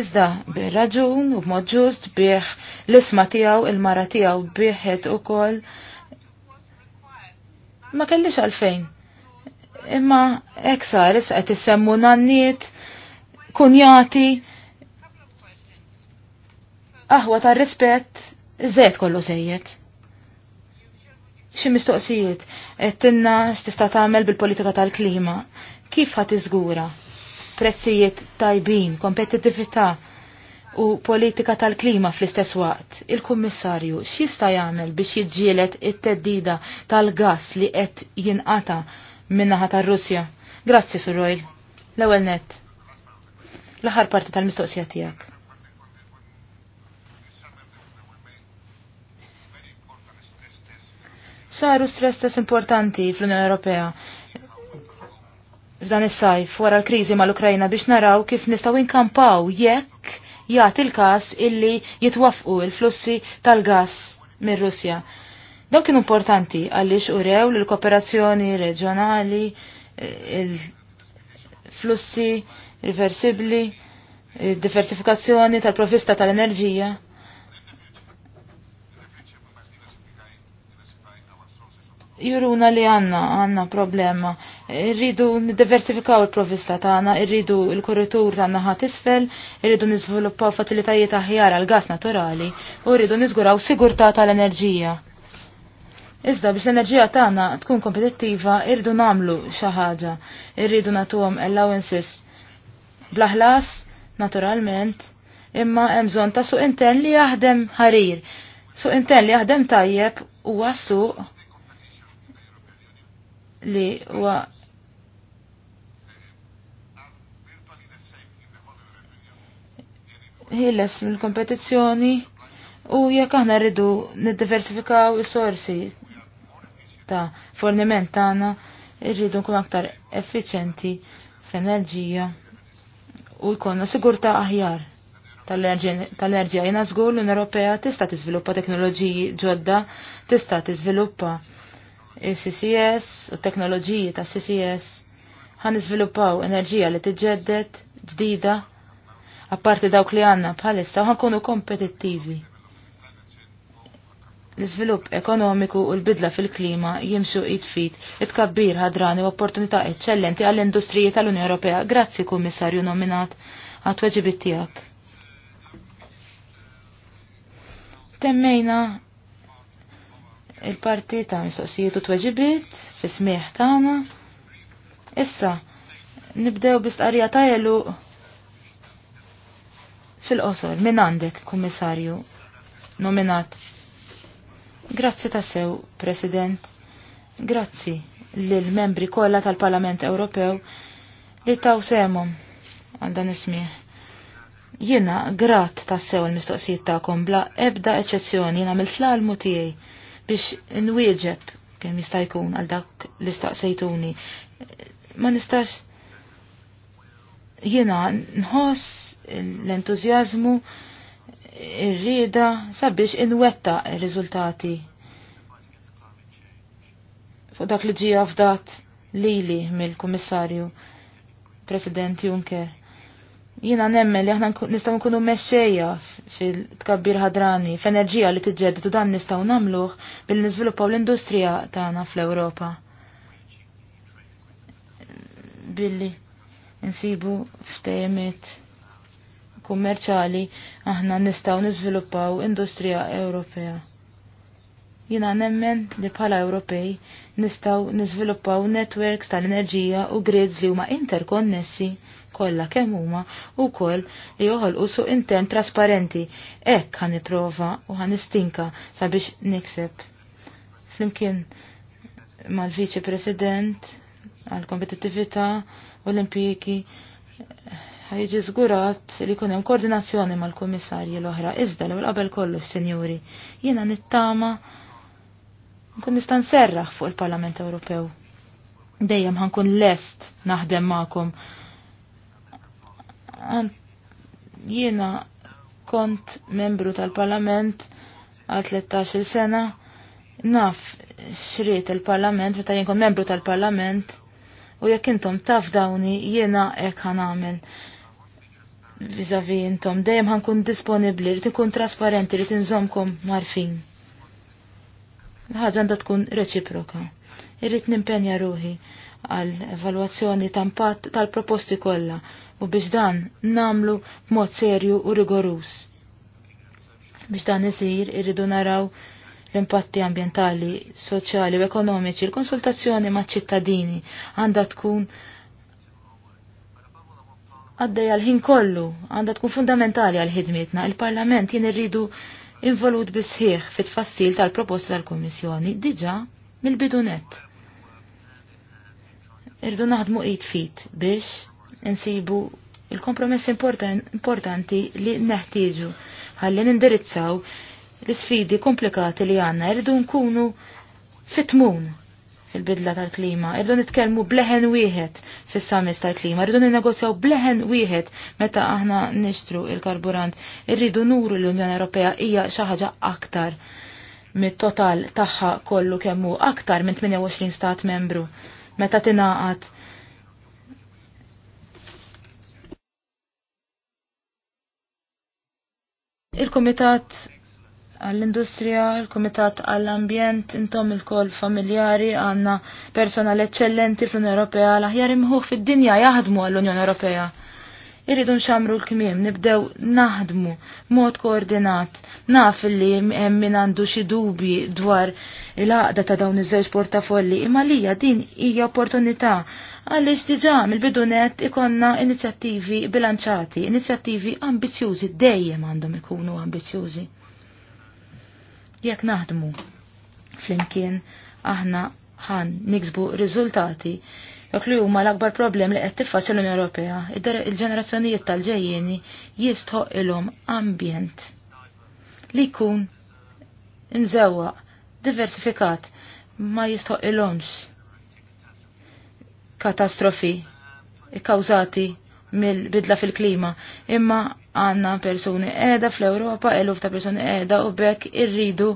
Iżda bi raġun u b'mod ġust l-isma tiegħu il-mara tiegħu u ukoll ma kellix għalfejn. Imma hekk sar qed issemmu nanniet, kunjati, aħwa tar rispett, żejt kollu sejjed xi mistoqsijiet qed tinna x'tista' tagħmel bil-politika tal-klima. Kif ħadd iżgura prezzijiet tajbin, kompetittività u politika tal-klima fl-istess waqt, il-Kummissarju x'jista' jagħmel biex jiġġieled it-teddida tal-gass li qed jinqata min-naħa tar-Russja. Grazzi, Surrojl. L-ewwel nett. L-aħħar parti tal-mistoqsija tiegħek. Saru stress test importanti fl-Unjoni Ewropea f'dan is-sajf wara l-kriżi mal-Ukrajna biex naraw kif nistgħu inkampaw jekk jagħti il-każ illi jitwafqu il-flussi tal-gass mir-Russja. Dawk kienu importanti għaliex urew l kooperazzjoni reġjonali, il-flussi riversibbli, tal-provista tal-enerġija. tal provvista tal enerġija juruna li għanna, għanna problema. Irridu diversifikaw il-provista tagħna, irridu il-korritur tagħna ħat isfel, irridu niżviluppaw facilitajiet aħjar għal gas naturali, u rridu niżguraw sigurtà tal-enerġija. Iżda biex l-enerġija tagħna tkun kompetittiva, irridu nagħmlu xi ħaġa, irridu nagħtuhom allowances blaħlas, naturalment, imma hemm bżonn ta' suq intern li jaħdem ħarir. Suq intern li jaħdem tajjeb huwa suq li huwa ħiles mill-kompetizzjoni u jekk aħna rridu niddiversifikaw is-sorsi ta' forniment tagħna, rridu nkun aktar effiċenti fl-enerġija u jkollna sigurtà aħjar tal-enerġija jiena żgur l-Unjoni Ewropea tista' tiżviluppa teknoloġiji ġodda, tista' tiżviluppa il-CCS e u teknoloġiji ta' CCS ħan izviluppaw enerġija li tiġġedded ġdida apparti dawk li għanna bħalissa ħan kunu kompetittivi. L-iżvilupp ekonomiku u l-bidla fil-klima jimxu id-fit, it-kabbir ħadrani u opportunità eccellenti għall-industriji tal unjoni Ewropea. Grazzi, kummissarju nominat, għat-weġibit Temmejna il-parti ta' mistoqsijiet u tweġibiet fi smieħ tagħna. Issa nibdew bistqarrija ta' jelu fil-qosor minn għandek kummissarju nominat. Grazzi ta' sew, President. Grazzi lil membri kollha tal-Parlament Ewropew li taw semhom għal dan ismieħ. Jiena grat ta' sew il-mistoqsijiet tagħkom bla ebda eċċezzjoni jiena mill-tlalmu tiegħi biex nwieġeb kemm jista' jkun għal dak li staqsejtuni. Ma nistax jiena nħoss l-entużjażmu ir-rieda sabiex inwetta r-riżultati fuq dak li ġie fdat lili mill-Kummissarju President Juncker. Jina nemmen li aħna nistaw nkunu mexxejja fil-tkabbir ħadrani, fl-enerġija li tiġġedded u dan nistaw namluħ bil niżviluppaw l-industrija tagħna fl-Ewropa. Billi nsibu f'tejmet kummerċali aħna nistaw niżviluppaw industrija Ewropea. Jina nemmen li bħala Ewropej nistaw niżviluppaw netwerks tal-enerġija u grids li huma interkonnessi kollha kemm huma wkoll li joħolqu suq intern trasparenti. Hekk ħan iprova u ħan istinka sabiex nikseb. Flimkien mal-Viċi President għal kompetittività Olimpijki ħajġi żgurat li jkun hemm koordinazzjoni mal-kummissarji l-oħra iżda l qabel kollox, senjuri Jiena nittama nkun nista' nserraħ fuq il-Parlament Ewropew. Dejjem ħankun lest naħdem magħkom jiena kont membru tal-Parlament għal 13 sena naf xriet il-Parlament meta jien kont membru tal-Parlament u jekk intom taf dawni jiena hekk ħanamel. Vizavi intom dejjem ħankun disponibbli, li tkun trasparenti, li tinżomkom marfin. Ħaġa għandha tkun reċiproka. Irrid nimpenja ruħi għal evalwazzjoni tampat tal-proposti kollha u biex dan namlu b'mod serju u rigorus. Biex dan iżir irridu naraw l-impatti ambientali, soċjali u ekonomiċi, l-konsultazzjoni ma' ċittadini għandha tkun għaddej għal-ħin kollu, għandha tkun fundamentali għal-ħidmietna. Il-Parlament jien irridu involut bisħieħ fit-fassil tal-proposta tal-Komissjoni diġa mill-bidunet irdu naħdmu id fit biex insibu il-kompromess importanti li neħtieġu ħalli nindirizzaw l-sfidi komplikati li għanna irdu nkunu fitmun fil-bidla tal-klima, irdu nitkellmu bleħen wieħed fis-samis tal-klima, irdu ninnegozjaw bleħen wieħed meta aħna nixtru il-karburant, irridu nuru l-Unjoni Ewropea hija xi ħaġa aktar mit-total tagħha kollu kemmu aktar minn 28 stat membru meta tingħaqad. Il-Kumitat għall-Industrija, il-Kumitat għall-Ambjent, intom il-kol familjari għanna personal eccellenti fl-Unjoni Ewropea, l-aħjar imħuħ fid-dinja jaħdmu għall-Unjoni Ewropea irridu nxamru l-kmiem, nibdew naħdmu mod koordinat, naf li hemm min għandu xi dubji dwar il-għaqda ta' dawn iż-żewġ portafolli, imma lija din hija opportunità għaliex diġà mill-bidunet ikonna inizjattivi bilanċati, inizjattivi ambizjużi dejjem għandhom ikunu ambizjużi. Jekk naħdmu flimkien aħna ħan niksbu riżultati Dak li huma l-akbar problem li qed tiffaċċja l-Unjoni Ewropea, il-ġenerazzjonijiet tal-ġejjieni jistħoq ilhom ambjent li jkun imżewwa, diversifikat, ma jistħoq ilhomx katastrofi kkawżati mill-bidla fil-klima, imma għandna persuni qiegħda fl ewropa eluf ta' persuni qiegħda u bekk irridu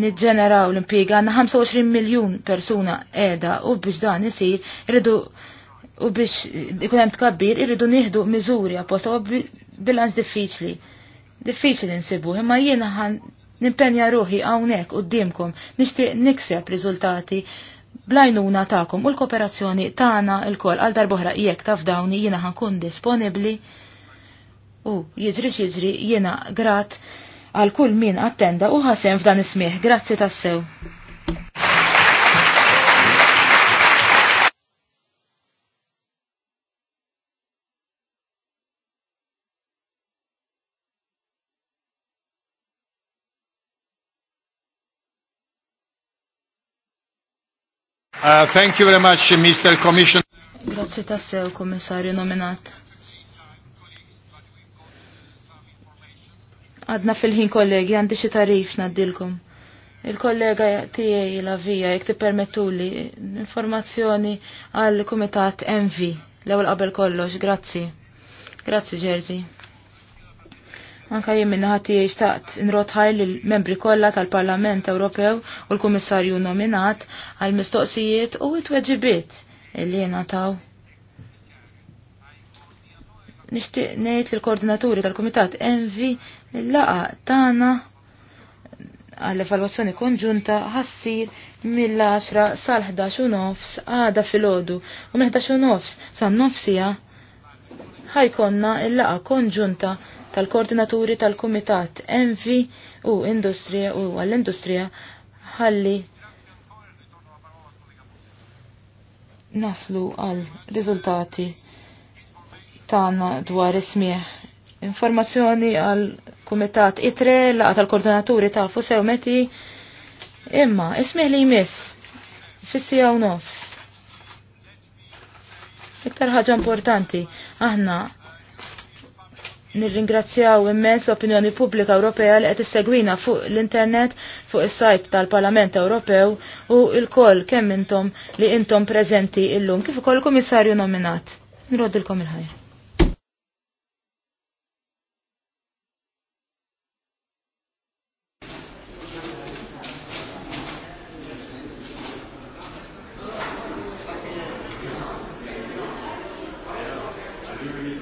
niġġeneraw l-impiega għanna 25 miljun persuna qiegħda u biex dan isir irridu u biex ikun hemm tkabbir irridu nieħdu miżuri apposta u bilanċ diffiċli. Diffiċli nsibu, imma jiena ħan nimpenja ruħi hawnhekk quddiemkom nixtieq nikseb riżultati blajnuna tagħkom u l-kooperazzjoni tagħna l-kol għal darbohra jekk taf dawni jiena ħankun disponibbli u jiġri xiġri jiena grat għal kull min attenda u ħasem f'dan ismiħ. Grazzi tassew. Uh, thank you very much, Mr. Commissioner. Grazie tassew, Kommissarju nominat. Għadna fil-ħin kollegi għandi xi tarif naddilkom. Il-kollega tiegħi la vija jekk tippermettuli informazzjoni għal kumitat MV l-ewwel qabel kollox, grazzi. Grazzi Jersey. Anka jien minna ħati xtaqt nrotħaj l-membri kollha tal-Parlament Ewropew u l-Kummissarju nominat għal mistoqsijiet u t-tweġibiet li jena taw. Nixtieq ngħid lill koordinaturi tal-Kumitat Envi laqa tagħna għall-evalwazzjoni konġunta ħassir mill-10 sal-11 nofs għada filgħodu u mill-11 nofs sal nofsija ħajkonna il-laqa konġunta tal-koordinaturi tal-Kumitat Envi u Industrija u għall-Industrija ħalli naslu għal riżultati tana dwar ismieħ. Informazzjoni għal kumitat itre laqa' tal-koordinaturi tafu sew meti imma ismieħ li jmiss fissi għaw nofs. Iktar ħaġa importanti aħna Nirringrazzjaw immens l-opinjoni pubblika Ewropea li qed issegwina fuq l-internet fuq is-sajt tal-Parlament Ewropew u l-koll kemm intom li intom preżenti illum kif ukoll il-Kummissarju nominat. Nroddilkom il-ħajja.